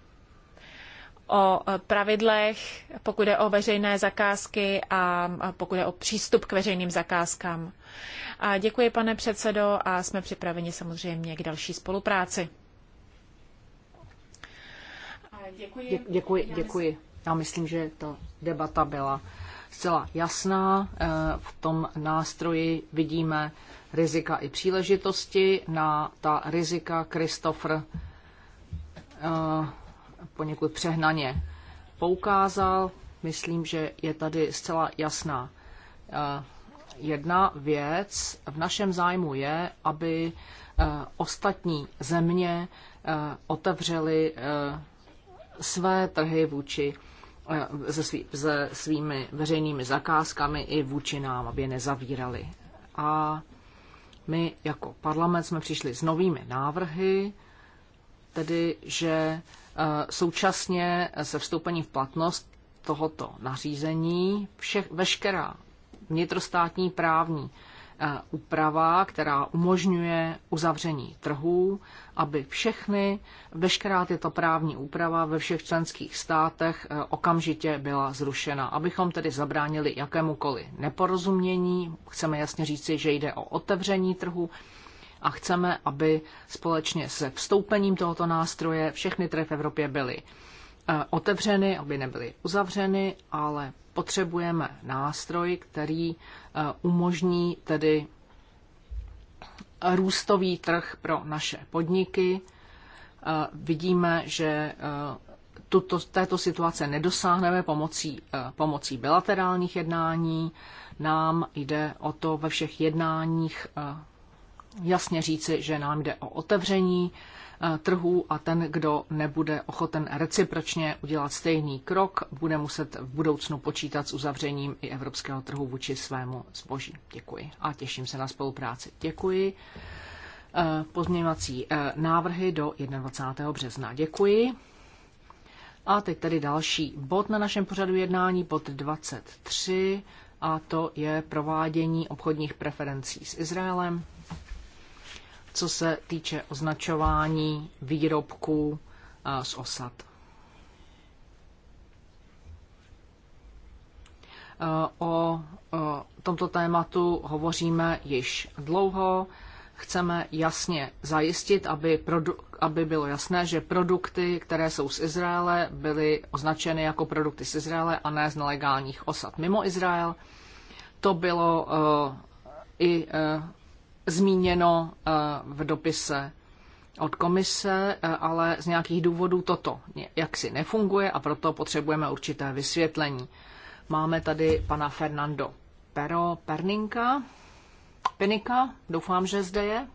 B: o pravidlech, pokud jde o veřejné zakázky a pokud jde o přístup k veřejným zakázkám. A děkuji, pane předsedo, a jsme připraveni samozřejmě k další
C: spolupráci.
B: Děkuji. Děkuji, děkuji.
C: Já myslím, že ta debata byla zcela jasná. Eh, v tom nástroji vidíme rizika i příležitosti. Na ta rizika Kristofr eh, poněkud přehnaně poukázal. Myslím, že je tady zcela jasná eh, jedna věc. V našem zájmu je, aby eh, ostatní země otevřely své trhy vůči se, svý, se svými veřejnými zakázkami i vůči nám, aby je nezavírali. A my jako parlament jsme přišli s novými návrhy, tedy že eh, současně se vstoupení v platnost tohoto nařízení všech, veškerá vnitrostátní právní Eh, úprava, která umožňuje uzavření trhů, aby všechny, veškerá tyto právní úprava ve všech členských státech eh, okamžitě byla zrušena. Abychom tedy zabránili jakémukoliv neporozumění, chceme jasně říci, že jde o otevření trhu, a chceme, aby společně se vstoupením tohoto nástroje všechny trhy v Evropě byly E, otevřeny, aby nebyly uzavřeny, ale potřebujeme nástroj, který e, umožní tedy růstový trh pro naše podniky. E, vidíme, že tuto, této situace nedosáhneme pomocí, pomocí bilaterálních jednání. Nám jde o to ve všech jednáních jasně říci, že nám jde o otevření Eh, trhů a ten, kdo nebude ochoten recipročně udělat stejný krok, bude muset v budoucnu počítat s uzavřením i evropského trhu vůči svému zboží. Děkuji a těším se na spolupráci. Děkuji. Eh, pozměňovací eh, návrhy do 21. března. Děkuji. A teď tady další bod na našem pořadu jednání, bod 23, a to je provádění obchodních preferencí s Izraelem co se týče označování výrobků eh, z osad. Eh, o eh, tomto tématu hovoříme již dlouho. Chceme jasně zajistit, aby, aby bylo jasné, že produkty, které jsou z Izraele, byly označeny jako produkty z Izraele a ne z nelegálních osad mimo Izrael. To bylo i zmíněno eh, v dopise od komise, eh, ale z nějakých důvodů toto jaksi nefunguje a proto potřebujeme určité vysvětlení. Máme tady pana Fernando Pero Perninka, Penika, doufám, že zde je.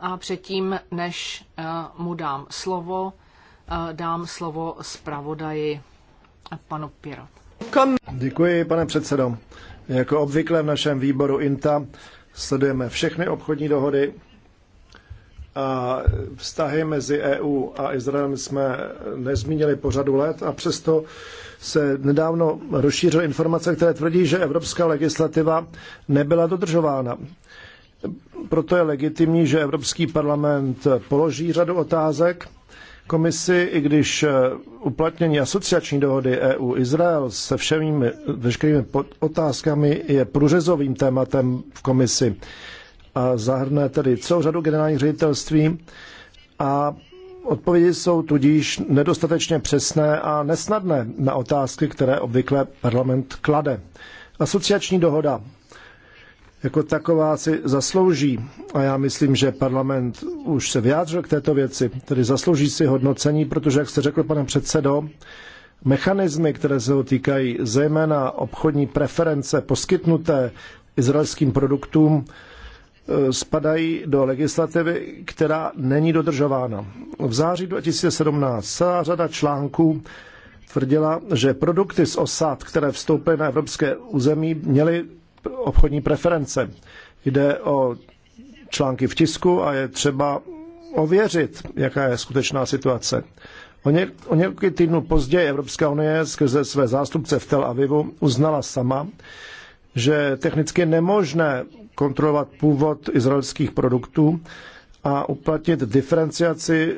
C: A předtím, než eh, mu dám slovo, dám slovo zpravodaji panu Pirot.
A: Děkuji, pane předsedo. Jako obvykle v našem výboru INTA sledujeme všechny obchodní dohody a vztahy mezi EU a Izraelem jsme nezmínili po řadu let a přesto se nedávno rozšířily informace, které tvrdí, že evropská legislativa nebyla dodržována. Proto je legitimní, že Evropský parlament položí řadu otázek komisi, i když eh, uplatnění asociační dohody EU-Izrael se všemi veškerými otázkami je průřezovým tématem v komisi a zahrne tedy celou řadu generálních ředitelství a odpovědi jsou tudíž nedostatečně přesné a nesnadné na otázky, které obvykle parlament klade. Asociační dohoda jako taková si zaslouží, a já myslím, že parlament už se vyjádřil k této věci, tedy zaslouží si hodnocení, protože, jak jste řekl, pane předsedo, mechanismy, které se ho týkají, zejména obchodní preference poskytnuté izraelským produktům, e, spadají do legislativy, která není dodržována. V září 2017 celá řada článků tvrdila, že produkty z osad, které vstoupily na evropské území, měly obchodní preference. Jde o články v tisku a je třeba ověřit, jaká je skutečná situace. O, o několik týdnů později Evropská unie skrze své zástupce v Tel Avivu uznala sama, že technicky je nemožné kontrolovat původ izraelských produktů a uplatnit diferenciaci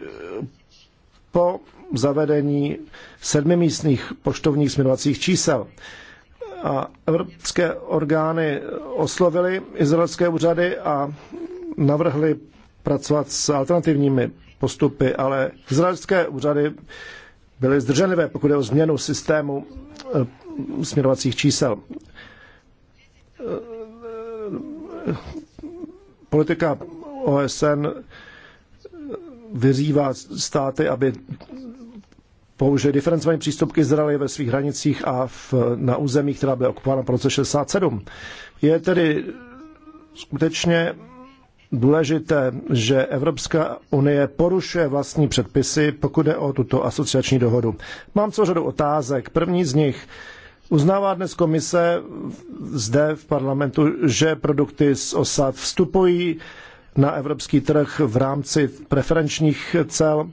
A: po zavedení sedmimístných poštovních směrovacích čísel. A evropské orgány oslovily izraelské úřady a navrhly pracovat s alternativními postupy, ale izraelské úřady byly zdrženlivé, pokud je o změnu systému eh, směrovacích čísel. Eh, politika OSN vyzývá státy, aby použije diferencovaný přístup k Izraeli ve svých hranicích a v, na území, která byla okupována po roce 67. Je tedy skutečně důležité, že Evropská unie porušuje vlastní předpisy, pokud jde o tuto asociační dohodu. Mám co řadu otázek. První z nich uznává dnes komise zde v parlamentu, že produkty z osad vstupují na evropský trh v rámci preferenčních cel.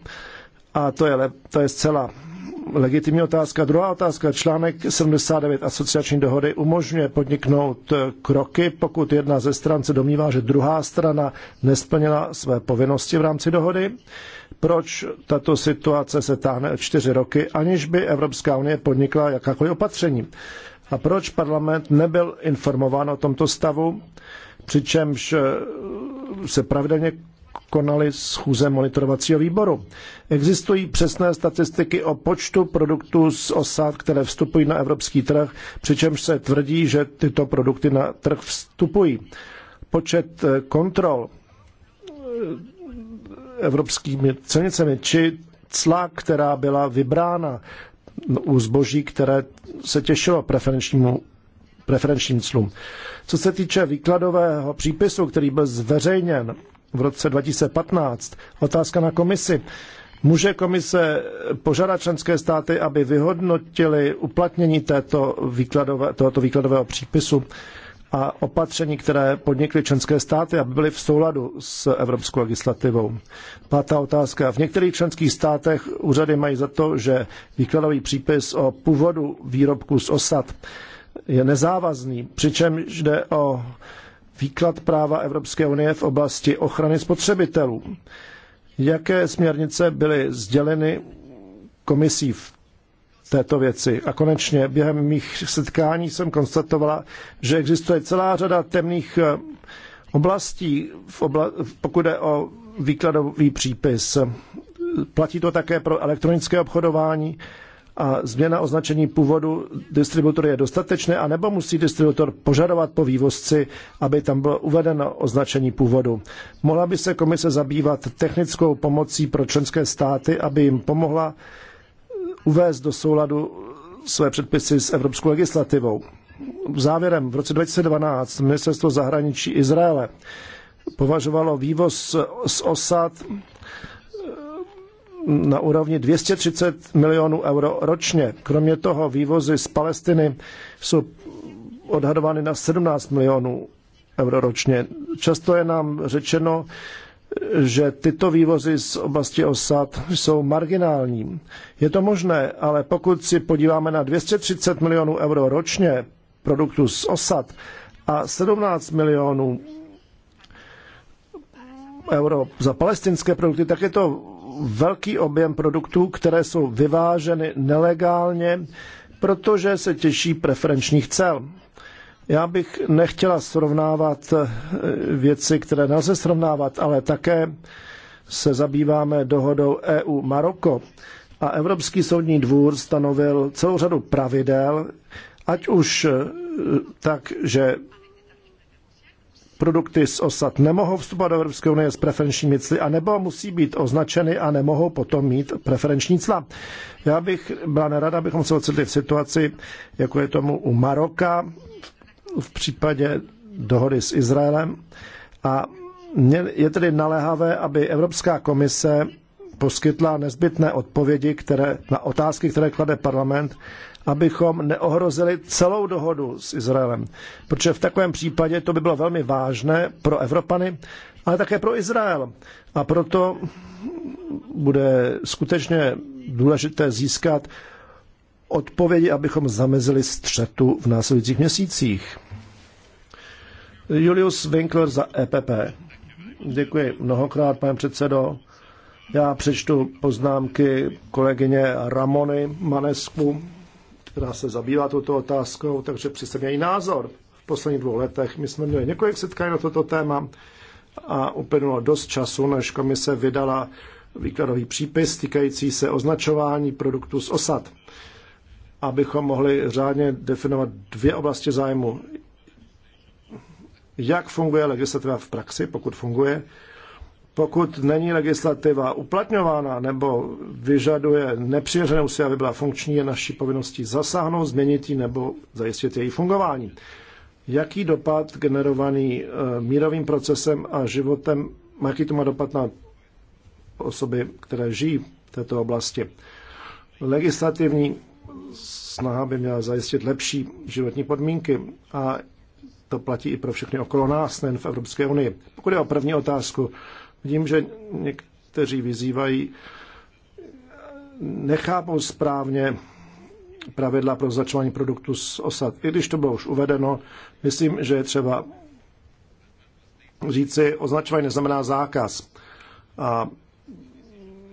A: A to je, to je zcela legitimní otázka. Druhá otázka, článek 79 asociační dohody umožňuje podniknout eh, kroky, pokud jedna ze stran se domnívá, že druhá strana nesplnila své povinnosti v rámci dohody. Proč tato situace se táhne čtyři roky, aniž by Evropská unie podnikla jakákoliv opatření? A proč parlament nebyl informován o tomto stavu, přičemž eh, se pravidelně konaly schůze monitorovacího výboru. Existují přesné statistiky o počtu produktů z osad, které vstupují na evropský trh, přičemž se tvrdí, že tyto produkty na trh vstupují. Počet eh, kontrol eh, evropskými celnicemi či cla, která byla vybrána u zboží, které se těšilo preferenčnímu preferenčním clům. Co se týče výkladového přípisu, který byl zveřejněn v roce 2015. Otázka na komisi. Může komise požádat členské státy, aby vyhodnotili uplatnění této výkladové, tohoto výkladového přípisu a opatření, které podnikly členské státy, aby byly v souladu s evropskou legislativou. Pátá otázka. V některých členských státech úřady mají za to, že výkladový přípis o původu výrobku z osad je nezávazný, přičemž jde o výklad práva Evropské unie v oblasti ochrany spotřebitelů. Jaké směrnice byly sděleny komisí v této věci? A konečně během mých setkání jsem konstatovala, že existuje celá řada temných eh, oblastí, v obla- pokud jde o výkladový přípis. Platí to také pro elektronické obchodování a změna označení původu distributor je dostatečné, anebo musí distributor požadovat po vývozci, aby tam bylo uvedeno označení původu. Mohla by se komise zabývat technickou pomocí pro členské státy, aby jim pomohla uh, uvést do souladu své předpisy s evropskou legislativou. Závěrem v roce 2012 ministerstvo zahraničí Izraele považovalo vývoz z osad na úrovni 230 milionů euro ročně. Kromě toho vývozy z Palestiny jsou odhadovány na 17 milionů euro ročně. Často je nám řečeno, že tyto vývozy z oblasti osad jsou marginální. Je to možné, ale pokud si podíváme na 230 milionů euro ročně produktů z osad a 17 milionů euro za palestinské produkty, tak je to velký objem produktů, které jsou vyváženy nelegálně, protože se těší preferenčních cel. Já bych nechtěla srovnávat eh, věci, které nelze srovnávat, ale také se zabýváme dohodou EU-Maroko. A Evropský soudní dvůr stanovil celou řadu pravidel, ať už eh, tak, že produkty z osad nemohou vstupovat do Evropské unie s preferenčními cly a nebo musí být označeny a nemohou potom mít preferenční cla. Já bych byla nerada, abychom se ocitli v situaci, jako je tomu u Maroka v případě dohody s Izraelem. A je tedy naléhavé, aby Evropská komise poskytla nezbytné odpovědi které, na otázky, které klade parlament abychom neohrozili celou dohodu s Izraelem. Protože v takovém případě to by bylo velmi vážné pro Evropany, ale také pro Izrael. A proto bude skutečně důležité získat odpovědi, abychom zamezili střetu v následujících měsících. Julius Winkler za EPP. Děkuji mnohokrát, pane předsedo. Já přečtu poznámky kolegyně Ramony Manesku která se zabývá touto otázkou, takže přesně její názor. V posledních dvou letech my jsme měli několik setkání na toto téma a uplynulo dost času, než komise vydala výkladový přípis týkající se označování produktů z osad, abychom mohli řádně definovat dvě oblasti zájmu. Jak funguje legislativa v praxi, pokud funguje, pokud není legislativa uplatňována nebo vyžaduje nepřiměřenou si, aby byla funkční, je naší povinností zasáhnout, změnit ji nebo zajistit její fungování. Jaký dopad generovaný eh, mírovým procesem a životem, jaký to má dopad na osoby, které žijí v této oblasti? Legislativní snaha by měla zajistit lepší životní podmínky a to platí i pro všechny okolo nás, nejen v Evropské unii. Pokud je o první otázku, Vidím, že někteří vyzývají, nechápou správně pravidla pro označování produktů z osad. I když to bylo už uvedeno, myslím, že je třeba říci, označování neznamená zákaz. A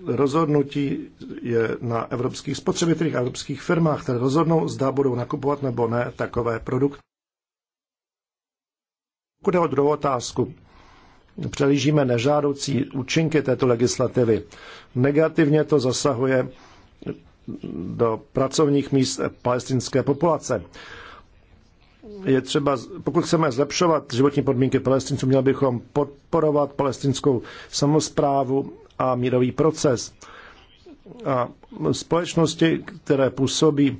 A: rozhodnutí je na evropských spotřebitelích a evropských firmách, které rozhodnou, zda budou nakupovat nebo ne takové produkty. Pokud je o druhou otázku, přelížíme nežádoucí účinky této legislativy. Negativně to zasahuje do pracovních míst palestinské populace. Je třeba, pokud chceme zlepšovat životní podmínky palestinců, měli bychom podporovat palestinskou samozprávu a mírový proces. A společnosti, které působí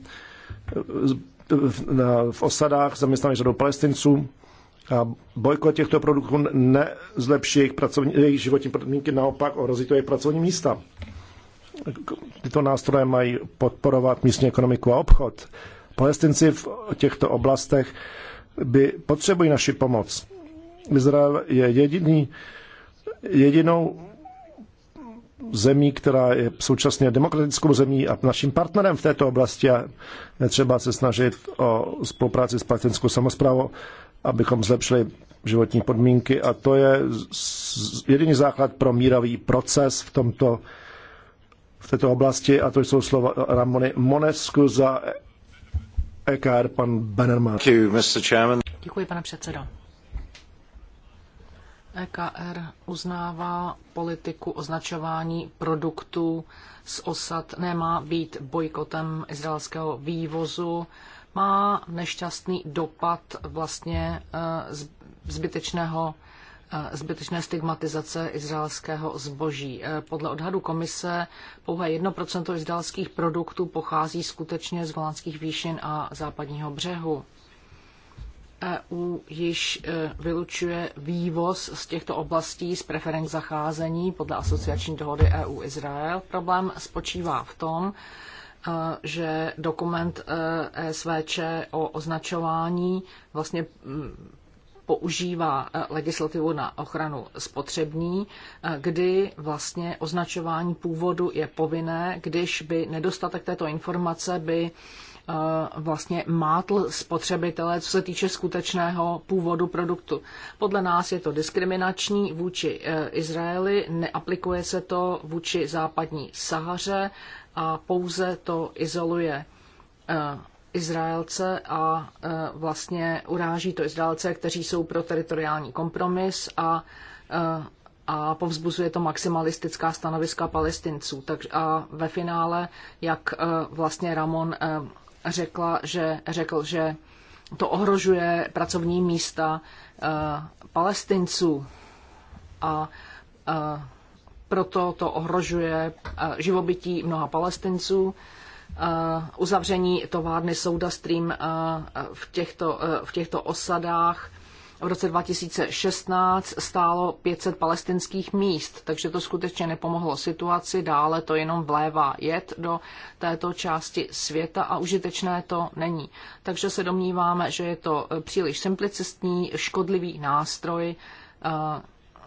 A: v osadách zaměstnaných řadou palestinců, a bojkot těchto produktů nezlepší jejich, pracovní, jejich životní podmínky, naopak ohrozí to jejich pracovní místa. Tyto nástroje mají podporovat místní ekonomiku a obchod. Palestinci v těchto oblastech by potřebují naši pomoc. Izrael je jediný, jedinou zemí, která je současně demokratickou zemí a naším partnerem v této oblasti a netřeba se snažit o spolupráci s palestinskou samozprávou abychom zlepšili životní podmínky a to je jediný základ pro mírový proces v tomto v této oblasti a to jsou slova Ramony Monesku za EKR pan Benerman.
C: Děkuji, pane předsedo. EKR uznává politiku označování produktů z osad, nemá být bojkotem izraelského vývozu má nešťastný dopad vlastně eh, zbytečného eh, zbytečné stigmatizace izraelského zboží. Eh, podle odhadu komise pouhé 1% izraelských produktů pochází skutečně z volánských výšin a západního břehu. EU již vylučuje vývoz z těchto oblastí z preferenc zacházení podle asociační dohody EU-Izrael. Problém spočívá v tom, že dokument eh, e SVČ o označování vlastně mm, používá eh, legislativu na ochranu spotřební, eh, kdy vlastně označování původu je povinné, když by nedostatek této informace by vlastně mátl spotřebitele, co se týče skutečného původu produktu. Podle nás je to diskriminační vůči Izraeli, neaplikuje se to vůči západní Sahaře a pouze to izoluje eh, Izraelce a eh, vlastně uráží to Izraelce, kteří jsou pro teritoriální kompromis a eh, a povzbuzuje to maximalistická stanoviska palestinců. Tak a ve finále, jak vlastně Ramon řekla, že, řekl, že to ohrožuje pracovní místa palestinců a proto to ohrožuje eh, živobytí mnoha palestinců. Eh, uzavření továrny Souda Stream eh, v těchto, v těchto osadách v roce 2016 stálo 500 palestinských míst, takže to skutečně nepomohlo situaci, dále to jenom vlévá jed do této části světa a užitečné to není. Takže se domníváme, že je to příliš simplicistní, škodlivý nástroj,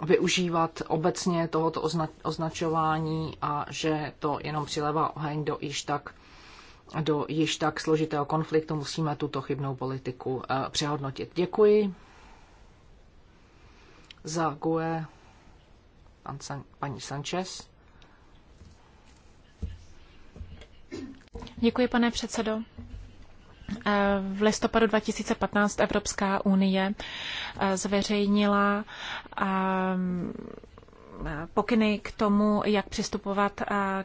C: využívat obecně tohoto označování a že to jenom přilevá oheň do již tak do již tak složitého konfliktu musíme tuto chybnou politiku eh, přehodnotit. Děkuji za GUE pan San, paní Sanchez. Děkuji, pane předsedo. Eh, v
B: listopadu 2015 Evropská unie eh, zveřejnila ehm, pokyny k tomu, jak přistupovat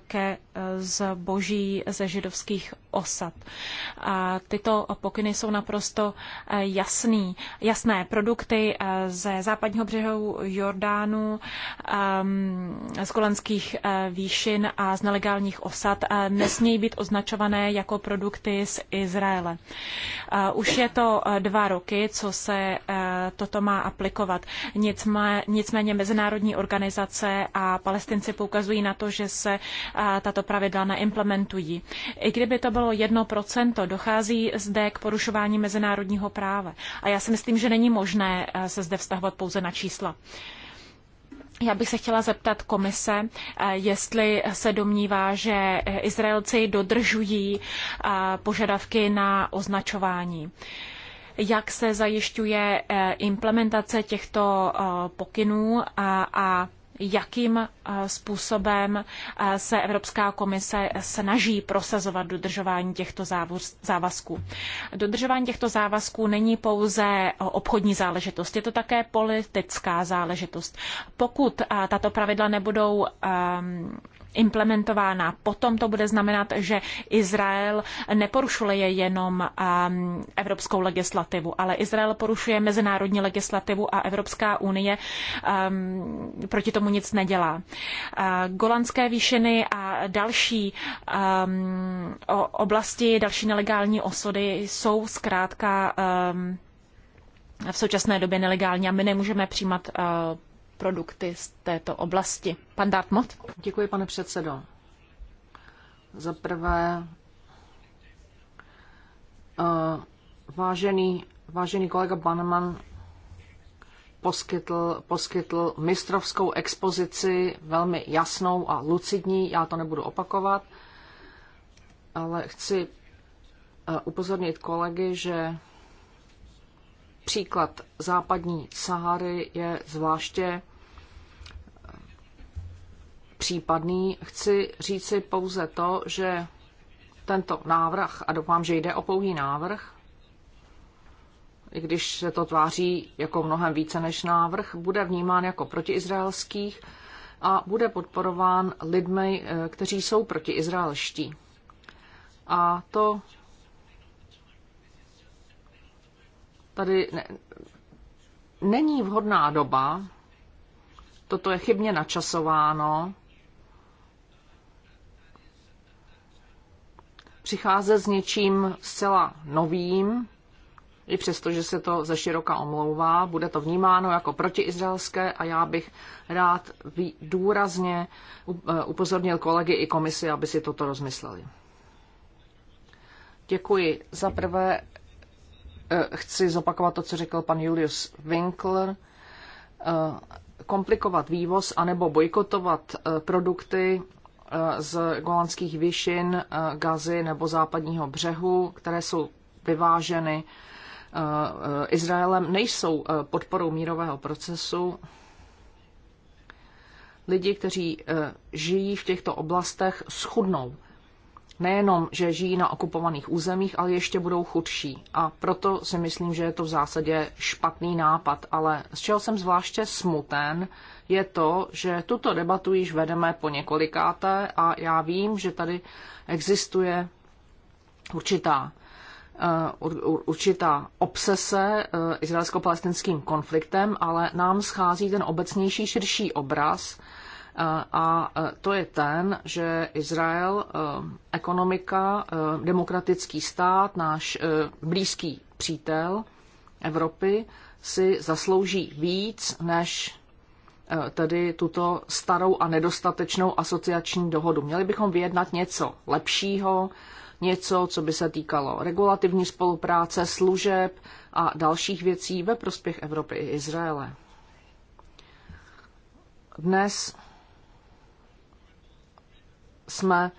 B: ke e, zboží ze židovských osad. Tyto pokyny jsou naprosto e, jasný, jasné. Produkty e, ze západního břehu Jordánu, ehm, z kolenských výšin a z nelegálních osad nesmějí být označované jako produkty z Izraele. Už je to dva roky, co se toto má aplikovat. Nicméně mezinárodní organizace organizace a palestinci poukazují na to, že se tato pravidla neimplementují. I kdyby to bylo jedno procento, dochází zde k porušování mezinárodního práva. A já si myslím, že není možné se zde vztahovat pouze na čísla. Já bych se chtěla zeptat komise, jestli se domnívá, že Izraelci dodržují požadavky na označování. Jak se zajišťuje e, implementace těchto e, pokynů a, a jakým eh, způsobem eh, se Evropská komise snaží prosazovat dodržování těchto závazků. Dodržování těchto závazků není pouze obchodní záležitost, je to také politická záležitost. Pokud eh, tato pravidla nebudou ehm, implementována. Potom to bude znamenat, že Izrael neporušuje jenom um, evropskou legislativu, ale Izrael porušuje mezinárodní legislativu a Evropská unie um, proti tomu nic nedělá. Uh, Golanské výšiny a další um, oblasti, další nelegální osody jsou zkrátka um, v současné době nelegální a my nemůžeme přijímat uh, produkty z této oblasti. Pan Dartmouth. Děkuji, pane předsedo.
C: Za prvé, uh, vážený, vážený kolega Banneman poskytl, poskytl mistrovskou expozici, velmi jasnou a lucidní, já to nebudu opakovat, ale chci eh, upozornit kolegy, že příklad západní Sahary je zvláště případný. Chci říci pouze to, že tento návrh, a doufám, že jde o pouhý návrh, i když se to tváří jako mnohem více než návrh, bude vnímán jako protiizraelských a bude podporován lidmi, eh, kteří jsou protiizraelští. A to tady ne, není vhodná doba, toto je chybně načasováno, přicházet s něčím zcela novým, i přesto, že se to ze široka omlouvá, bude to vnímáno jako protiizraelské a já bych rád důrazně eh, upozornil kolegy i komisi, aby si toto rozmysleli. Děkuji. Za prvé eh, chci zopakovat to, co řekl pan Julius Winkler. Eh, komplikovat vývoz anebo bojkotovat produkty z golanských výšin, eh, Gazy nebo západního břehu, které jsou vyváženy eh, Izraelem, nejsou eh, podporou mírového procesu. Lidi, kteří žijí v těchto oblastech, schudnou. Nejenom, že žijí na okupovaných územích, ale ještě budou chudší. A proto si myslím, že je to v zásadě špatný nápad. Ale z čeho jsem zvláště smutný je to, že tuto debatu již vedeme po několikáté a já vím, že tady existuje určitá eh, určitá obsese eh, izraelsko-palestinským konfliktem, ale nám schází ten obecnější, širší obraz, eh, a to je ten, že Izrael, ekonomika, demokratický stát, náš blízký přítel Evropy, si zaslouží víc než Eh, tedy tuto starou a nedostatečnou asociační dohodu. Měli bychom vyjednat něco lepšího, něco, co by se týkalo regulativní spolupráce, služeb a dalších věcí ve prospěch Evropy i Izraele. Dnes jsme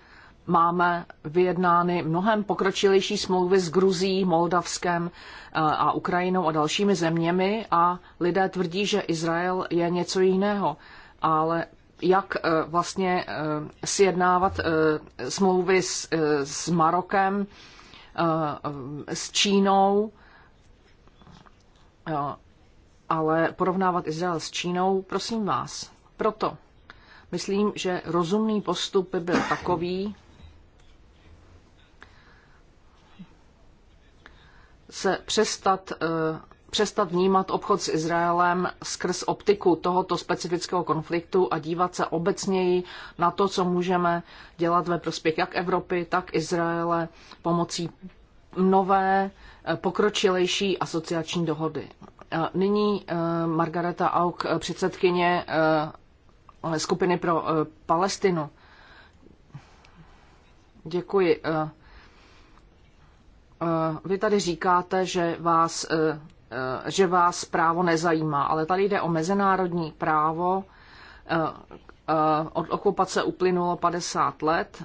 C: máme vyjednány mnohem pokročilejší smlouvy s Gruzí, Moldavskem eh, a Ukrajinou a dalšími zeměmi a lidé tvrdí, že Izrael je něco jiného. Ale jak eh, vlastně eh, sjednávat smlouvy s, s Marokem, s Čínou, ale porovnávat Izrael s Čínou, prosím vás. Proto myslím, že rozumný postup by byl takový, se přestat, eh, přestat vnímat obchod s Izraelem skrz optiku tohoto specifického konfliktu a dívat se obecněji na to, co můžeme dělat ve prospěch jak Evropy, tak Izraele pomocí nové, eh, pokročilejší asociační dohody. Nyní eh, Margareta Auk, předsedkyně skupiny pro Palestinu. Děkuji. Eh, vy tady říkáte, že vás, eh, eh, že vás právo nezajímá, ale tady jde o mezinárodní právo. Od okupace uplynulo 50 let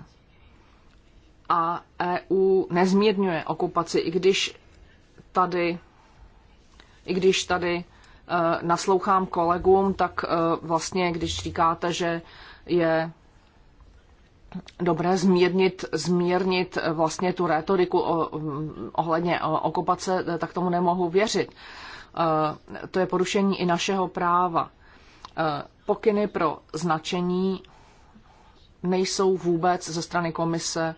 C: a EU nezmírňuje okupaci, i když tady, i když tady naslouchám kolegům, tak vlastně, když říkáte, že je dobré zmírnit, zmírnit eh, vlastně tu retoriku o, mm, ohledně eh, okupace, eh, tak tomu nemohu věřit. To je porušení i našeho práva. Pokyny pro značení nejsou vůbec ze strany komise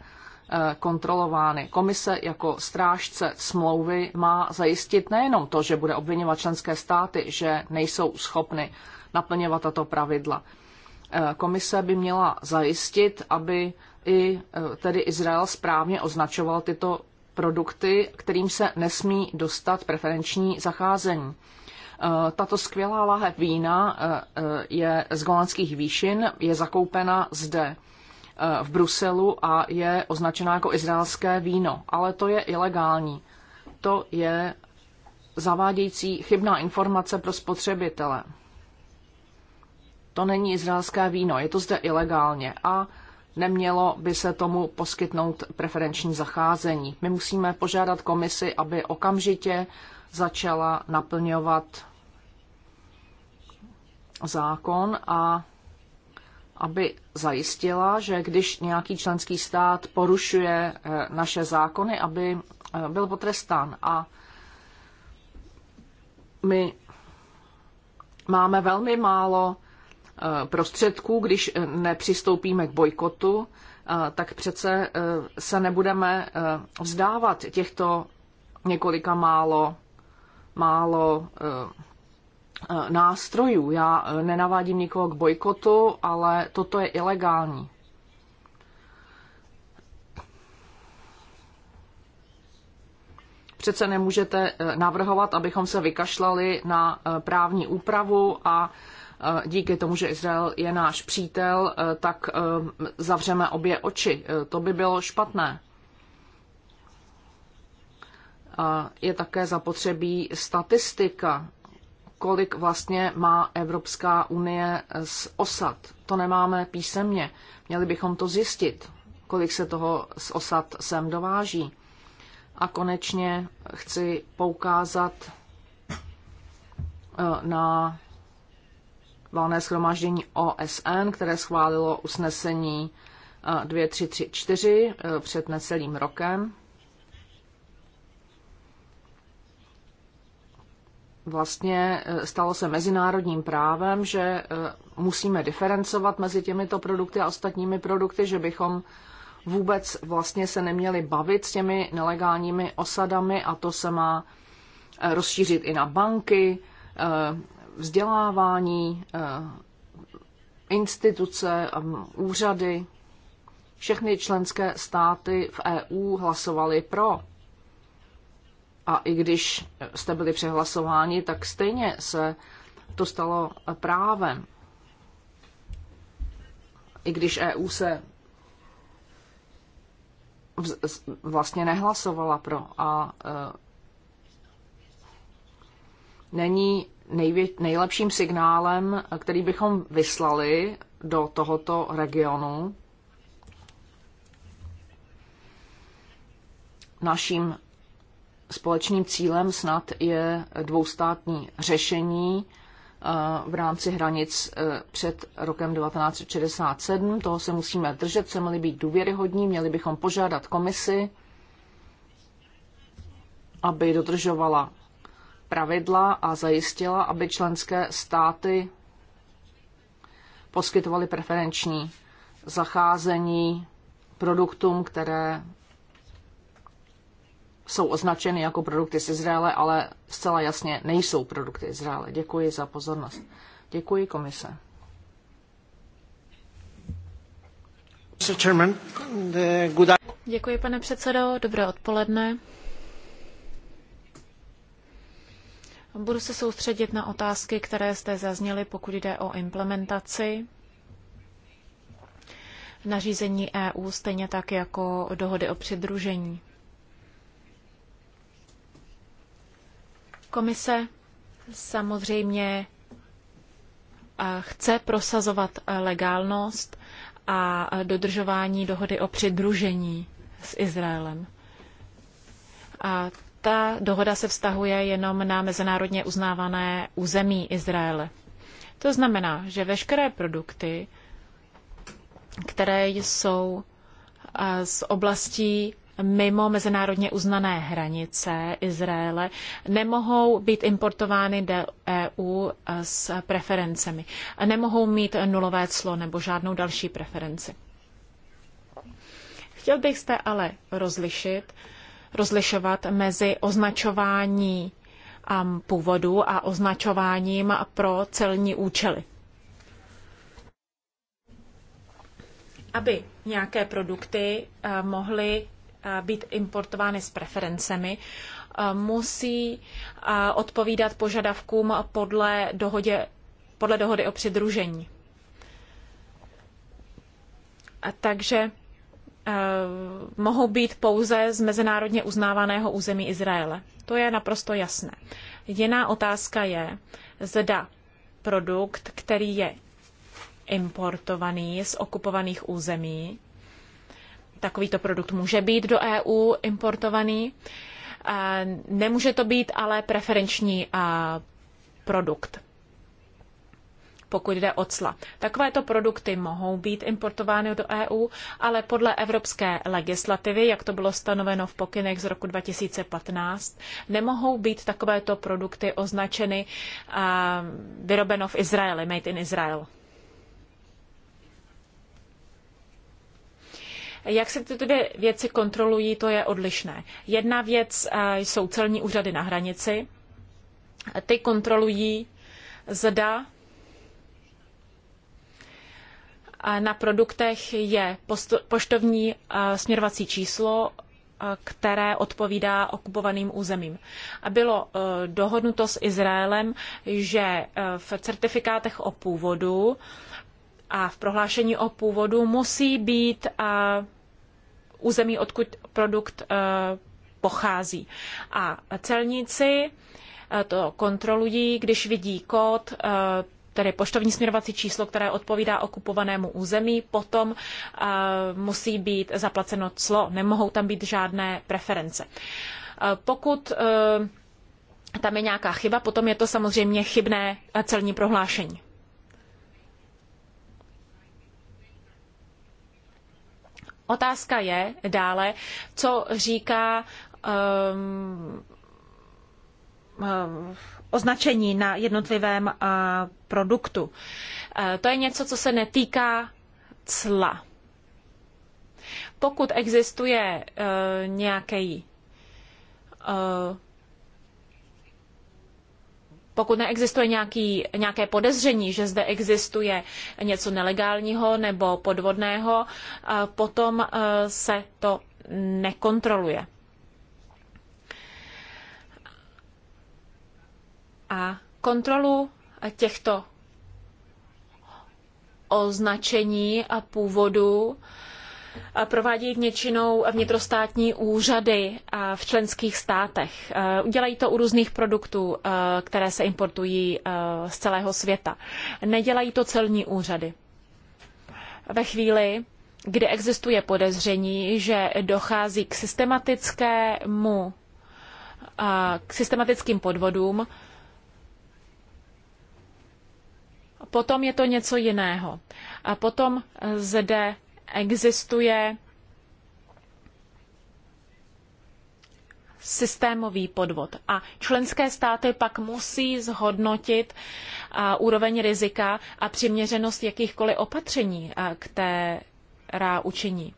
C: kontrolovány. Komise jako strážce smlouvy má zajistit nejenom to, že bude obvinovat členské státy, že nejsou schopny naplňovat tato pravidla, Eh, komise by měla zajistit, aby i eh, tedy Izrael správně označoval tyto produkty, kterým se nesmí dostat preferenční zacházení. Eh, tato skvělá lahev vína je z golanských výšin, je zakoupena zde v Bruselu a je označena jako izraelské víno, ale to je ilegální. To je zavádějící chybná informace pro spotřebitele to není izraelské víno, je to zde ilegálně a nemělo by se tomu poskytnout preferenční zacházení. My musíme požádat komisi, aby okamžitě začala naplňovat zákon a aby zajistila, že když nějaký členský stát porušuje eh, naše zákony, aby eh, byl potrestán. A my máme velmi málo prostředků, když eh, nepřistoupíme k bojkotu, eh, tak přece eh, se nebudeme vzdávat těchto několika málo, málo nástrojů. Já nenavádím nikoho k bojkotu, ale toto je ilegální. Přece nemůžete navrhovat, abychom se vykašlali na právní úpravu a díky tomu, že Izrael je náš přítel, eh, tak eh, zavřeme obě oči. Eh, to by bylo špatné. Je také zapotřebí statistika, kolik vlastně má Evropská unie z osad. To nemáme písemně. Měli bychom to zjistit, kolik se toho z osad sem dováží. A konečně chci poukázat na valné schromáždění OSN, které schválilo usnesení 2334 eh, eh, před necelým rokem. Vlastně eh, stalo se mezinárodním právem, že musíme diferencovat mezi těmito produkty a ostatními produkty, že bychom vůbec vlastně se neměli bavit s těmi nelegálními osadami a to se má rozšířit i na banky, vzdělávání, eh, instituce, eh, úřady, všechny členské státy v EU hlasovaly pro. A i když jste byli přehlasováni, tak stejně se to stalo právem. I když EU se vlastně nehlasovala pro a eh, není nejvě- nejlepším signálem, který bychom vyslali do tohoto regionu. Naším společným cílem snad je dvoustátní řešení eh, v rámci hranic eh, před rokem 1967. Toho se musíme držet, se měli být důvěryhodní, měli bychom požádat komisi, aby dodržovala pravidla a zajistila, aby členské státy poskytovaly preferenční zacházení produktům, které jsou označeny jako produkty z Izraele, ale zcela jasně nejsou produkty Izraele. Děkuji za pozornost. Děkuji komise.
B: Děkuji, pane předsedo. Dobré odpoledne. Budu se soustředit na otázky, které jste zazněly, pokud jde o implementaci nařízení EU, stejně tak jako dohody o přidružení. Komise samozřejmě eh, chce prosazovat eh, legálnost a eh, dodržování dohody o přidružení s Izraelem. A ta dohoda se vztahuje jenom na mezinárodně uznávané území Izraele. To znamená, že veškeré produkty, které jsou z oblastí mimo mezinárodně uznané hranice Izraele nemohou být importovány do EU s preferencemi. Nemohou mít nulové clo nebo žádnou další preferenci. Chtěl bych zde ale rozlišit rozlišovat mezi označování um, původu a označováním pro celní účely. Aby nějaké produkty eh, mohly eh, být importovány s preferencemi, eh, musí odpovídat požadavkům podle, dohodě, podle dohody o přidružení. A takže Eh, mohou být pouze z mezinárodně uznávaného území Izraele. To je naprosto jasné. Jiná otázka je, zda produkt, který je importovaný z okupovaných území, takovýto produkt může být do EU importovaný, eh, nemůže to být ale preferenční eh, produkt pokud jde o cla. Takovéto produkty mohou být importovány do EU, ale podle evropské legislativy, jak to bylo stanoveno v pokynech z roku 2015, nemohou být takovéto produkty označeny a, vyrobeno v Izraeli, made in Israel. Jak se tyto dvě věci kontrolují, to je odlišné. Jedna věc jsou celní úřady na hranici. Ty kontrolují, zda na produktech je poštovní eh, směrovací číslo, eh, které odpovídá okupovaným územím. A bylo eh, dohodnuto s Izraelem, že v certifikátech o původu a v prohlášení o původu musí být území, odkud produkt pochází. A celníci to kontrolují, když vidí kód, tedy poštovní směrovací číslo, které odpovídá okupovanému území, potom uh, musí být zaplaceno clo, nemohou tam být žádné preference. Uh, pokud uh, tam je nějaká chyba, potom je to samozřejmě chybné celní prohlášení. Otázka je dále, co říká um, označení na jednotlivém eh, produktu. Eh, to je něco, co se netýká cla. Pokud existuje eh, nějaký pokud neexistuje nějaký, nějaké podezření, že zde existuje něco nelegálního nebo podvodného, potom se to nekontroluje. A kontrolu těchto označení a původu provádějí většinou vnitrostátní úřady v členských státech. Dělají to u různých produktů, které se importují z celého světa. Nedělají to celní úřady. Ve chvíli, kdy existuje podezření, že dochází k systematickému k systematickým podvodům, potom je to něco jiného. A potom eh, zde existuje systémový podvod. A členské státy pak musí zhodnotit eh, úroveň rizika a přiměřenost jakýchkoliv opatření, eh, která učiní.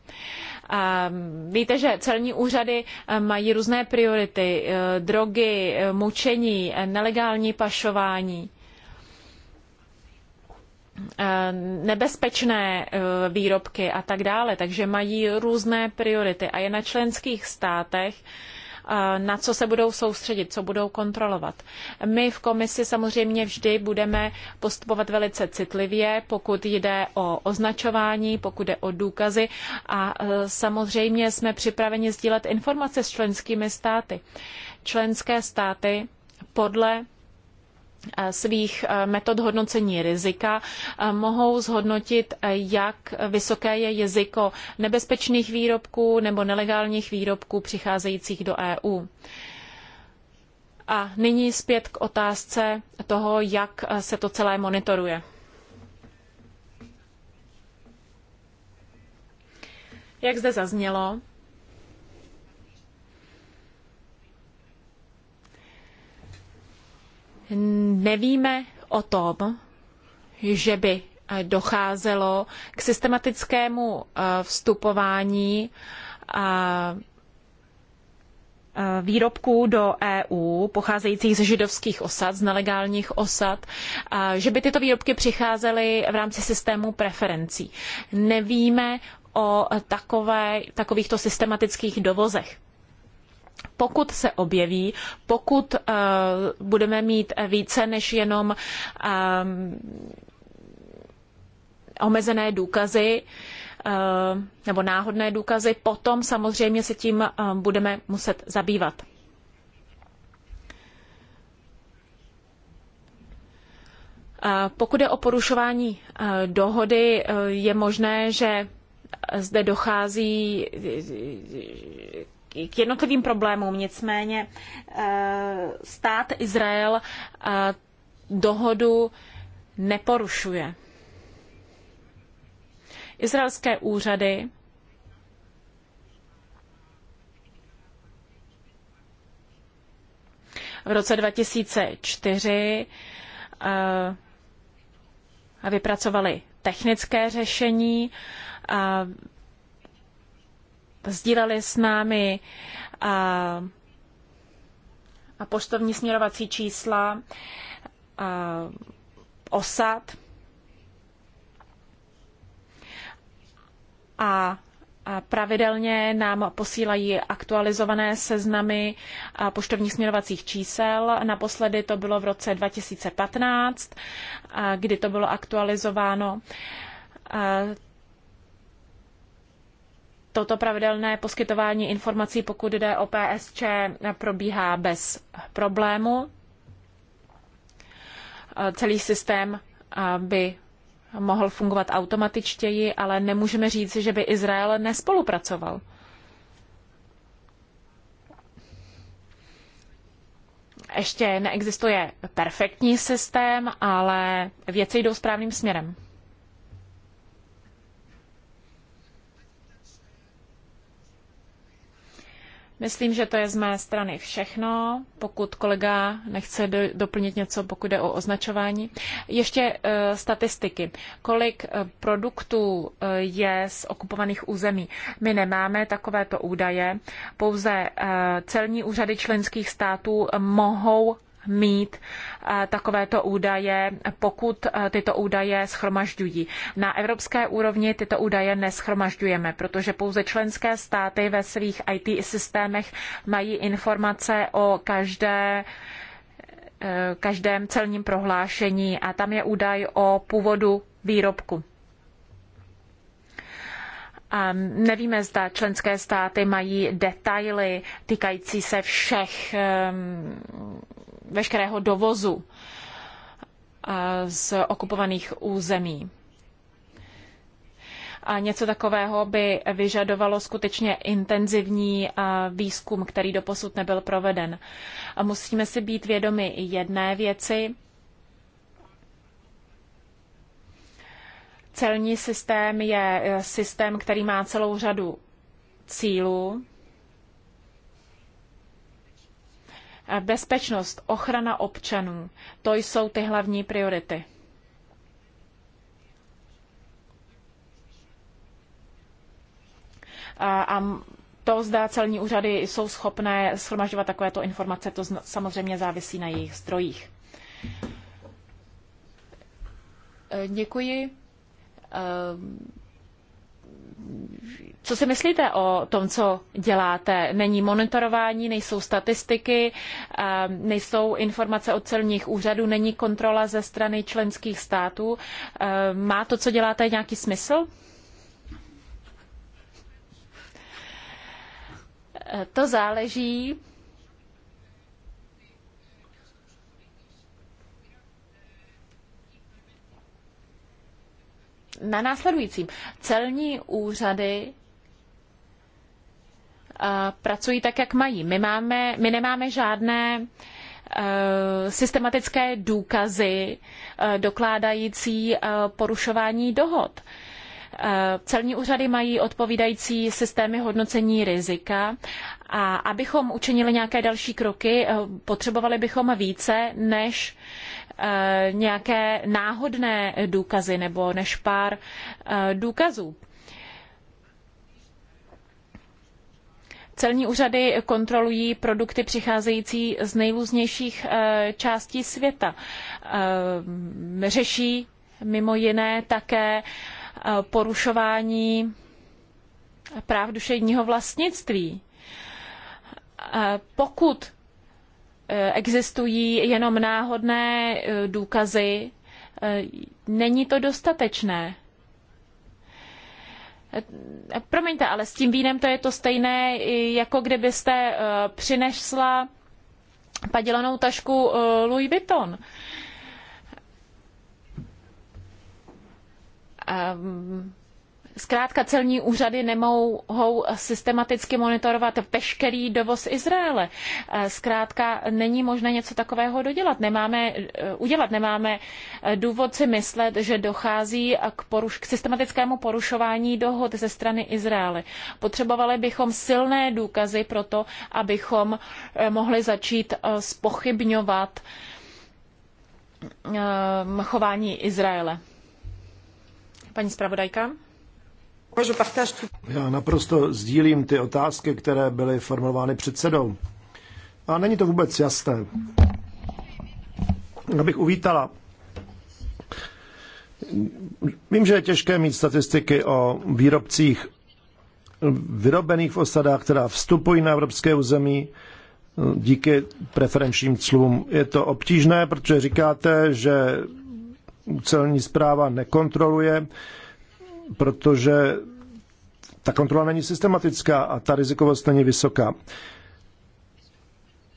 B: Ehm, víte, že celní úřady mají různé priority, drogy, mučení, nelegální pašování. Eh, nebezpečné eh, výrobky a tak dále, takže mají různé priority a je na členských státech, eh, na co se budou soustředit, co budou kontrolovat. My v komisi samozřejmě vždy budeme postupovat velice citlivě, pokud jde o označování, pokud jde o důkazy a samozřejmě jsme připraveni sdílet informace s členskými státy. Členské státy podle svých metod hodnocení rizika mohou zhodnotit, jak vysoké je riziko nebezpečných výrobků nebo nelegálních výrobků přicházejících do EU. A nyní zpět k otázce toho, jak se to celé monitoruje. Jak zde zaznělo, nevíme o tom, že by eh, docházelo k systematickému eh, vstupování eh, výrobků do EU pocházejících ze židovských osad, z nelegálních osad, že by tyto výrobky přicházely v rámci systému preferencí. Nevíme o takové, takovýchto systematických dovozech pokud se objeví, pokud uh, budeme mít více než jenom um, omezené důkazy uh, nebo náhodné důkazy, potom samozřejmě se tím uh, budeme muset zabývat. Pokud je o porušování dohody, je možné, že zde dochází k jednotlivým problémům, nicméně eh, stát Izrael eh, dohodu neporušuje. Izraelské úřady v roce 2004 eh, vypracovali technické řešení, sdíleli s námi a, a poštovní směrovací čísla a, osad a Pravidelně nám posílají aktualizované seznamy poštovních směrovacích čísel. Naposledy to bylo v roce 2015, kdy to bylo aktualizováno toto pravidelné poskytování informací, pokud jde o PSČ, probíhá bez problému. Eh, celý systém eh, by mohl fungovat automatičtěji, ale nemůžeme říct, že by Izrael nespolupracoval. Ještě neexistuje perfektní systém, ale věci jdou správným směrem. Myslím, že to je z mé strany všechno. Pokud kolega nechce do, doplnit něco, pokud jde o označování. Ještě e, statistiky. Kolik e, produktů e, je z okupovaných území? My nemáme takovéto údaje. Pouze celní úřady členských států mohou mít eh, takovéto údaje, pokud eh, tyto údaje schromažďují. Na evropské úrovni tyto údaje neschromažďujeme, protože pouze členské státy ve svých IT systémech mají informace o každé eh, každém celním prohlášení a tam je údaj o původu výrobku. A nevíme, zda členské státy mají detaily týkající se všech ehm, veškerého dovozu eh, z okupovaných území. A něco takového by vyžadovalo skutečně intenzivní eh, výzkum, který doposud nebyl proveden. A musíme si být vědomi jedné věci. Celní systém je eh, systém, který má celou řadu cílů. Eh, bezpečnost, ochrana občanů, to jsou ty hlavní priority. A to, zda celní úřady jsou schopné shromažďovat takovéto informace, to samozřejmě závisí na jejich zdrojích. Eh, děkuji. Ehm, co si myslíte o tom, co děláte? Není monitorování, nejsou statistiky, nejsou informace od celních úřadů, není kontrola ze strany členských států. Má to, co děláte, nějaký smysl? To záleží na následujícím. Celní úřady eh, pracují tak, jak mají. My, máme, my nemáme žádné eh, systematické důkazy eh, dokládající porušování dohod. Celní úřady mají odpovídající systémy hodnocení rizika a abychom učinili nějaké další kroky, potřebovali bychom více než Eh, nějaké náhodné důkazy nebo než pár eh, důkazů. Celní úřady kontrolují produkty přicházející z nejrůznějších eh, částí světa. Řeší mimo jiné také porušování práv duševního vlastnictví. Pokud Eh, existují jenom náhodné eh, důkazy, eh, není to dostatečné. Promiňte, ale s tím vínem to je to stejné, jako kdybyste přinesla padělanou tašku Louis Vuitton. Um, Zkrátka celní úřady nemohou systematicky monitorovat veškerý dovoz Izraele. Eh, zkrátka není možné něco takového dodělat. Nemáme, eh, udělat. Nemáme eh, důvod si myslet, že dochází k, poruš, k systematickému porušování dohod ze strany Izraele. Potřebovali bychom silné důkazy pro to, abychom mohli začít spochybňovat chování Izraele. Paní zpravodajka.
A: Já naprosto sdílím ty otázky, které byly formulovány předsedou. A není to vůbec jasné. Abych uvítala. Vím, že je těžké mít statistiky o výrobcích vyrobených v osadách, která vstupují na evropské území díky preferenčním clům. Je to obtížné, protože říkáte, že celní zpráva nekontroluje protože ta kontrola není systematická a ta rizikovost není vysoká.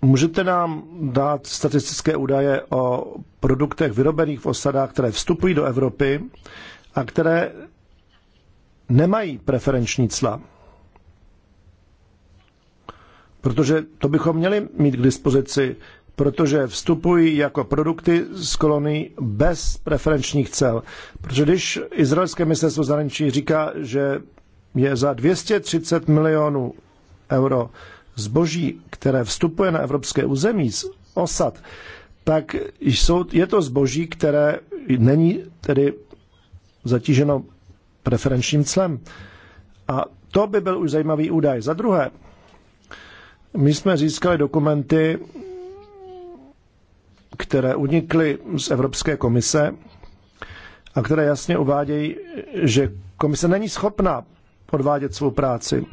A: Můžete nám dát statistické údaje o produktech vyrobených v osadách, které vstupují do Evropy a které nemají preferenční cla? Protože to bychom měli mít k dispozici protože vstupují jako produkty z kolonií bez preferenčních cel. Protože když izraelské ministerstvo zahraničí říká, že je za 230 milionů euro zboží, které vstupuje na evropské území z osad, tak jsou, je to zboží, které není tedy zatíženo preferenčním clem. A to by byl už zajímavý údaj. Za druhé, my jsme získali dokumenty které unikly z Evropské komise a které jasně uvádějí, že komise není schopna odvádět svou práci.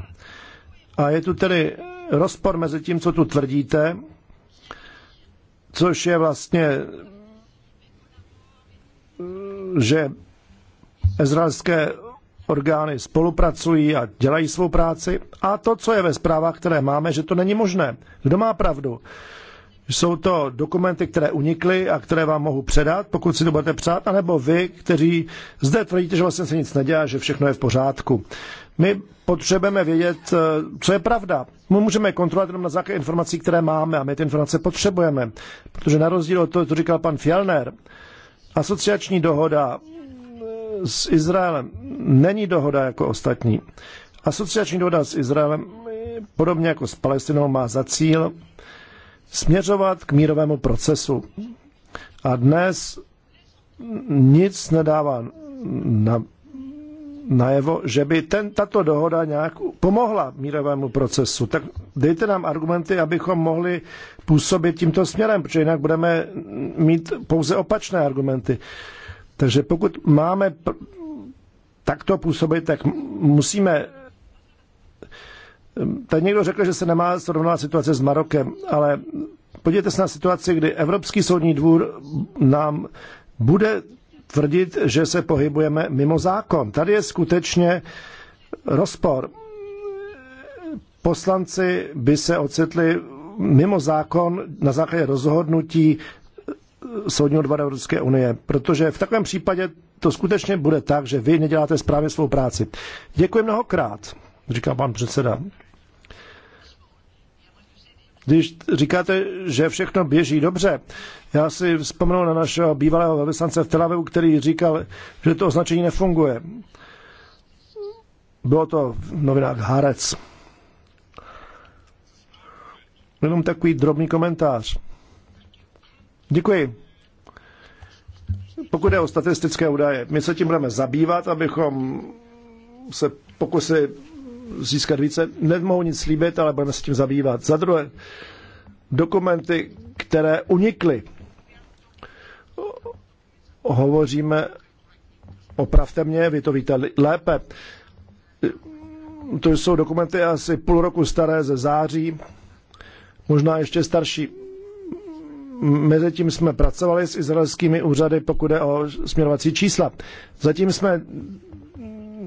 A: A je tu tedy rozpor mezi tím, co tu tvrdíte, což je vlastně, že izraelské orgány spolupracují a dělají svou práci. A to, co je ve zprávách, které máme, že to není možné. Kdo má pravdu? Jsou to dokumenty, které unikly a které vám mohu předat, pokud si to budete přát, anebo vy, kteří zde tvrdíte, že vlastně se nic nedělá, že všechno je v pořádku. My potřebujeme vědět, eh, co je pravda. My můžeme kontrolovat jenom na základě informací, které máme a my ty informace potřebujeme. Protože na rozdíl od toho, co říkal pan Fjellner, asociační dohoda eh, s Izraelem není dohoda jako ostatní. Asociační dohoda s Izraelem, eh, podobně jako s Palestinou, má za cíl směřovat k mírovému procesu. A dnes nic nedává na, najevo, že by ten, tato dohoda nějak pomohla mírovému procesu. Tak dejte nám argumenty, abychom mohli působit tímto směrem, protože jinak budeme mít pouze opačné argumenty. Takže pokud máme takto působit, tak musíme Tady někdo řekl, že se nemá srovnávat situace s Marokem, ale podívejte se na situaci, kdy Evropský soudní dvůr nám bude tvrdit, že se pohybujeme mimo zákon. Tady je skutečně rozpor. Poslanci by se ocitli mimo zákon na základě rozhodnutí Soudního dvora Evropské unie, protože v takovém případě to skutečně bude tak, že vy neděláte správně svou práci. Děkuji mnohokrát, říká pan předseda. Když říkáte, že všechno běží dobře, já si vzpomenu na našeho bývalého velvyslance v Tel Avivu, který říkal, že to označení nefunguje. Bylo to v novinách Harec. Jenom takový drobný komentář. Děkuji. Pokud je o statistické údaje, my se tím budeme zabývat, abychom se pokusili získat více. Nemohu nic slíbit, ale budeme se tím zabývat. Za druhé, dokumenty, které unikly. Hovoříme, opravte mě, vy to víte lépe. To jsou dokumenty asi půl roku staré ze září, možná ještě starší. Mezitím jsme pracovali s izraelskými úřady, pokud je o směrovací čísla. Zatím jsme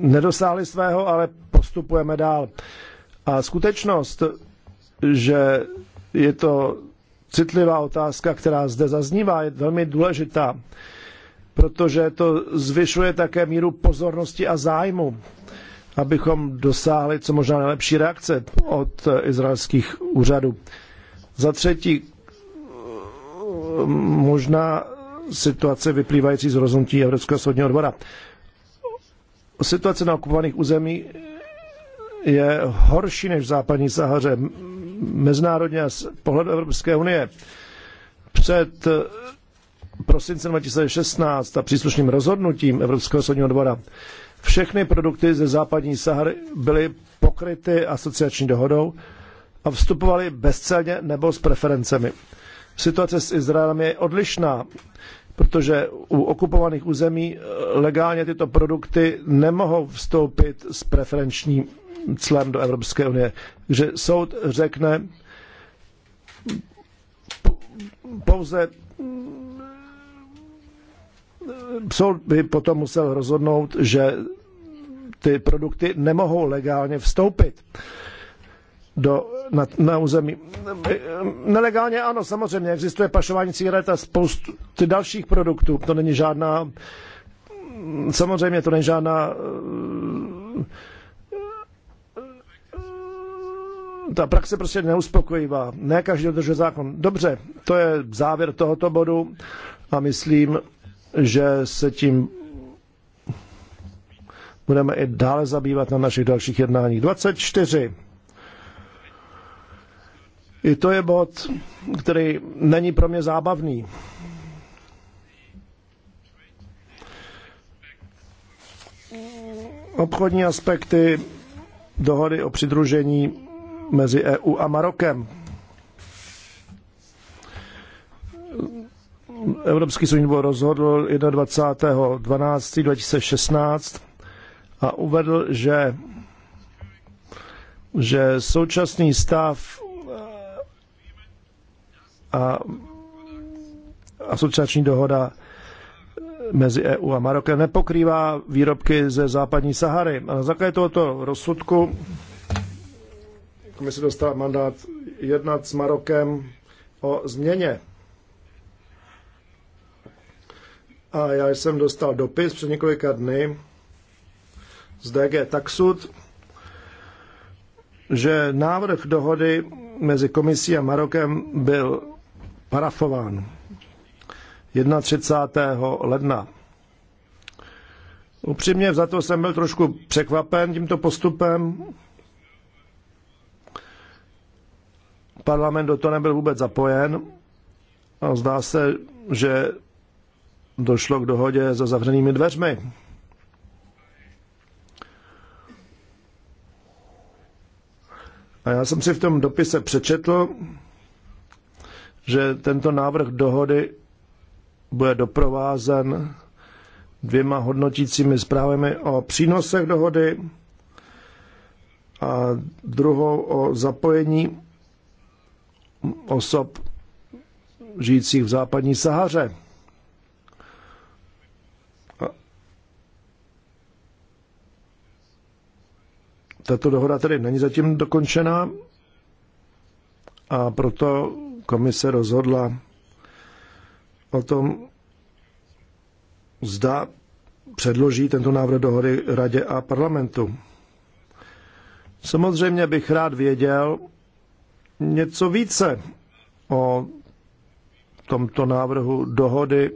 A: nedosáhli svého, ale postupujeme dál. A skutečnost, že je to citlivá otázka, která zde zaznívá, je velmi důležitá, protože to zvyšuje také míru pozornosti a zájmu, abychom dosáhli co možná nejlepší reakce od izraelských úřadů. Za třetí, možná situace vyplývající z rozhodnutí Evropského soudního dvora. Situace na okupovaných území je horší než v západní Sahaře mezinárodně z pohledu Evropské unie. Před eh, prosincem 2016 a příslušným rozhodnutím Evropského soudního dvora všechny produkty ze západní Sahary byly pokryty asociační dohodou a vstupovaly bezcelně nebo s preferencemi. Situace s Izraelem je odlišná protože u okupovaných území eh, legálně tyto produkty nemohou vstoupit s preferenčním clem do Evropské unie. Že soud řekne pouze eh, soud by potom musel rozhodnout, že ty produkty nemohou legálně vstoupit. Uh, do, na, na území. Nelegálně ano, samozřejmě, existuje pašování cigaret a spousty dalších produktů. To není žádná, samozřejmě to není žádná ta praxe prostě neuspokojivá. Ne každý dodržuje zákon. Dobře, to je závěr tohoto bodu a myslím, že se tím budeme i dále zabývat na našich dalších jednáních. 24. I to je bod, který není pro mě zábavný. Obchodní aspekty dohody o přidružení mezi EU a Marokem. Evropský soudní dvůr rozhodl 21.12.2016 a uvedl, že, že současný stav a asociační dohoda mezi EU a Marokem nepokrývá výrobky ze západní Sahary. A na základě tohoto rozsudku komise dostala mandát jednat s Marokem o změně. A já jsem dostal dopis před několika dny z DG Taxud, že návrh dohody mezi komisí a Marokem byl parafován 31. ledna. Upřímně za to jsem byl trošku překvapen tímto postupem. Parlament do toho nebyl vůbec zapojen a zdá se, že došlo k dohodě za zavřenými dveřmi. A já jsem si v tom dopise přečetl, že tento návrh dohody bude doprovázen dvěma hodnotícími zprávami o přínosech dohody a druhou o zapojení osob žijících v západní Sahaře. Tato dohoda tedy není zatím dokončená a proto komise rozhodla o tom, zda předloží tento návrh dohody radě a parlamentu. Samozřejmě bych rád věděl něco více o tomto návrhu dohody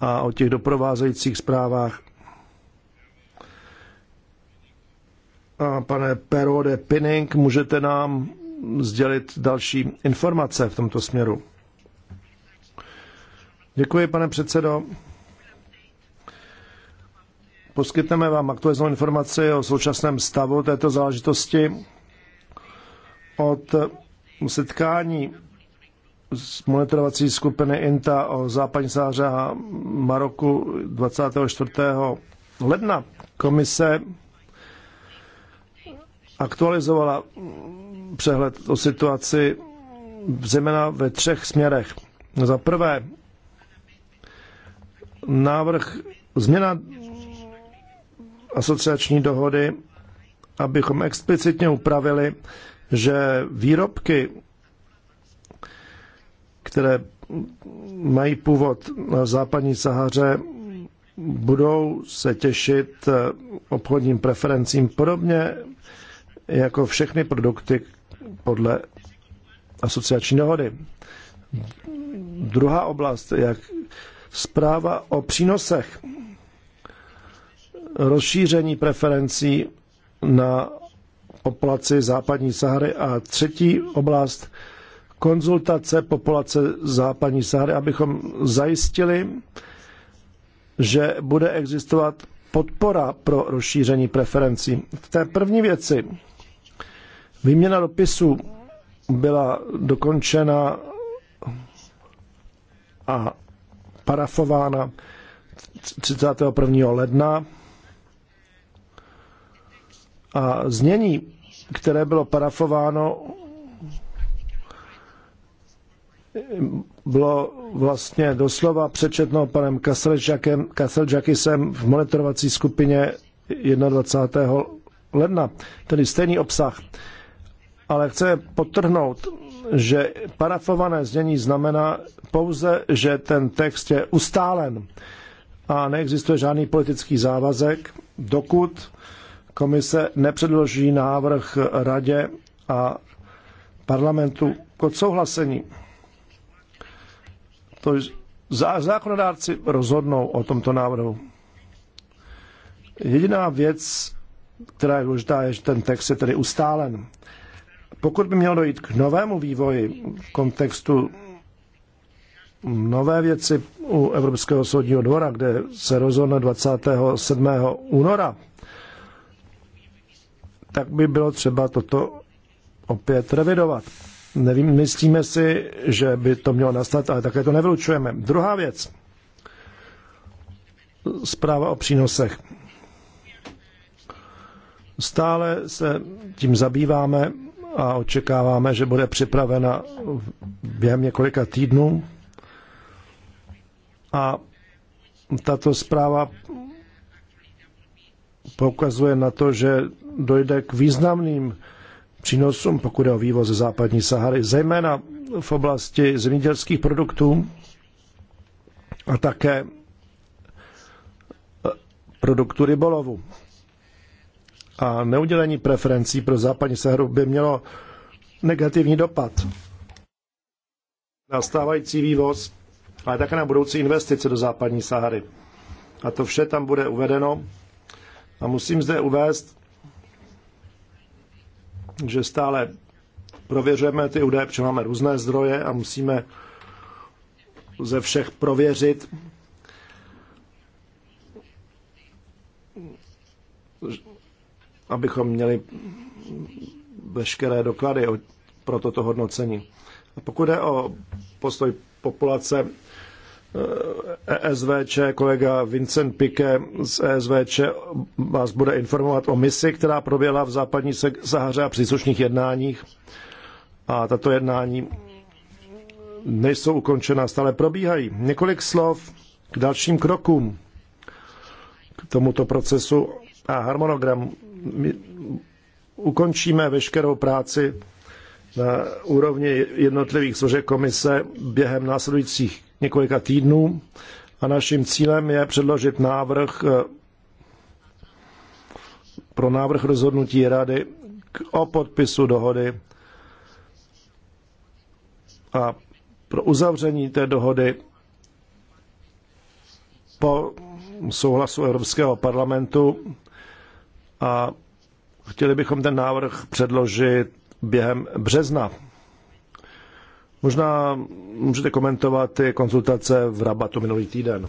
A: a o těch doprovázejících zprávách. A pane Perode Pinning, můžete nám sdělit další informace v tomto směru. Děkuji, pane předsedo. Poskytneme vám aktualizovanou informaci o současném stavu této záležitosti od setkání z monitorovací skupiny INTA o západní sáře a Maroku 24. ledna. Komise aktualizovala přehled o situaci zejména ve třech směrech. Za prvé, návrh změna asociační dohody, abychom explicitně upravili, že výrobky, které mají původ na západní Sahaře, budou se těšit obchodním preferencím podobně jako všechny produkty, podle asociační dohody. Druhá oblast, jak zpráva o přínosech rozšíření preferencí na populaci západní Sahary a třetí oblast konzultace populace západní Sahary, abychom zajistili, že bude existovat podpora pro rozšíření preferencí. V té první věci Výměna dopisů byla dokončena a parafována 31. ledna a znění, které bylo parafováno, bylo vlastně doslova přečetno panem Kasseljakisem v monitorovací skupině 21. ledna, tedy stejný obsah ale chce podtrhnout, že parafované znění znamená pouze, že ten text je ustálen a neexistuje žádný politický závazek, dokud komise nepředloží návrh radě a parlamentu k odsouhlasení. To zákonodárci rozhodnou o tomto návrhu. Jediná věc, která je důležitá, je, že ten text je tedy ustálen. Pokud by mělo dojít k novému vývoji v kontextu nové věci u Evropského soudního dvora, kde se rozhodne 27. února, tak by bylo třeba toto opět revidovat. Nevím, myslíme si, že by to mělo nastat, ale také to nevylučujeme. Druhá věc. Zpráva o přínosech. Stále se tím zabýváme a očekáváme, že bude připravena během několika týdnů. A tato zpráva poukazuje na to, že dojde k významným přínosům, pokud je o vývoz ze západní Sahary, zejména v oblasti zemědělských produktů a také produktů rybolovu a neudělení preferencí pro západní Saharu by mělo negativní dopad na stávající vývoz, ale také na budoucí investice do západní Sahary. A to vše tam bude uvedeno. A musím zde uvést, že stále prověřujeme ty údaje, protože máme různé zdroje a musíme ze všech prověřit, abychom měli veškeré doklady pro toto hodnocení. A pokud je o postoj populace ESVČ, eh, e kolega Vincent Pike z ESVČ vás bude informovat o misi, která proběhla v západní Sahaře a příslušných jednáních. A tato jednání nejsou ukončena, stále probíhají. Několik slov k dalším krokům k tomuto procesu a harmonogram my ukončíme veškerou práci na úrovni jednotlivých složek komise během následujících několika týdnů a naším cílem je předložit návrh eh, pro návrh rozhodnutí Rady o podpisu dohody a pro uzavření té dohody po souhlasu Evropského parlamentu a chtěli bychom ten návrh předložit během března. Možná můžete komentovat ty konzultace v Rabatu minulý týden.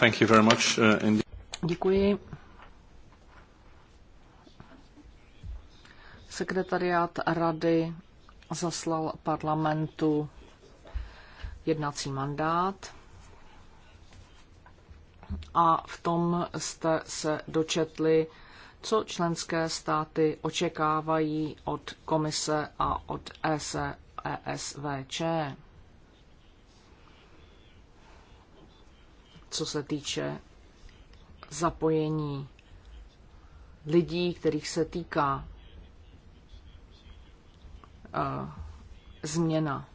C: Thank you very much. Uh, Děkuji. Sekretariát rady zaslal parlamentu jednací mandát a v tom jste se dočetli, co členské státy očekávají od komise a od ESVČ. Co se týče zapojení lidí, kterých se týká uh, změna.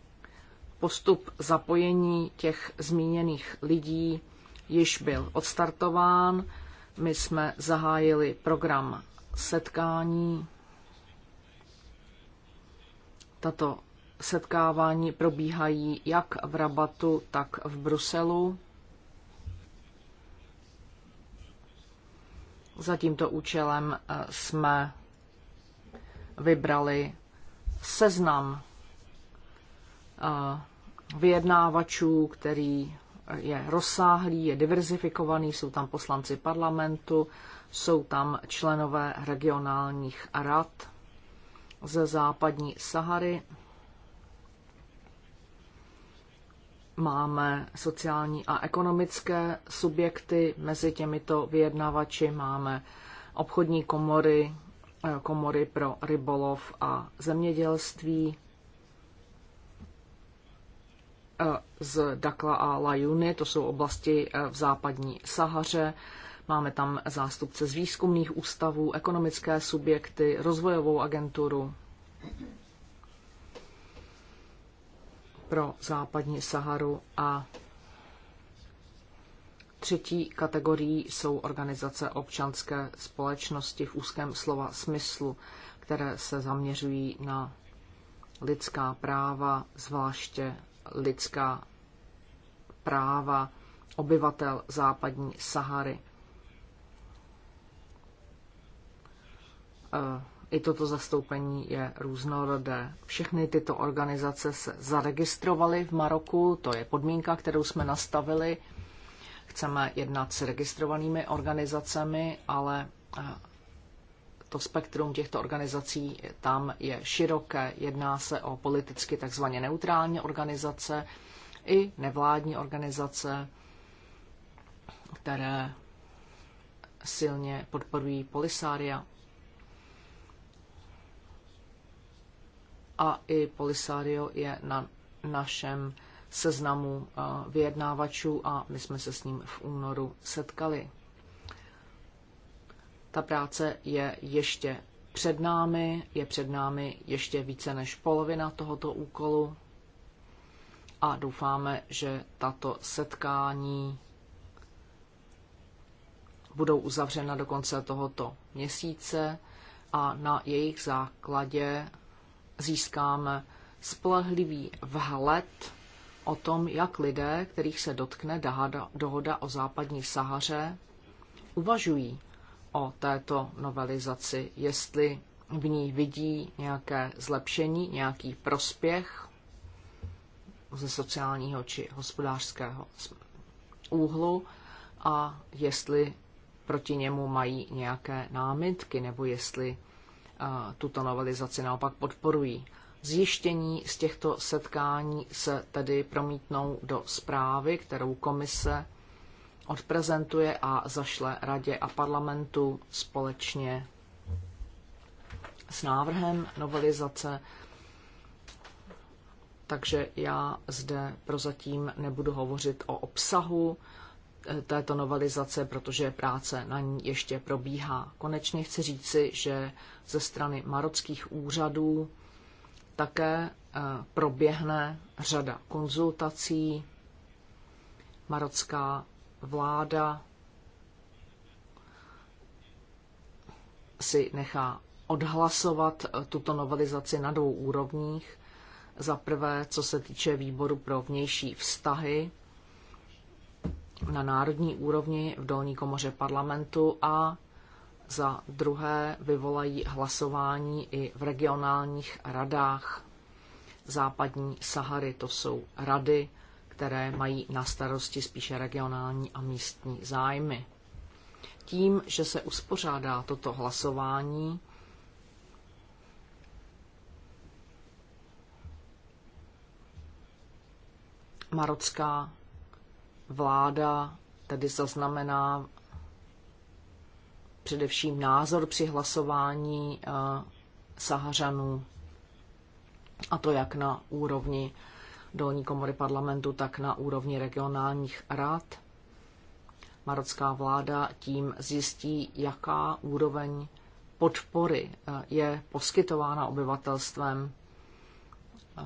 C: Postup zapojení těch zmíněných lidí již byl odstartován. My jsme zahájili program setkání. Tato setkávání probíhají jak v Rabatu, tak v Bruselu. Za tímto účelem eh, jsme vybrali seznam eh, vyjednávačů, který je rozsáhlý, je diverzifikovaný, jsou tam poslanci parlamentu, jsou tam členové regionálních rad ze západní Sahary. Máme sociální a ekonomické subjekty, mezi těmito vyjednavači máme obchodní komory, eh, komory pro rybolov a zemědělství, E, z Dakla a Lajuny, to jsou oblasti e, v západní Sahaře. Máme tam zástupce z výzkumných ústavů, ekonomické subjekty, rozvojovou agenturu pro západní Saharu a Třetí kategorií jsou organizace občanské společnosti v úzkém slova smyslu, které se zaměřují na lidská práva, zvláště lidská práva obyvatel západní Sahary. Eh, I toto zastoupení je různorodé. Všechny tyto organizace se zaregistrovaly v Maroku, to je podmínka, kterou jsme nastavili. Chceme jednat s registrovanými organizacemi, ale eh, to spektrum těchto organizací tam je široké. Jedná se o politicky takzvaně neutrální organizace i nevládní organizace, které silně podporují Polisária. A i Polisario je na našem seznamu eh, vyjednávačů a my jsme se s ním v únoru setkali. Ta práce je ještě před námi, je před námi ještě více než polovina tohoto úkolu a doufáme, že tato setkání budou uzavřena do konce tohoto měsíce a na jejich základě získáme spolehlivý vhled o tom, jak lidé, kterých se dotkne dohoda o západní Sahaře, uvažují o této novelizaci, jestli v ní vidí nějaké zlepšení, nějaký prospěch ze sociálního či hospodářského úhlu a jestli proti němu mají nějaké námitky nebo jestli tuto novelizaci naopak podporují. Zjištění z těchto setkání se tedy promítnou do zprávy, kterou komise odprezentuje a zašle radě a parlamentu společně s návrhem novelizace. Takže já zde prozatím nebudu hovořit o obsahu eh, této novelizace, protože práce na ní ještě probíhá. Konečně chci říci, že ze strany marockých úřadů také eh, proběhne řada konzultací. Marocká vláda si nechá odhlasovat tuto novelizaci na dvou úrovních. Za prvé, co se týče výboru pro vnější vztahy na národní úrovni v dolní komoře parlamentu a za druhé vyvolají hlasování i v regionálních radách západní Sahary. To jsou rady, které mají na starosti spíše regionální a místní zájmy. Tím, že se uspořádá toto hlasování, marocká vláda tedy zaznamená především názor při hlasování eh, Sahařanů, a to jak na úrovni dolní komory parlamentu, tak na úrovni regionálních rad. Marocká vláda tím zjistí, jaká úroveň podpory eh, je poskytována obyvatelstvem eh,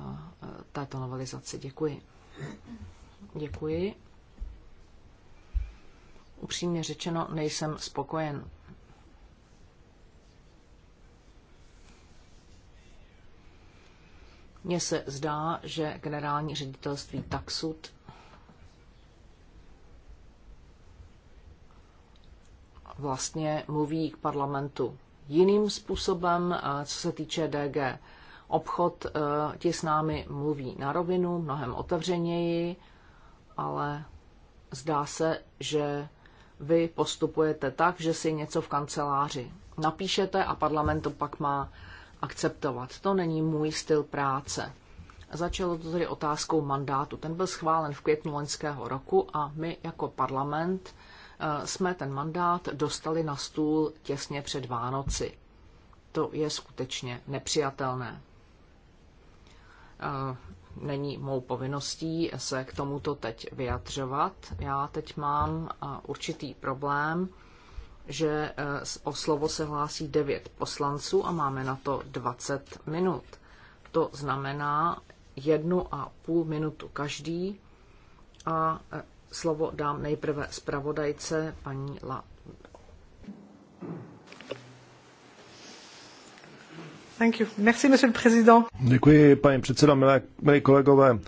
C: této novelizaci. Děkuji. Děkuji. Upřímně řečeno, nejsem spokojen Mně se zdá, že generální ředitelství Taxud vlastně mluví k parlamentu jiným způsobem, co se týče DG. Obchod eh, ti s námi mluví na rovinu, mnohem otevřeněji, ale zdá se, že vy postupujete tak, že si něco v kanceláři napíšete a parlament to pak má akceptovat. To není můj styl práce. Začalo to tedy otázkou mandátu. Ten byl schválen v květnu loňského roku a my jako parlament eh, jsme ten mandát dostali na stůl těsně před Vánoci. To je skutečně nepřijatelné. Eh, není mou povinností se k tomuto teď vyjadřovat. Já teď mám eh, určitý problém že eh, o slovo se hlásí 9 poslanců a máme na to 20 minut. To znamená jednu a půl minutu každý a eh, slovo dám nejprve zpravodajce paní La. Thank you. Merci, monsieur le président.
A: Děkuji, paní předseda, milé, milí kolegové.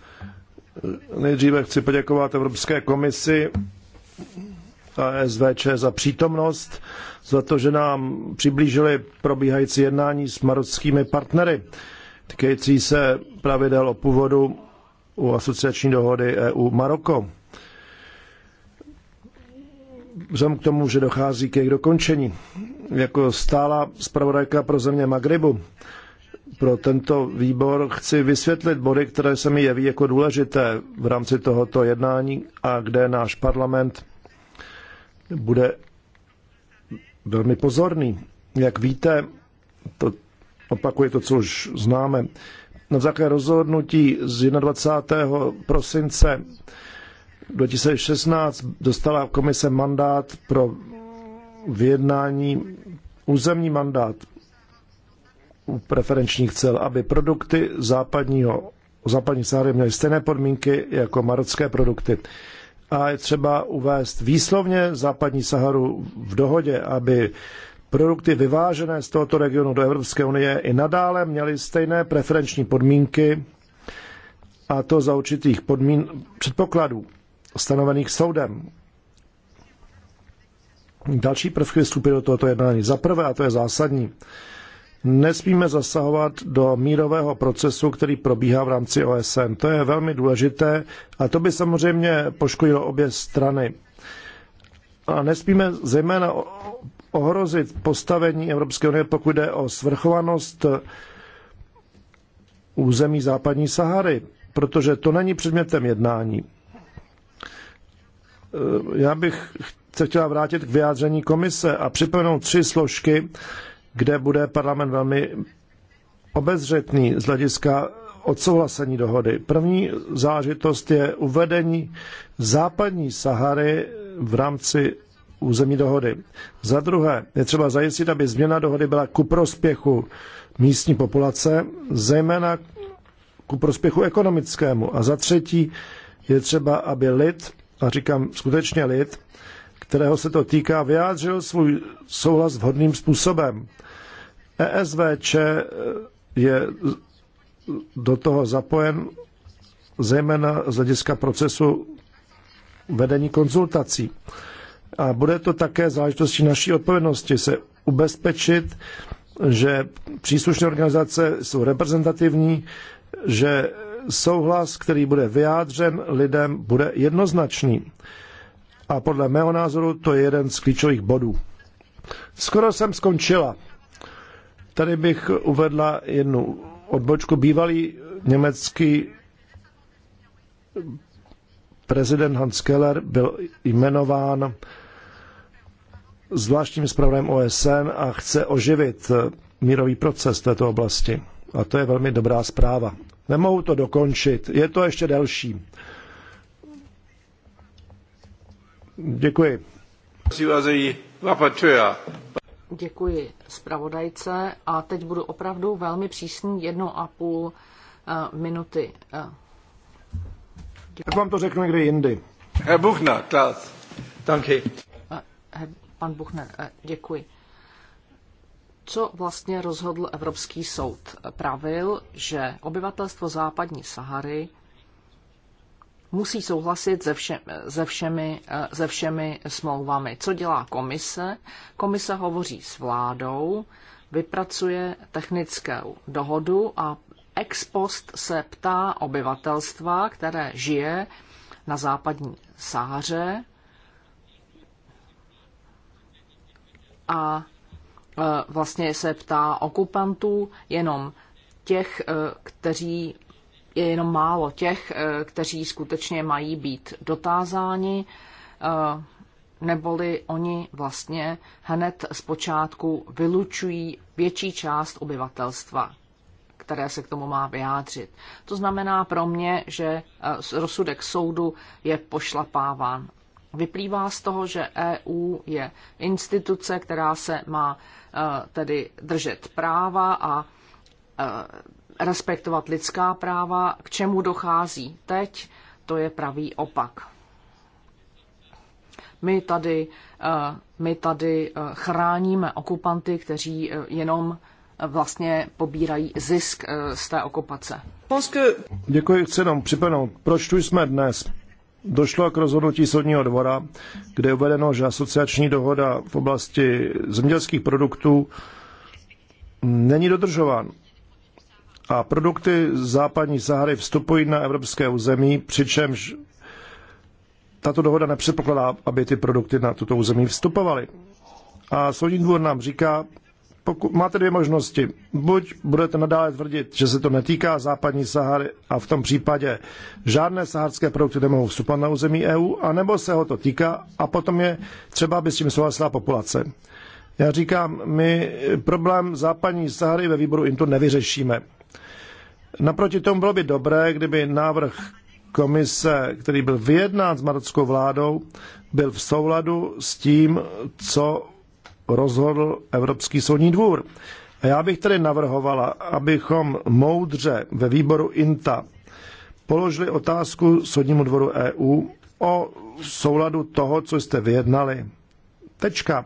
A: Nejdříve chci poděkovat Evropské komisi a SVČ za přítomnost, za to, že nám přiblížili probíhající jednání s marockými partnery, týkající se pravidel o původu u asociační dohody EU-Maroko. Vzhledem k tomu, že dochází k jejich dokončení. Jako stála zpravodajka pro země Magribu pro tento výbor chci vysvětlit body, které se mi jeví jako důležité v rámci tohoto jednání a kde náš parlament bude velmi pozorný. Jak víte, to opakuje to, co už známe, na základě rozhodnutí z 21. prosince 2016 dostala komise mandát pro vyjednání územní mandát u preferenčních cel, aby produkty západního, západní sáry měly stejné podmínky jako marocké produkty a je třeba uvést výslovně západní Saharu v dohodě, aby produkty vyvážené z tohoto regionu do Evropské unie i nadále měly stejné preferenční podmínky a to za určitých podmín předpokladů stanovených soudem. Další prvky vstupy do tohoto jednání. Za prvé, a to je zásadní, nesmíme zasahovat do mírového procesu, který probíhá v rámci OSN. To je velmi důležité a to by samozřejmě poškodilo obě strany. A nesmíme zejména ohrozit postavení Evropské unie, pokud jde o svrchovanost území západní Sahary, protože to není předmětem jednání. Já bych se chtěla vrátit k vyjádření komise a připomenout tři složky, kde bude parlament velmi obezřetný z hlediska odsouhlasení dohody. První zážitost je uvedení západní Sahary v rámci území dohody. Za druhé, je třeba zajistit, aby změna dohody byla ku prospěchu místní populace, zejména ku prospěchu ekonomickému. A za třetí, je třeba, aby lid, a říkám skutečně lid, kterého se to týká, vyjádřil svůj souhlas vhodným způsobem. ESVČ e, je do toho zapojen zejména z hlediska procesu vedení konzultací. A bude to také záležitostí naší odpovědnosti se ubezpečit, že příslušné organizace jsou reprezentativní, že souhlas, který bude vyjádřen lidem, bude jednoznačný. A podle mého názoru to je jeden z klíčových bodů. Skoro jsem skončila. Tady bych uvedla jednu odbočku. Bývalý německý prezident Hans Keller byl jmenován zvláštním zpravodajem OSN a chce oživit mírový proces v této oblasti. A to je velmi dobrá zpráva. Nemohu to dokončit, je to ještě delší. Děkuji.
C: Děkuji zpravodajce a teď budu opravdu velmi přísný, jedno a půl eh, minuty.
A: Děkuji. Eh. Tak vám to řeknu někde jindy. Herr Buchner, Klaus. Danke.
C: Eh, pan Buchner, děkuji. Co vlastně rozhodl Evropský soud? Pravil, že obyvatelstvo západní Sahary musí souhlasit se, vše, se, všemi, eh, se všemi smlouvami. Co dělá komise? Komise hovoří s vládou, vypracuje technickou dohodu a ex post se ptá obyvatelstva, které žije na západní Sáře a eh, vlastně se ptá okupantů jenom těch, eh, kteří je jenom málo těch, eh, kteří skutečně mají být dotázáni, eh, neboli oni vlastně hned z počátku vylučují větší část obyvatelstva, které se k tomu má vyjádřit. To znamená pro mě, že eh, rozsudek soudu je pošlapáván. Vyplývá z toho, že EU je instituce, která se má tedy držet práva a respektovat lidská práva, k čemu dochází teď, to je pravý opak. My tady, eh, my tady eh, chráníme okupanty, kteří eh, jenom vlastně pobírají zisk z té okupace.
A: Děkuji, chci jenom připomenout, proč tu jsme dnes. Došlo k rozhodnutí soudního dvora, kde je uvedeno, že asociační dohoda v oblasti zemědělských produktů není dodržována a produkty západní Sahary vstupují na evropské území, přičemž tato dohoda nepředpokládá, aby ty produkty na tuto území vstupovaly. A soudní dvůr nám říká, pokud, máte dvě možnosti. Buď budete nadále tvrdit, že se to netýká západní Sahary a v tom případě žádné saharské produkty nemohou vstupovat na území EU, anebo se ho to týká a potom je třeba, aby s tím souhlasila populace. Já říkám, my problém západní Sahary ve výboru INTO nevyřešíme. Naproti tomu bylo by dobré, kdyby návrh komise, který byl vyjednán s marockou vládou, byl v souladu s tím, co rozhodl Evropský soudní dvůr. A já bych tedy navrhovala, abychom moudře ve výboru INTA položili otázku Soudnímu dvoru EU o souladu toho, co jste vyjednali. Tečka.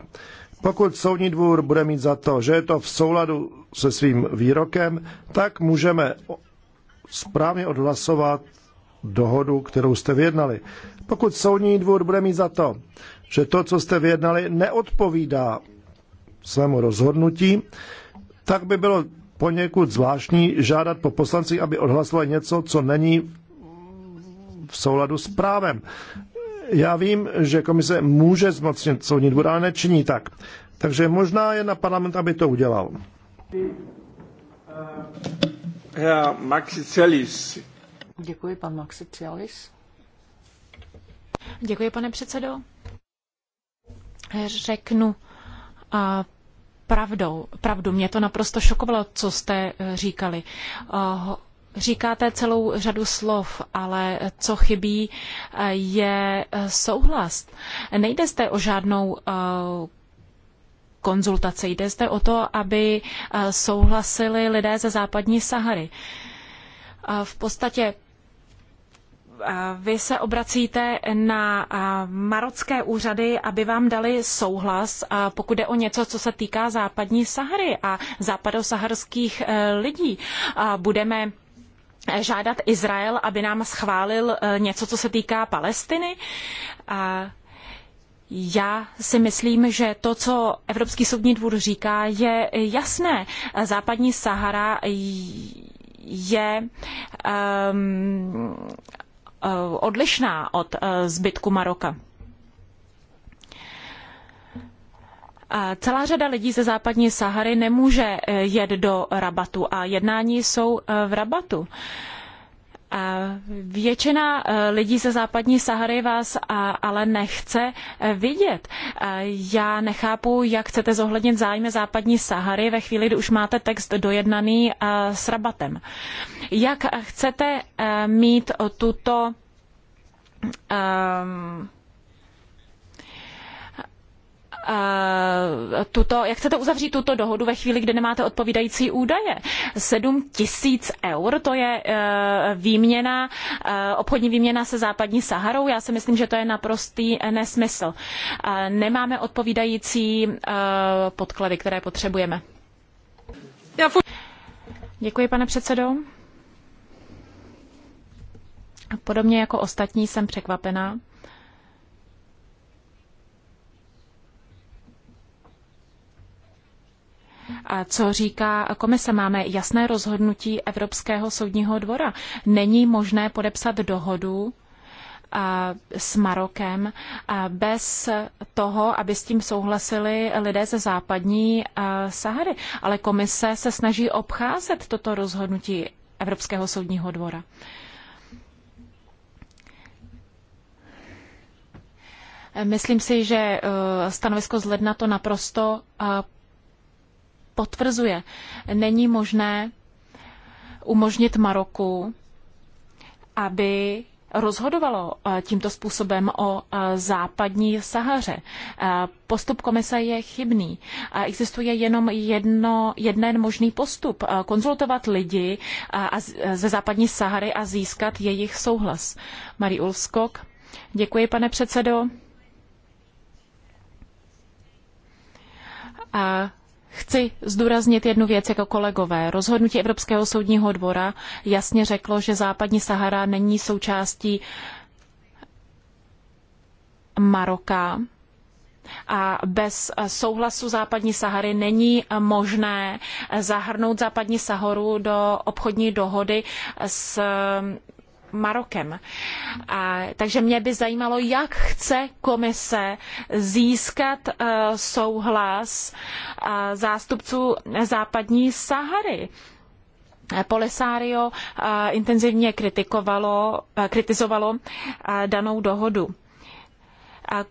A: Pokud Soudní dvůr bude mít za to, že je to v souladu se svým výrokem, tak můžeme správně odhlasovat dohodu, kterou jste vyjednali. Pokud soudní dvůr bude mít za to, že to, co jste vyjednali, neodpovídá svému rozhodnutí, tak by bylo poněkud zvláštní žádat po poslancích, aby odhlasovali něco, co není v souladu s právem. Já vím, že komise může zmocnit soudní dvůr, ale nečiní tak. Takže možná je na parlament, aby to udělal. Eh, Herr Maxicellis.
C: Děkuji, pan Maxicellis. Děkuji, pane
B: předsedo. Řeknu a eh, pravdou, pravdu. Mě to naprosto šokovalo, co jste eh, říkali. Říkáte celou řadu slov, ale co chybí je souhlas. Nejde zde o žádnou konzultace. Jde zde o to, aby eh, souhlasili lidé ze západní Sahary. Eh, v podstatě eh, vy se obracíte na marocké úřady, aby vám dali souhlas, pokud jde o něco, co se týká západní Sahary a západosaharských lidí. Budeme žádat Izrael, aby nám schválil něco, co se týká Palestiny. Já si myslím, že to, co Evropský soudní dvůr říká, je jasné. Západní Sahara je um, odlišná od eh, zbytku Maroka. Celá řada lidí ze západní Sahary nemůže eh, jet do Rabatu a jednání jsou v Rabatu. Uh, Většina e, lidí ze západní Sahary vás ale nechce e, vidět. E, já nechápu, jak chcete zohlednit zájmy západní Sahary ve chvíli, kdy už máte text dojednaný s rabatem. Jak chcete mít tuto um, Eh, tuto, jak chcete uzavřít tuto dohodu ve chvíli, kdy nemáte odpovídající údaje? 7 tisíc eur, to je eh, výměna, eh, obchodní výměna se západní Saharou. Já si myslím, že to je naprostý nesmysl. Nemáme odpovídající podklady, které potřebujeme. Děkuji, pane předsedo. Podobně jako ostatní jsem překvapená, co říká komise. Máme jasné rozhodnutí Evropského soudního dvora. Není možné podepsat dohodu s Marokem bez toho, aby s tím souhlasili lidé ze západní Sahary. Ale komise se snaží obcházet toto rozhodnutí Evropského soudního dvora. Myslím si, že e, stanovisko z ledna to naprosto e, potvrzuje. Není možné umožnit Maroku, aby rozhodovalo eh, tímto způsobem o eh, západní Sahaře. Eh, postup komise je chybný. Existuje jenom jedno, jeden možný postup. Konzultovat lidi ze západní Sahary a získat jejich souhlas. Marie Ulskok, Děkuji, pane předsedo. Chci zdůraznit jednu věc jako kolegové. Rozhodnutí Evropského soudního dvora jasně řeklo, že západní Sahara není součástí Maroka a bez souhlasu západní Sahary není možné zahrnout západní Saharu do obchodní dohody s Marokem. A, takže mě by zajímalo, jak chce komise získat uh, souhlas uh, zástupců západní Sahary. Eh, Polisario uh, intenzivně kritikovalo, kritizovalo danou dohodu.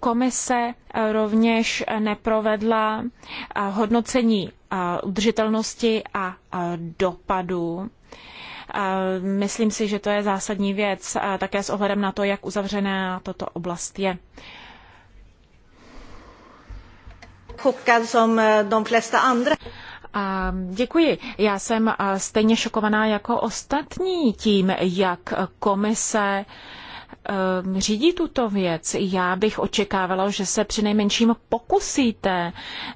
B: Komise rovněž neprovedla hodnocení udržitelnosti a dopadu Myslím si, že to je zásadní věc, také s ohledem na to, jak uzavřená toto oblast je. Eh, a děkuji. Já jsem eh, stejně šokovaná jako ostatní tím, jak komise Ehm, řídí tuto věc. Já bych očekávala, že se přinejmenším pokusíte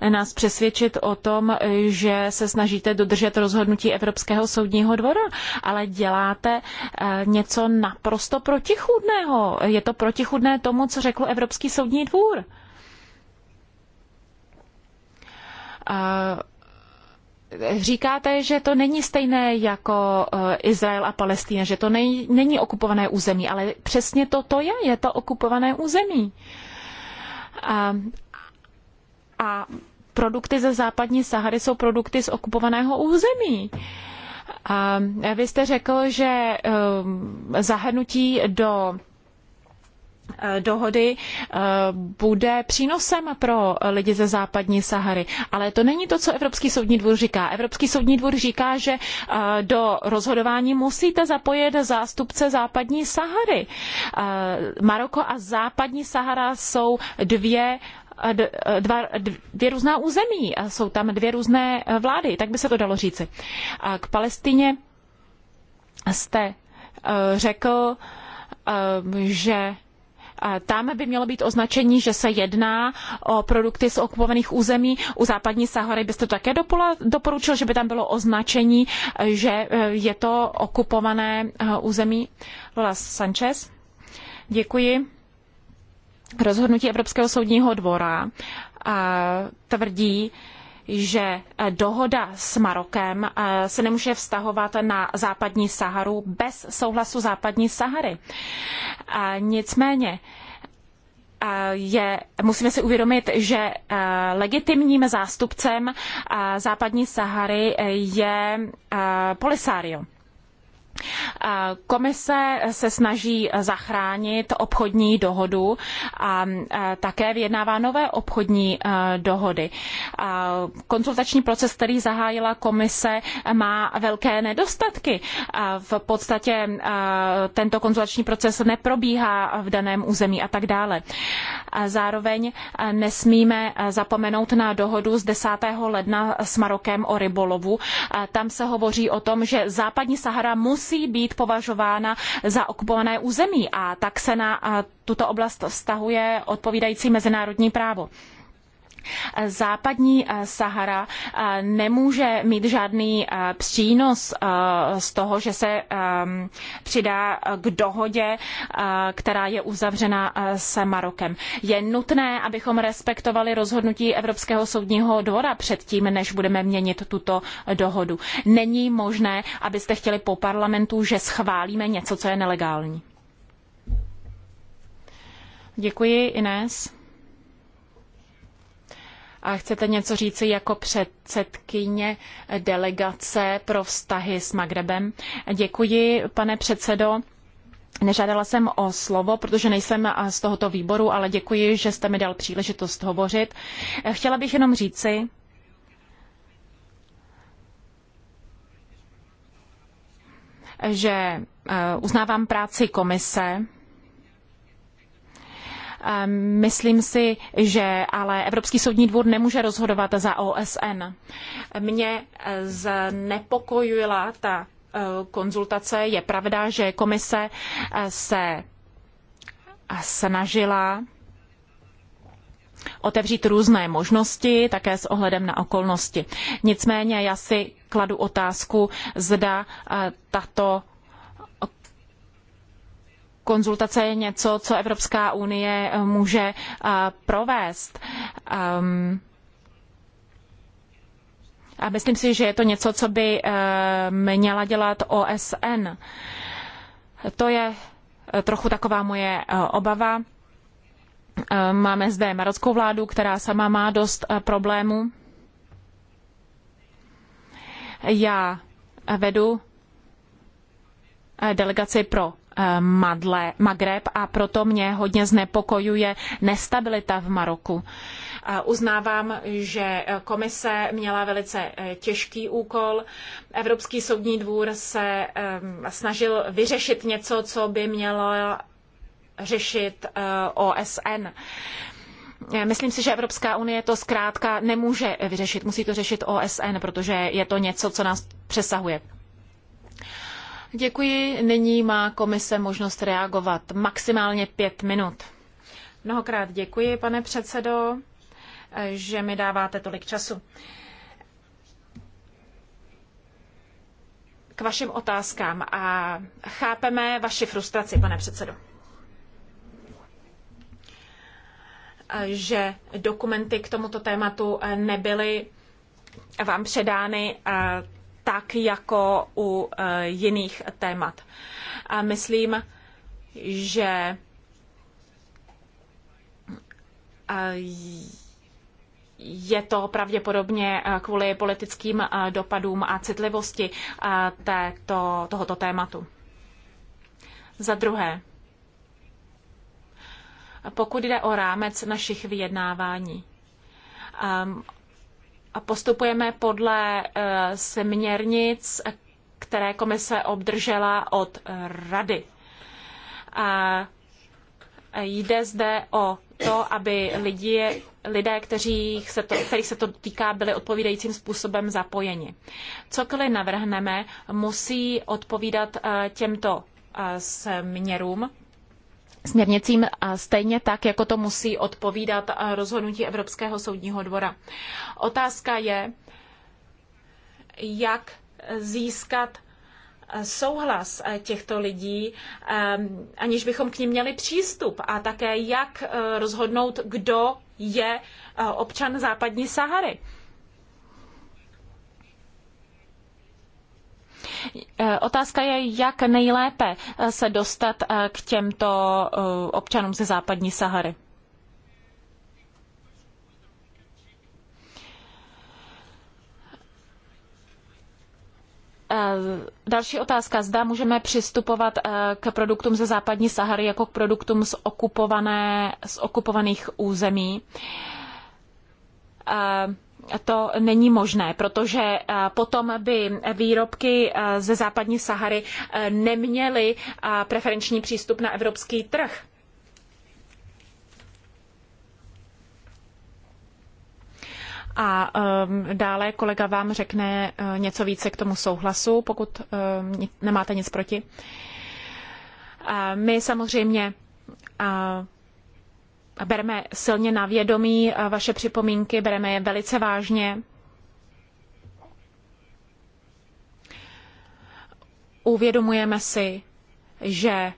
B: nás přesvědčit o tom, že se snažíte dodržet rozhodnutí Evropského soudního dvora, ale děláte eh, něco naprosto protichůdného. Je to protichůdné tomu, co řekl Evropský soudní dvůr. Eh, Říkáte, že to není stejné jako eh, Izrael a Palestína, že to nej, není okupované území, ale přesně to to je, je to okupované území. A, a produkty ze západní Sahary jsou produkty z okupovaného území. A vy jste řekl, že eh, zahrnutí do Eh, dohody eh, bude přínosem pro lidi ze západní Sahary. Ale to není to, co Evropský soudní dvůr říká. Evropský soudní dvůr říká, že eh, do rozhodování musíte zapojit zástupce západní Sahary. Maroko a západní Sahara jsou dvě dva, dvě různá území a jsou tam dvě různé vlády, tak by se to dalo říci. k Palestině jste řekl, že tam by mělo být označení, že se jedná o produkty z okupovaných území. U západní Sahary byste to také doporučil, že by tam bylo označení, že e, je to okupované e, území. Lola Sanchez, děkuji. Rozhodnutí Evropského soudního dvora tvrdí, že eh, dohoda s Marokem eh, se nemůže vztahovat na západní Saharu bez souhlasu západní Sahary. Eh, nicméně je, musíme si uvědomit, že legitimním zástupcem západní Sahary je Polisario. Komise se snaží zachránit obchodní dohodu a také vyjednává nové obchodní e, dohody. Konzultační proces, který zahájila komise, má velké nedostatky. V podstatě e, tento konzultační proces neprobíhá v daném území a tak dále. Zároveň e, nesmíme zapomenout na dohodu z 10. ledna s Marokem o rybolovu. Tam se hovoří o tom, že západní Sahara musí musí být považována za okupované území a tak se na tuto oblast vztahuje odpovídající mezinárodní právo. Západní eh, Sahara eh, nemůže mít žádný eh, přínos z toho, že se ehm, přidá k dohodě, která je uzavřena s Marokem. Je nutné, abychom respektovali rozhodnutí Evropského soudního dvora předtím, než budeme měnit tuto dohodu. Není možné, abyste chtěli po parlamentu, že schválíme něco, co je nelegální. Děkuji, Ines. A chcete něco říci jako předsedkyně delegace pro vztahy s Magrebem? Děkuji, pane předsedo. Nežádala jsem o slovo, protože nejsem z tohoto výboru, ale děkuji, že jste mi dal příležitost hovořit. Chtěla bych jenom říci, že eh, uznávám práci komise Ehm, myslím si, že ale Evropský soudní dvůr nemůže rozhodovat za OSN. Mě eh, znepokojila ta eh, konzultace. Je pravda, že komise eh, se snažila otevřít různé možnosti, také s ohledem na okolnosti. Nicméně já si kladu otázku, zda tato konzultace je něco, co Evropská unie eh, může eh, provést. Ehm, a myslím si, že je to něco, co by eh, měla dělat OSN. To je trochu taková moje obava. Ehm, máme zde marockou vládu, která sama má dost problémů. Já vedu delegaci pro Eh, madle, Magreb a proto mě hodně znepokojuje nestabilita v Maroku. Uznávám, že komise měla velice eh, těžký úkol. Evropský soudní dvůr se eh, snažil vyřešit něco, co by mělo řešit OSN. Myslím si, že Evropská unie to zkrátka nemůže vyřešit, musí to řešit OSN, protože je to něco, co nás přesahuje. Děkuji. Nyní má komise možnost reagovat maximálně pět minut. Mnohokrát děkuji, pane předsedo, že mi dáváte tolik času. K vašim otázkám a chápeme vaši frustraci, pane předsedo. Že dokumenty k tomuto tématu nebyly vám předány tak jako u e, jiných témat. A myslím, že e, je to pravděpodobně e, kvůli politickým dopadům a citlivosti této, tohoto tématu. Za druhé, pokud jde o rámec našich vyjednávání, postupujeme podle eh, směrnic, které komise obdržela od eh, rady. A eh, jde zde o to, aby lidi, lidé, kterých se to, kterých se to týká, byli odpovídajícím způsobem zapojeni. Cokoliv navrhneme, musí odpovídat těmto směrům, směrnicím, stejně tak, jako to musí odpovídat rozhodnutí Evropského soudního dvora. Otázka je, jak získat souhlas těchto lidí, aniž bychom k ním měli přístup a také jak eh, rozhodnout, kdo je eh, občan západní Sahary. Eh, otázka je, jak nejlépe eh, se dostat eh, k těmto občanům ze západní Sahary. Další otázka. Zda můžeme přistupovat k produktům ze západní Sahary jako k produktům z, okupované, z okupovaných území to není možné, protože eh, potom by výrobky eh, ze západní Sahary eh, neměly preferenční přístup na evropský trh. A um, dále kolega vám řekne uh, něco více k tomu souhlasu, pokud uh, nemáte nic proti. Uh, my samozřejmě uh, bereme silně na vědomí vaše připomínky, bereme je velice vážně. Uvědomujeme si, že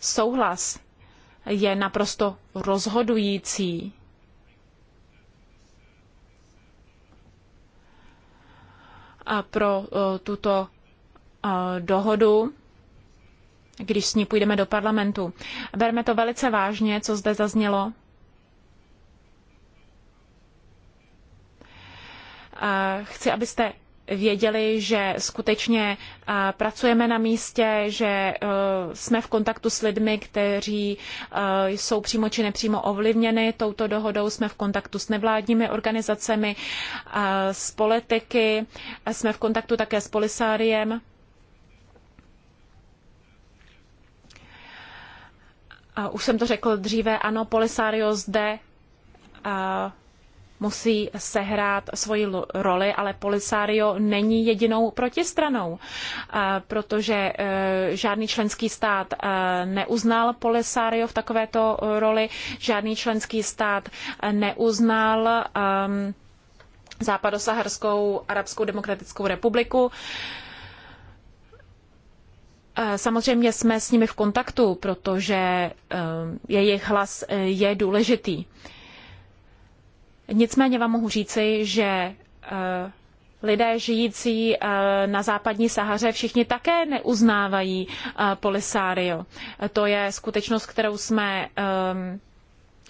B: souhlas je naprosto rozhodující. A pro tuto dohodu když s ní půjdeme do parlamentu. Berme to velice vážně, co zde zaznělo. Chci, abyste věděli, že skutečně pracujeme na místě, že e, jsme v kontaktu s lidmi, kteří e, jsou přímo či nepřímo ovlivněni touto dohodou, jsme v kontaktu s nevládními organizacemi, s politiky, jsme v kontaktu také s polisáriem. už jsem to řekl dříve, ano, Polisario zde musí sehrát svoji roli, ale Polisario není jedinou protistranou, protože e, žádný členský stát e, neuznal Polisario v takovéto e, roli, žádný členský stát neuznal západosaharskou arabskou demokratickou republiku. Eh, samozřejmě jsme s nimi v kontaktu, protože eh, jejich hlas eh, je důležitý. Nicméně vám mohu říci, že lidé žijící na západní Sahaře všichni také neuznávají Polisario. To je skutečnost, kterou jsme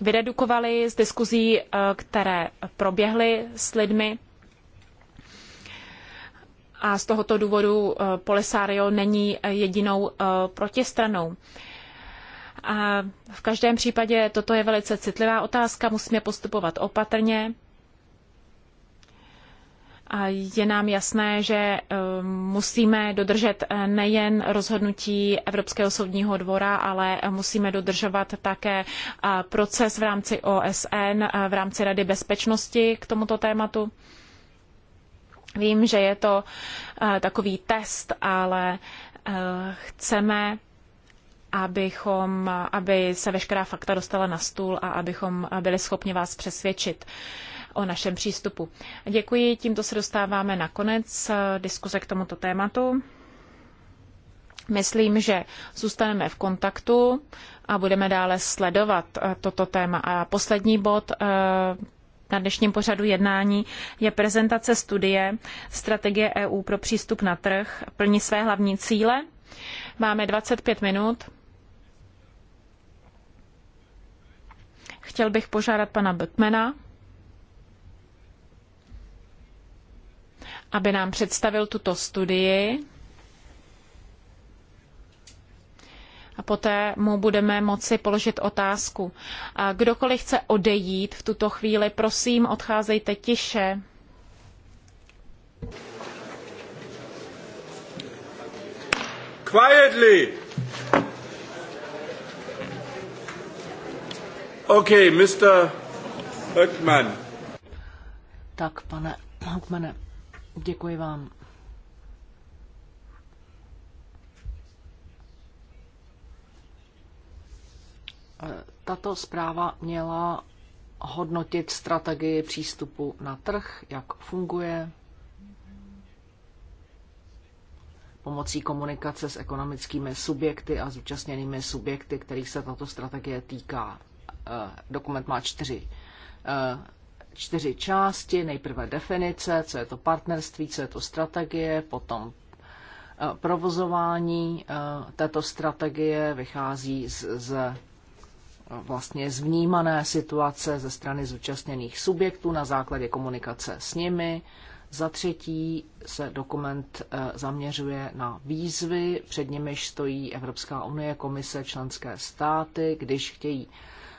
B: vyredukovali z diskuzí, které proběhly s lidmi a z tohoto důvodu eh, Polisario není eh, jedinou eh, protistranou. A v každém případě toto je velice citlivá otázka, musíme postupovat opatrně. A je nám jasné, že musíme dodržet nejen rozhodnutí Evropského soudního dvora, ale musíme dodržovat také proces v rámci OSN, v rámci Rady bezpečnosti k tomuto tématu. Vím, že je to eh, takový test, ale eh, chceme, abychom, aby se veškerá fakta dostala na stůl a abychom eh, byli schopni vás přesvědčit o našem přístupu. Děkuji, tímto se dostáváme na konec diskuze k tomuto tématu. Myslím, že zůstaneme v kontaktu a budeme dále sledovat toto téma. A poslední bod na dnešním pořadu jednání je prezentace studie Strategie EU pro přístup na trh plní své hlavní cíle. Máme 25 minut. Chtěl bych požádat pana Böckmana, aby nám představil tuto studii. a poté mu budeme moci položit otázku. A kdokoliv chce odejít v tuto chvíli, prosím, odcházejte tiše.
A: Quietly. OK, Mr. Höckman.
C: Tak, pane Höckmane, děkuji vám Tato zpráva měla hodnotit strategii přístupu na trh, jak funguje, pomocí komunikace s ekonomickými subjekty a zúčastněnými subjekty, kterých se tato strategie týká. Eh, dokument má čtyři, eh, čtyři části. Nejprve definice, co je to partnerství, co je to strategie, potom eh, provozování této strategie vychází z, z vlastně zvnímané situace ze strany zúčastněných subjektů na základě komunikace s nimi. Za třetí se dokument eh, zaměřuje na výzvy, před nimiž stojí Evropská unie, komise, členské státy, když chtějí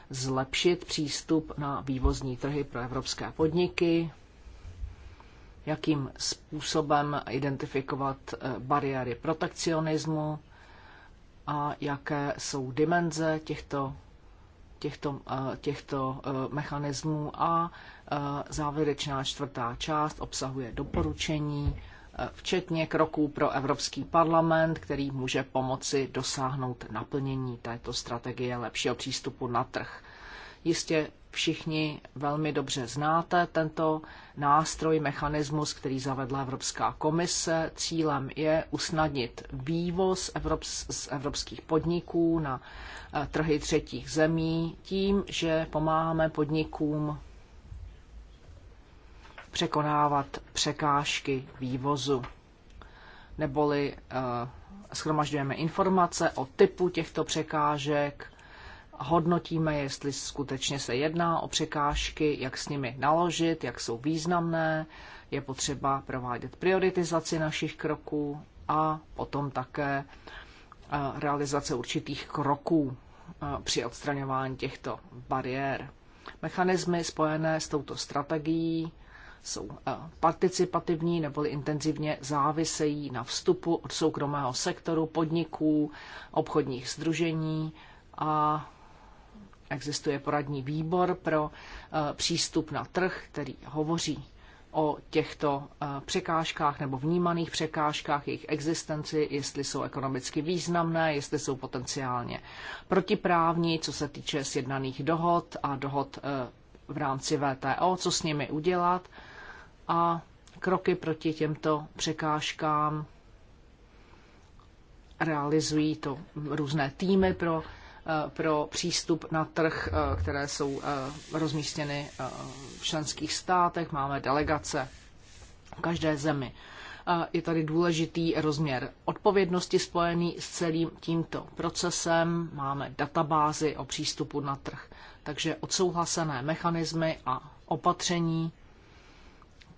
C: zlepšit přístup na vývozní trhy pro evropské podniky, jakým způsobem identifikovat eh, bariéry protekcionismu a jaké jsou dimenze těchto těchto, eh, těchto eh, mechanismů a eh, závěrečná čtvrtá část obsahuje doporučení, včetně kroků pro Evropský parlament, který může pomoci dosáhnout naplnění této strategie lepšího přístupu na trh. Jistě všichni velmi dobře znáte tento nástroj, mechanismus, který zavedla Evropská komise. Cílem je usnadnit vývoz z evropských podniků na eh, trhy třetích zemí tím, že pomáháme podnikům překonávat překážky vývozu. Neboli eh, schromažďujeme informace o typu těchto překážek, hodnotíme, jestli skutečně se jedná o překážky, jak s nimi naložit, jak jsou významné, je potřeba provádět prioritizaci našich kroků a potom také eh, realizace určitých kroků eh, při odstraňování těchto bariér. Mechanismy spojené s touto strategií jsou eh, participativní neboli intenzivně závisejí na vstupu od soukromého sektoru, podniků, obchodních združení a Existuje poradní výbor pro eh, přístup na trh, který hovoří o těchto eh, překážkách nebo vnímaných překážkách, jejich existenci, jestli jsou ekonomicky významné, jestli jsou potenciálně protiprávní, co se týče sjednaných dohod a dohod eh, v rámci VTO, co s nimi udělat a kroky proti těmto překážkám realizují to různé týmy pro Eh, pro přístup na trh, eh, které jsou eh, rozmístěny v členských státech. Máme delegace v každé zemi. Je tady důležitý rozměr odpovědnosti spojený s celým tímto procesem. Máme databázy o přístupu na trh. Takže odsouhlasené mechanismy a opatření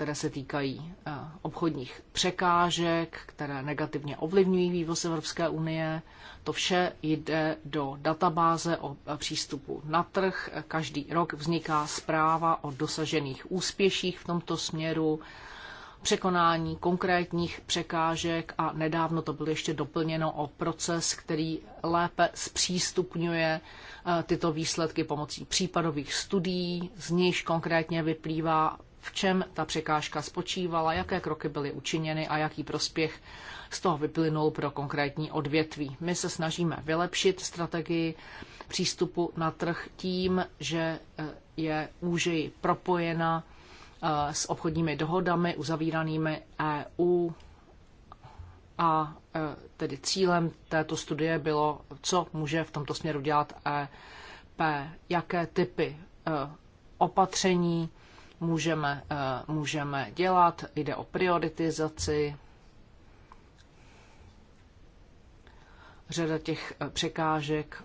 C: které se týkají eh, obchodních překážek, které negativně ovlivňují vývoz Evropské unie. To vše jde do databáze o eh, přístupu na trh. Každý rok vzniká zpráva o dosažených úspěších v tomto směru překonání konkrétních překážek a nedávno to bylo ještě doplněno o proces, který lépe zpřístupňuje eh, tyto výsledky pomocí případových studií, z nichž konkrétně vyplývá v čem ta překážka spočívala, jaké kroky byly učiněny a jaký prospěch z toho vyplynul pro konkrétní odvětví. My se snažíme vylepšit strategii přístupu na trh tím, že eh, je úžeji propojena eh, s obchodními dohodami uzavíranými EU a eh, tedy cílem této studie bylo, co může v tomto směru dělat EP, jaké typy opatření můžeme, eh, můžeme dělat. Jde o prioritizaci. Řada těch eh, překážek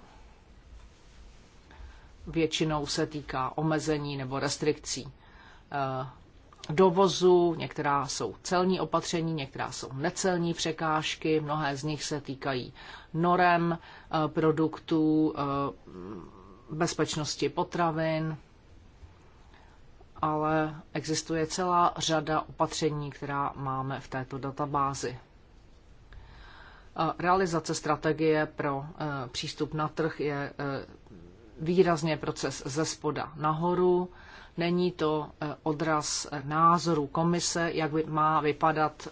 C: většinou se týká omezení nebo restrikcí eh, dovozu, některá jsou celní opatření, některá jsou necelní překážky, mnohé z nich se týkají norem produktů, bezpečnosti potravin, ale existuje celá řada opatření, která máme v této databázi. Realizace strategie pro e, přístup na trh je e, výrazně proces ze spoda nahoru. Není to e, odraz názoru komise, jak by má vypadat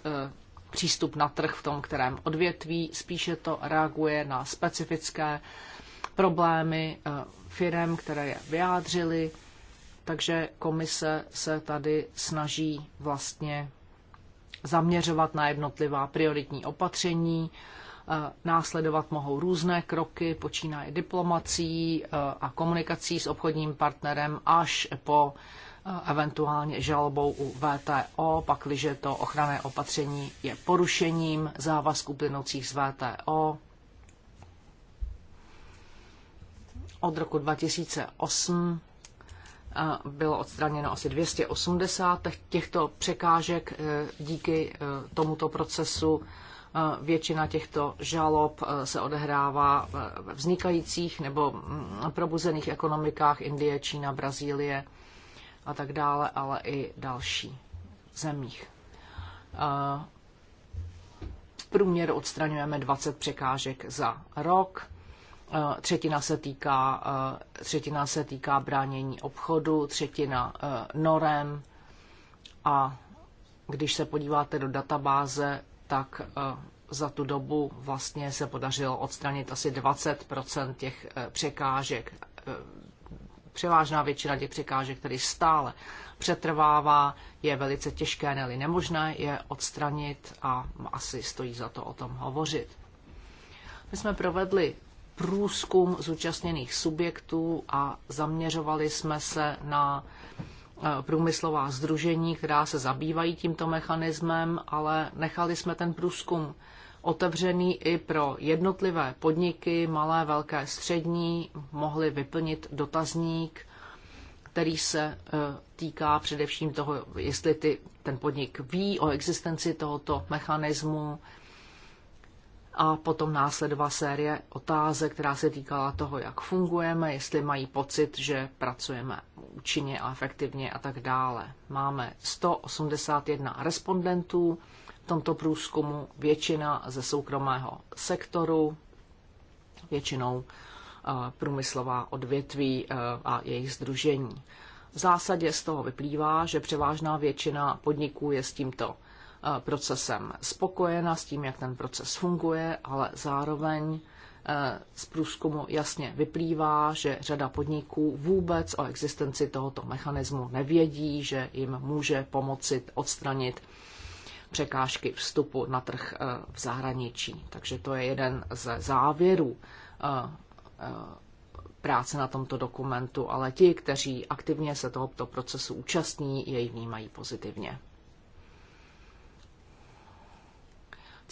C: přístup na trh v tom, kterém odvětví. Spíše to reaguje na specifické problémy firm, které je vyjádřily takže komise se tady snaží vlastně zaměřovat na jednotlivá prioritní opatření. E, následovat mohou různé kroky, počínaje diplomací e, a komunikací s obchodním partnerem až po e, eventuálně žalobou u VTO, pakliže to ochranné opatření je porušením závazků plynoucích z VTO. Od roku 2008 bylo odstraněno asi 280 těchto překážek eh, díky eh, tomuto procesu. Eh, většina těchto žalob se odehrává ve vznikajících nebo mm, probuzených ekonomikách Indie, Čína, Brazílie a tak dále, ale i další zemích. V průměru odstraňujeme 20 překážek za rok Eh, třetina se týká, eh, třetina se týká bránění obchodu, třetina eh, norem a když se podíváte do databáze, tak za tu dobu vlastně se podařilo odstranit asi 20 těch překážek. Převážná většina těch překážek, které stále přetrvává, je velice těžké, ne nemožné je odstranit a asi stojí za to o tom hovořit. My jsme provedli průzkum zúčastněných subjektů a zaměřovali jsme se na eh, průmyslová združení, která se zabývají tímto mechanismem, ale nechali jsme ten průzkum otevřený i pro jednotlivé podniky, malé, velké, střední, mohli vyplnit dotazník, který se eh, týká především toho, jestli ty, ten podnik ví o existenci tohoto mechanismu, a potom následovala série otázek, která se týkala toho, jak fungujeme, jestli mají pocit, že pracujeme účinně a efektivně a tak dále. Máme 181 respondentů v tomto průzkumu, většina ze soukromého sektoru, většinou eh, průmyslová odvětví eh, a jejich združení. V zásadě z toho vyplývá, že převážná většina podniků je s tímto procesem spokojena, s tím, jak ten proces funguje, ale zároveň e, z průzkumu jasně vyplývá, že řada podniků vůbec o existenci tohoto mechanismu nevědí, že jim může pomoci odstranit překážky vstupu na trh e, v zahraničí. Takže to je jeden ze závěrů e, práce na tomto dokumentu, ale ti, kteří aktivně se tohoto procesu účastní, jej vnímají pozitivně.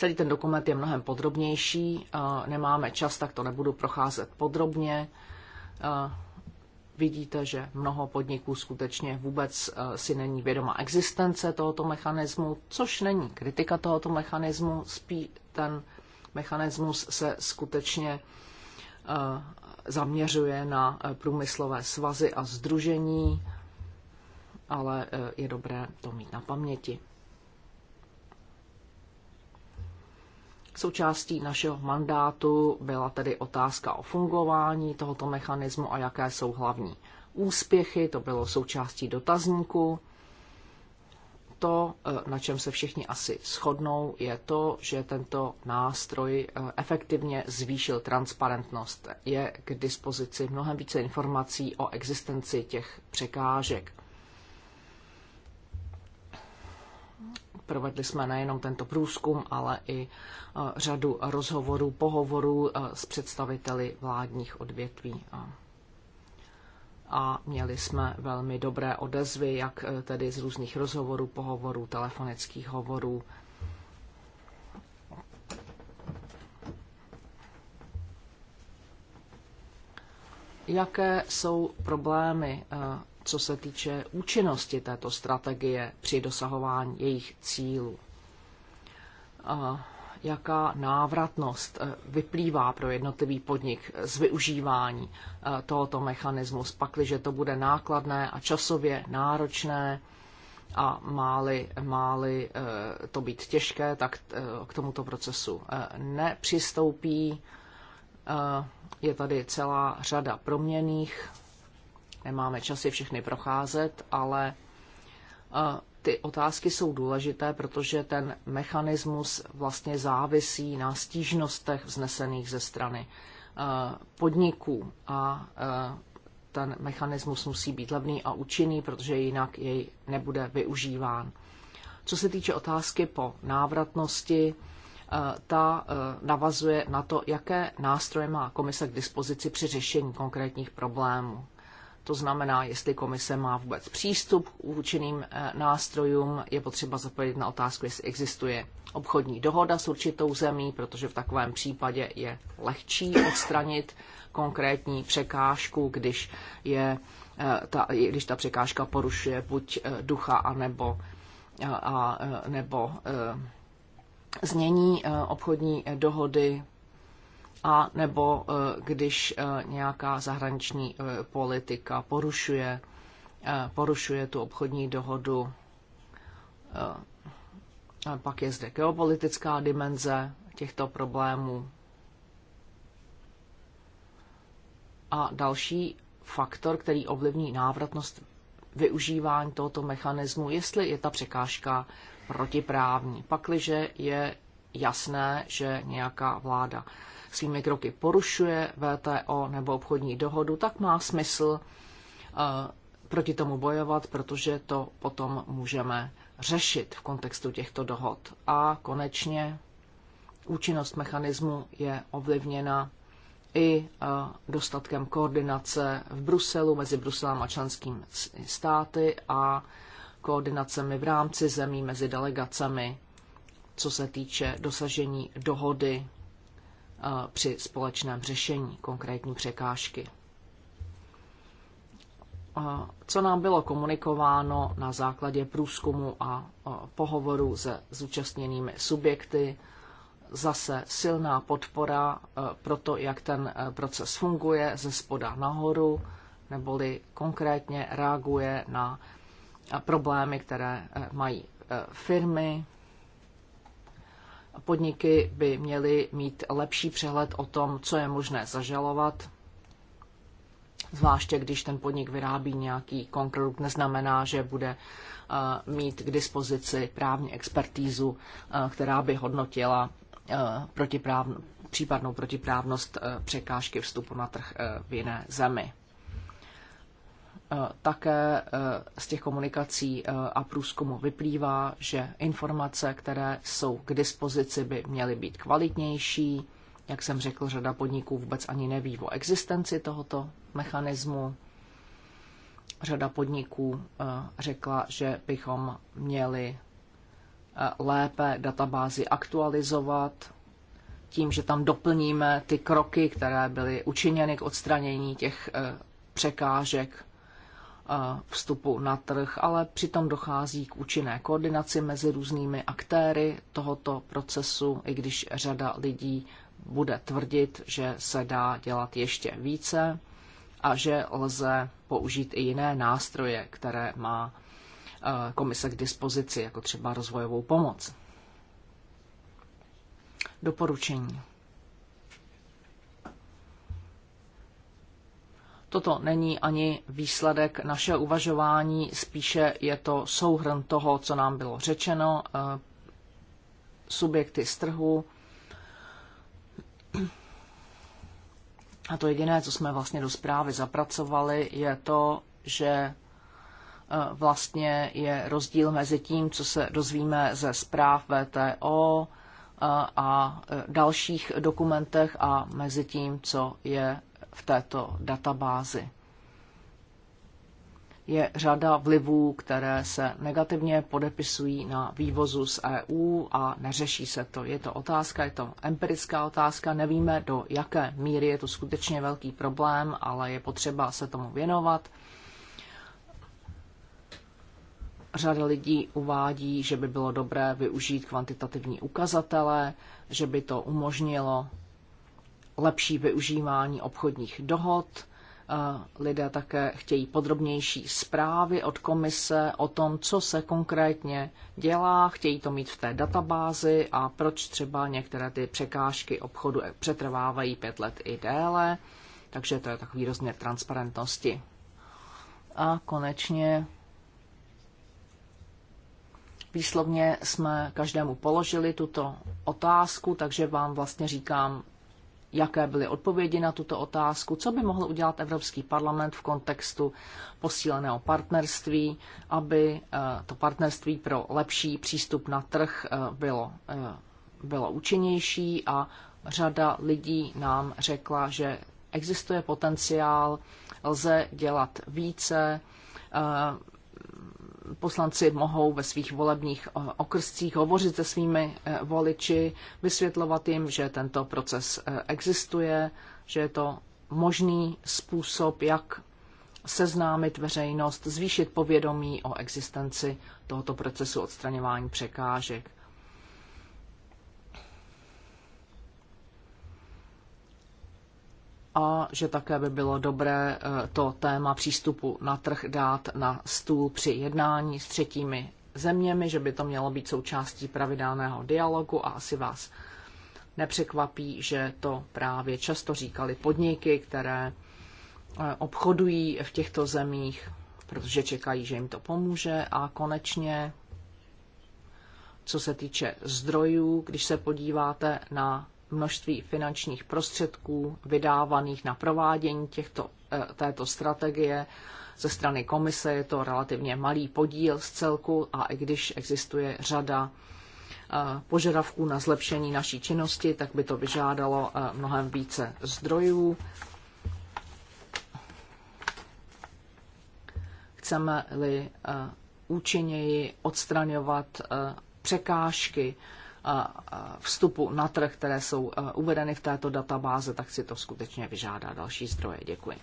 C: Celý ten dokument je mnohem podrobnější, nemáme čas, tak to nebudu procházet podrobně. Vidíte, že mnoho podniků skutečně vůbec si není vědoma existence tohoto mechanismu, což není kritika tohoto mechanismu, spí ten mechanismus se skutečně zaměřuje na průmyslové svazy a združení, ale je dobré to mít na paměti. Součástí našeho mandátu byla tedy otázka o fungování tohoto mechanismu a jaké jsou hlavní úspěchy, to bylo součástí dotazníku. To, eh, na čem se všichni asi shodnou, je to, že tento nástroj eh, efektivně zvýšil transparentnost. Je k dispozici mnohem více informací o existenci těch překážek. Provedli jsme nejenom tento průzkum, ale i e, řadu rozhovorů, pohovorů e, s představiteli vládních odvětví. A měli jsme velmi dobré odezvy, jak e, tedy z různých rozhovorů, pohovorů, telefonických hovorů, jaké jsou problémy co se týče účinnosti této strategie při dosahování jejich cílů. A jaká návratnost eh, vyplývá pro jednotlivý podnik z využívání eh, tohoto mechanismu, pakliže to bude nákladné a časově náročné a máli, máli eh, to být těžké, tak k tomuto procesu nepřistoupí. Je tady celá řada proměných, Nemáme čas je všechny procházet, ale eh, ty otázky jsou důležité, protože ten mechanismus vlastně závisí na stížnostech vznesených ze strany eh, podniků a eh, ten mechanismus musí být levný a účinný, protože jinak jej nebude využíván. Co se týče otázky po návratnosti, ta navazuje na to, jaké nástroje má komise k dispozici při řešení konkrétních problémů. To znamená, jestli komise má vůbec přístup k účinným eh, nástrojům, je potřeba zapojit na otázku, jestli existuje obchodní dohoda s určitou zemí, protože v takovém případě je lehčí odstranit konkrétní překážku, když, je, eh, ta, když ta překážka porušuje buď eh, ducha, anebo, a, nebo znění obchodní dohody a nebo eh, když eh, nějaká zahraniční eh, politika porušuje, porušuje tu obchodní dohodu. Pak je zde geopolitická dimenze těchto problémů. A další faktor, který ovlivní návratnost využívání tohoto mechanismu, jestli je ta překážka protiprávní. Pakliže je jasné, že nějaká vláda svými kroky porušuje VTO nebo obchodní dohodu, tak má smysl uh, proti tomu bojovat, protože to potom můžeme řešit v kontextu těchto dohod. A konečně účinnost mechanismu je ovlivněna i uh, dostatkem koordinace v Bruselu mezi Bruselem a členskými státy a koordinacemi v rámci zemí mezi delegacemi, co se týče dosažení dohody při společném řešení konkrétní překážky. Co nám bylo komunikováno na základě průzkumu a pohovoru se zúčastněnými subjekty, zase silná podpora e, pro to, jak ten e, proces funguje ze spoda nahoru, neboli konkrétně reaguje na problémy, které e, mají firmy, Podniky by měly mít lepší přehled o tom, co je možné zažalovat, zvláště když ten podnik vyrábí nějaký konkrétní, neznamená, že bude eh, mít k dispozici právní expertízu, eh, která by hodnotila eh, protiprávno, případnou protiprávnost překážky vstupu na trh v jiné zemi. Eh, také eh, z těch komunikací eh, a průzkumu vyplývá, že informace, které jsou k dispozici, by měly být kvalitnější. Jak jsem řekl, řada podniků vůbec ani neví o existenci tohoto mechanismu. Řada podniků řekla, že bychom měli lépe databázi aktualizovat, tím, že tam doplníme ty kroky, které byly učiněny k odstranění těch překážek vstupu na trh, ale přitom dochází k účinné koordinaci mezi různými aktéry tohoto procesu, i když řada lidí bude tvrdit, že se dá dělat ještě více a že lze použít i jiné nástroje, které má eh, komise k dispozici, jako třeba rozvojovou pomoc. Doporučení. Toto není ani výsledek našeho uvažování, spíše je to souhrn toho, co nám bylo řečeno, eh, subjekty z trhu. A to jediné, co jsme vlastně do zprávy zapracovali, je to, že eh, vlastně je rozdíl mezi tím, co se dozvíme ze zpráv VTO eh, a dalších dokumentech a mezi tím, co je v této databázi. Je řada vlivů, které se negativně podepisují na vývozu z EU a neřeší se to. Je to otázka, je to empirická otázka, nevíme do jaké míry je to skutečně velký problém, ale je potřeba se tomu věnovat. Řada lidí uvádí, že by bylo dobré využít kvantitativní ukazatele, že by to umožnilo lepší využívání obchodních dohod. Eh, lidé také chtějí podrobnější zprávy od komise o tom, co se konkrétně dělá, chtějí to mít v té databázi a proč třeba některé ty překážky obchodu přetrvávají pět let i déle. Takže to je takový rozměr transparentnosti. A konečně Výslovně jsme každému položili tuto otázku, takže vám vlastně říkám jaké byly odpovědi na tuto otázku, co by mohl udělat Evropský parlament v kontextu posíleného partnerství, aby eh, to partnerství pro lepší přístup na trh eh, bylo, eh, bylo účinnější a řada lidí nám řekla, že existuje potenciál, lze dělat více, poslanci mohou ve svých volebních eh, okrscích hovořit se svými eh, voliči, vysvětlovat jim, že tento proces eh, existuje, že je to možný způsob, jak seznámit veřejnost, zvýšit povědomí o existenci tohoto procesu odstraňování překážek. a že také by bylo dobré eh, to téma přístupu na trh dát na stůl při jednání s třetími zeměmi, že by to mělo být součástí pravidelného dialogu a asi vás nepřekvapí, že to právě často říkali podniky, které eh, obchodují v těchto zemích, protože čekají, že jim to pomůže. A konečně, co se týče zdrojů, když se podíváte na množství finančních prostředků vydávaných na provádění těchto, eh, této strategie. Ze strany komise je to relativně malý podíl z celku a i když existuje řada eh, požadavků na zlepšení naší činnosti, tak by to vyžádalo eh, mnohem více zdrojů. Chceme-li účinněji odstraňovat překážky vstupu na trh, které jsou uvedeny v této databáze, tak si to skutečně vyžádá další zdroje. Děkuji.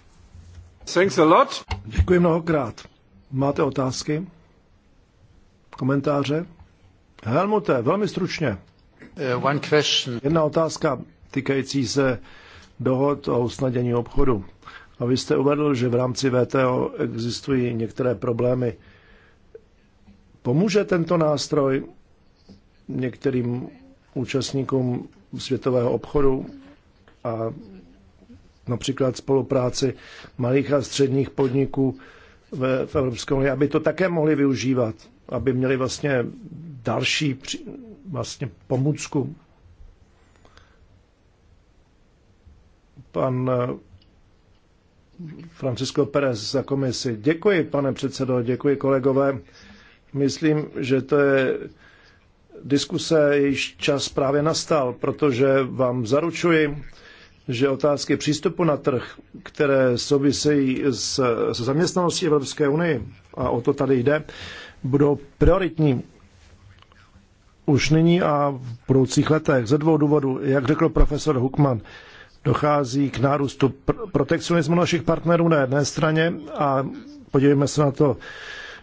C: Thanks
A: a lot. Děkuji mnohokrát. Máte otázky? Komentáře? Helmute, velmi stručně. Uh, one question. Jedna otázka týkající se dohod o usnadění obchodu. A vy jste uvedl, že v rámci VTO existují některé problémy. Pomůže tento nástroj některým účastníkům světového obchodu a například spolupráci malých a středních podniků v, v Evropské unii, aby to také mohli využívat, aby měli vlastně další vlastně pomůcku. Pan eh, Francisco Perez za komisi. Děkuji, pane předsedo, děkuji kolegové. Myslím, že to je diskuse, jejíž čas právě nastal, protože vám zaručuji, že otázky přístupu na trh, které souvisejí s, s zaměstnaností Evropské unie, a o to tady jde, budou prioritní už nyní a v budoucích letech. Ze dvou důvodů, jak řekl profesor Hukman, dochází k nárůstu protekcionismu našich partnerů na jedné straně a podívejme se na to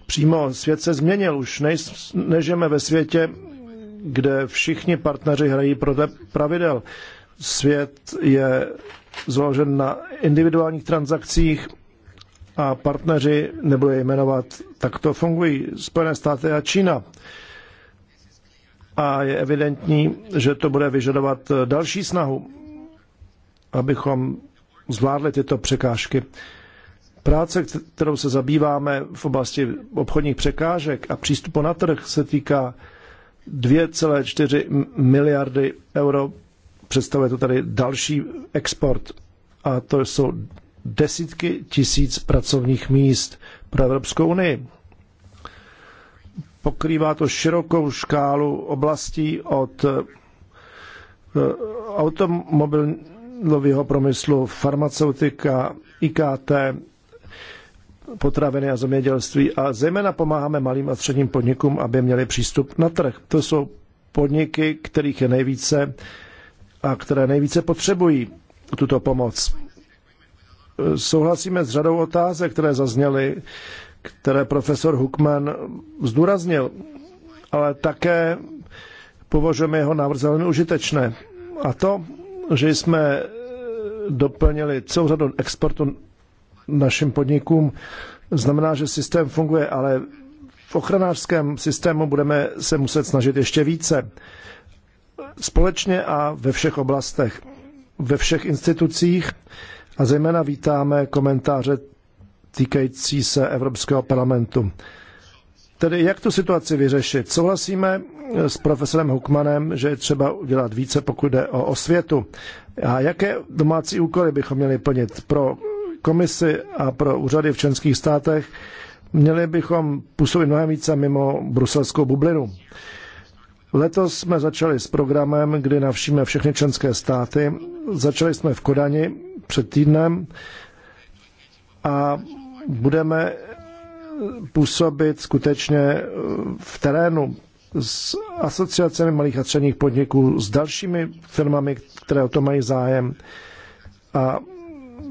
A: přímo. Svět se změnil, už než, nežijeme ve světě, kde všichni partneři hrají podle pravidel. Svět je založen na individuálních transakcích a partneři, nebudu je jmenovat, tak to fungují Spojené státy a Čína. A je evidentní, že to bude vyžadovat další snahu, abychom zvládli tyto překážky. Práce, kterou se zabýváme v oblasti obchodních překážek a přístupu na trh, se týká 2,4 miliardy euro. Představuje to tady další export. A to jsou desítky tisíc pracovních míst pro Evropskou unii. Pokrývá to širokou škálu oblastí od eh, automobilového promyslu, farmaceutika, IKT, potraviny a zemědělství a zejména pomáháme malým a středním podnikům, aby měli přístup na trh. To jsou podniky, kterých je nejvíce a které nejvíce potřebují tuto pomoc. Souhlasíme s řadou otázek, které zazněly, které profesor Hukman zdůraznil, ale také považujeme jeho návrh za velmi užitečné. A to, že jsme doplnili celou řadu exportu našim podnikům. Znamená, že systém funguje, ale v ochranářském systému budeme se muset snažit ještě více. Společně a ve všech oblastech, ve všech institucích a zejména vítáme komentáře týkající se Evropského parlamentu. Tedy jak tu situaci vyřešit? Souhlasíme s profesorem Hukmanem, že je třeba udělat více, pokud jde o osvětu. A jaké domácí úkoly bychom měli plnit pro komisi a pro úřady v členských státech, měli bychom působit mnohem více mimo bruselskou bublinu. Letos jsme začali s programem, kdy navštívíme všechny členské státy. Začali jsme v Kodani před týdnem a budeme působit skutečně eh, v terénu s asociacemi malých a středních podniků, s dalšími firmami, které o to mají zájem. A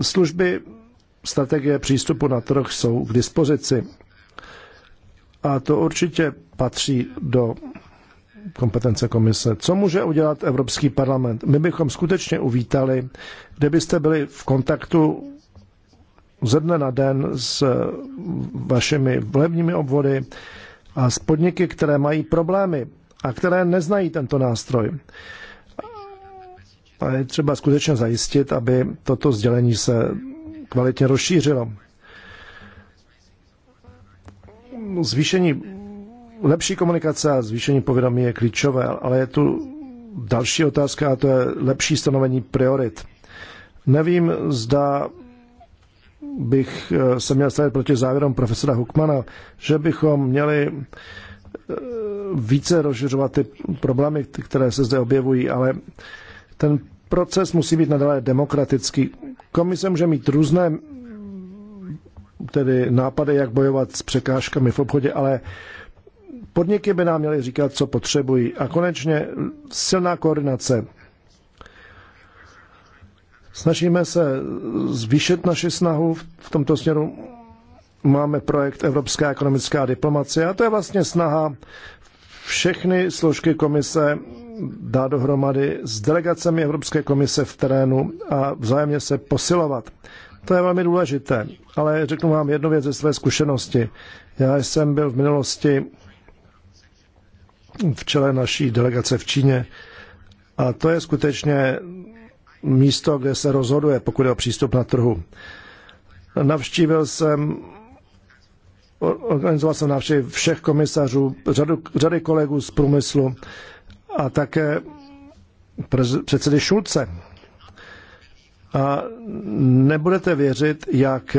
A: služby strategie přístupu na trh jsou k dispozici. A to určitě patří do kompetence komise. Co může udělat Evropský parlament? My bychom skutečně uvítali, kdybyste byli v kontaktu ze dne na den s vašimi volebními obvody a s podniky, které mají problémy a které neznají tento nástroj. A je třeba skutečně zajistit, aby toto sdělení se kvalitně rozšířila. Zvýšení lepší komunikace a zvýšení povědomí je klíčové, ale je tu další otázka a to je lepší stanovení priorit. Nevím, zda bych eh, se měl stavit proti závěrům profesora Hukmana, že bychom měli eh, více rozšiřovat ty problémy, které se zde objevují, ale ten proces musí být nadále demokratický. Komise může mít různé tedy nápady, jak bojovat s překážkami v obchodě, ale podniky by nám měly říkat, co potřebují. A konečně silná koordinace. Snažíme se zvýšit naši snahu v tomto směru. Máme projekt Evropská ekonomická diplomacie a to je vlastně snaha všechny složky komise dá dohromady s delegacemi Evropské komise v terénu a vzájemně se posilovat. To je velmi důležité, ale řeknu vám jednu věc ze své zkušenosti. Já jsem byl v minulosti v čele naší delegace v Číně a to je skutečně místo, kde se rozhoduje, pokud je o přístup na trhu. Navštívil jsem organizoval jsem návštěvy všech komisařů, řadu, řady kolegů z průmyslu a také předsedy Šulce. A nebudete věřit, jak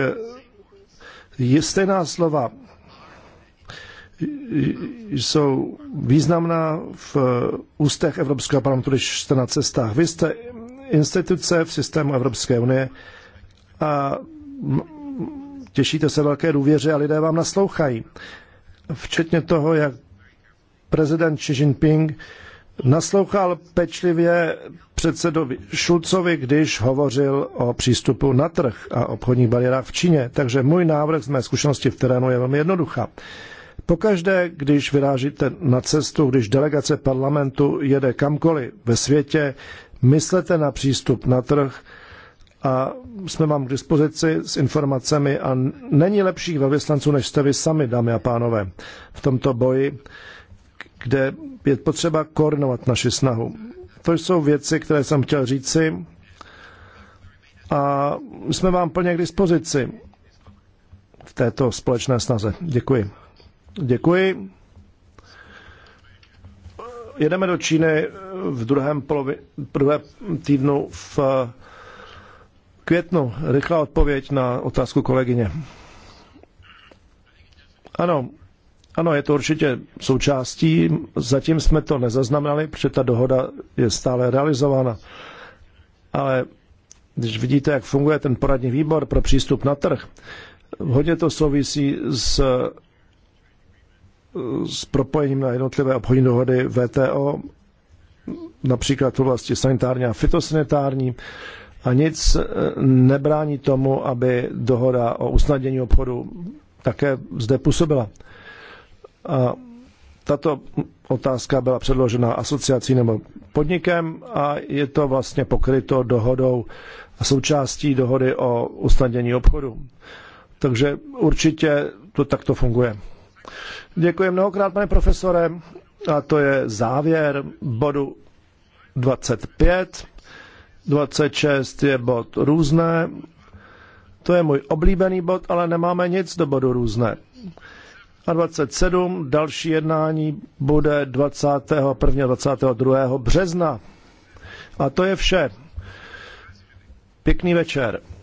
A: stejná slova jsou významná v ústech Evropského parlamentu, když jste na cestách. Vy jste instituce v systému Evropské unie a těšíte se velké důvěře a lidé vám naslouchají. Včetně toho, jak prezident Xi Jinping naslouchal pečlivě předsedovi Šulcovi, když hovořil o přístupu na trh a obchodních bariérách v Číně. Takže můj návrh z mé zkušenosti v terénu je velmi jednoduchá. Pokaždé, když vyrážíte na cestu, když delegace parlamentu jede kamkoliv ve světě, myslete na přístup na trh a jsme vám k dispozici s informacemi a není lepších velvyslanců, než jste vy sami, dámy a pánové, v tomto boji kde je potřeba koordinovat naši snahu. To jsou věci, které jsem chtěl říci a jsme vám plně k dispozici v této společné snaze. Děkuji. Děkuji. Jedeme do Číny v druhém, polovi, druhém týdnu v květnu. Rychlá odpověď na otázku kolegyně. Ano, ano, je to určitě součástí, zatím jsme to nezaznamenali, protože ta dohoda je stále realizována. Ale když vidíte, jak funguje ten poradní výbor pro přístup na trh, hodně to souvisí s, s propojením na jednotlivé obchodní dohody VTO, například v oblasti sanitární a fitosanitární, a nic nebrání tomu, aby dohoda o usnadnění obchodu také zde působila. A tato otázka byla předložena asociací nebo podnikem a je to vlastně pokryto dohodou a součástí dohody o usnadnění obchodu. Takže určitě to takto funguje. Děkuji mnohokrát, pane profesore. A to je závěr bodu 25. 26 je bod různé. To je můj oblíbený bod, ale nemáme nic do bodu různé a 27. Další jednání bude 21. a 22. března. A to je vše. Pěkný večer.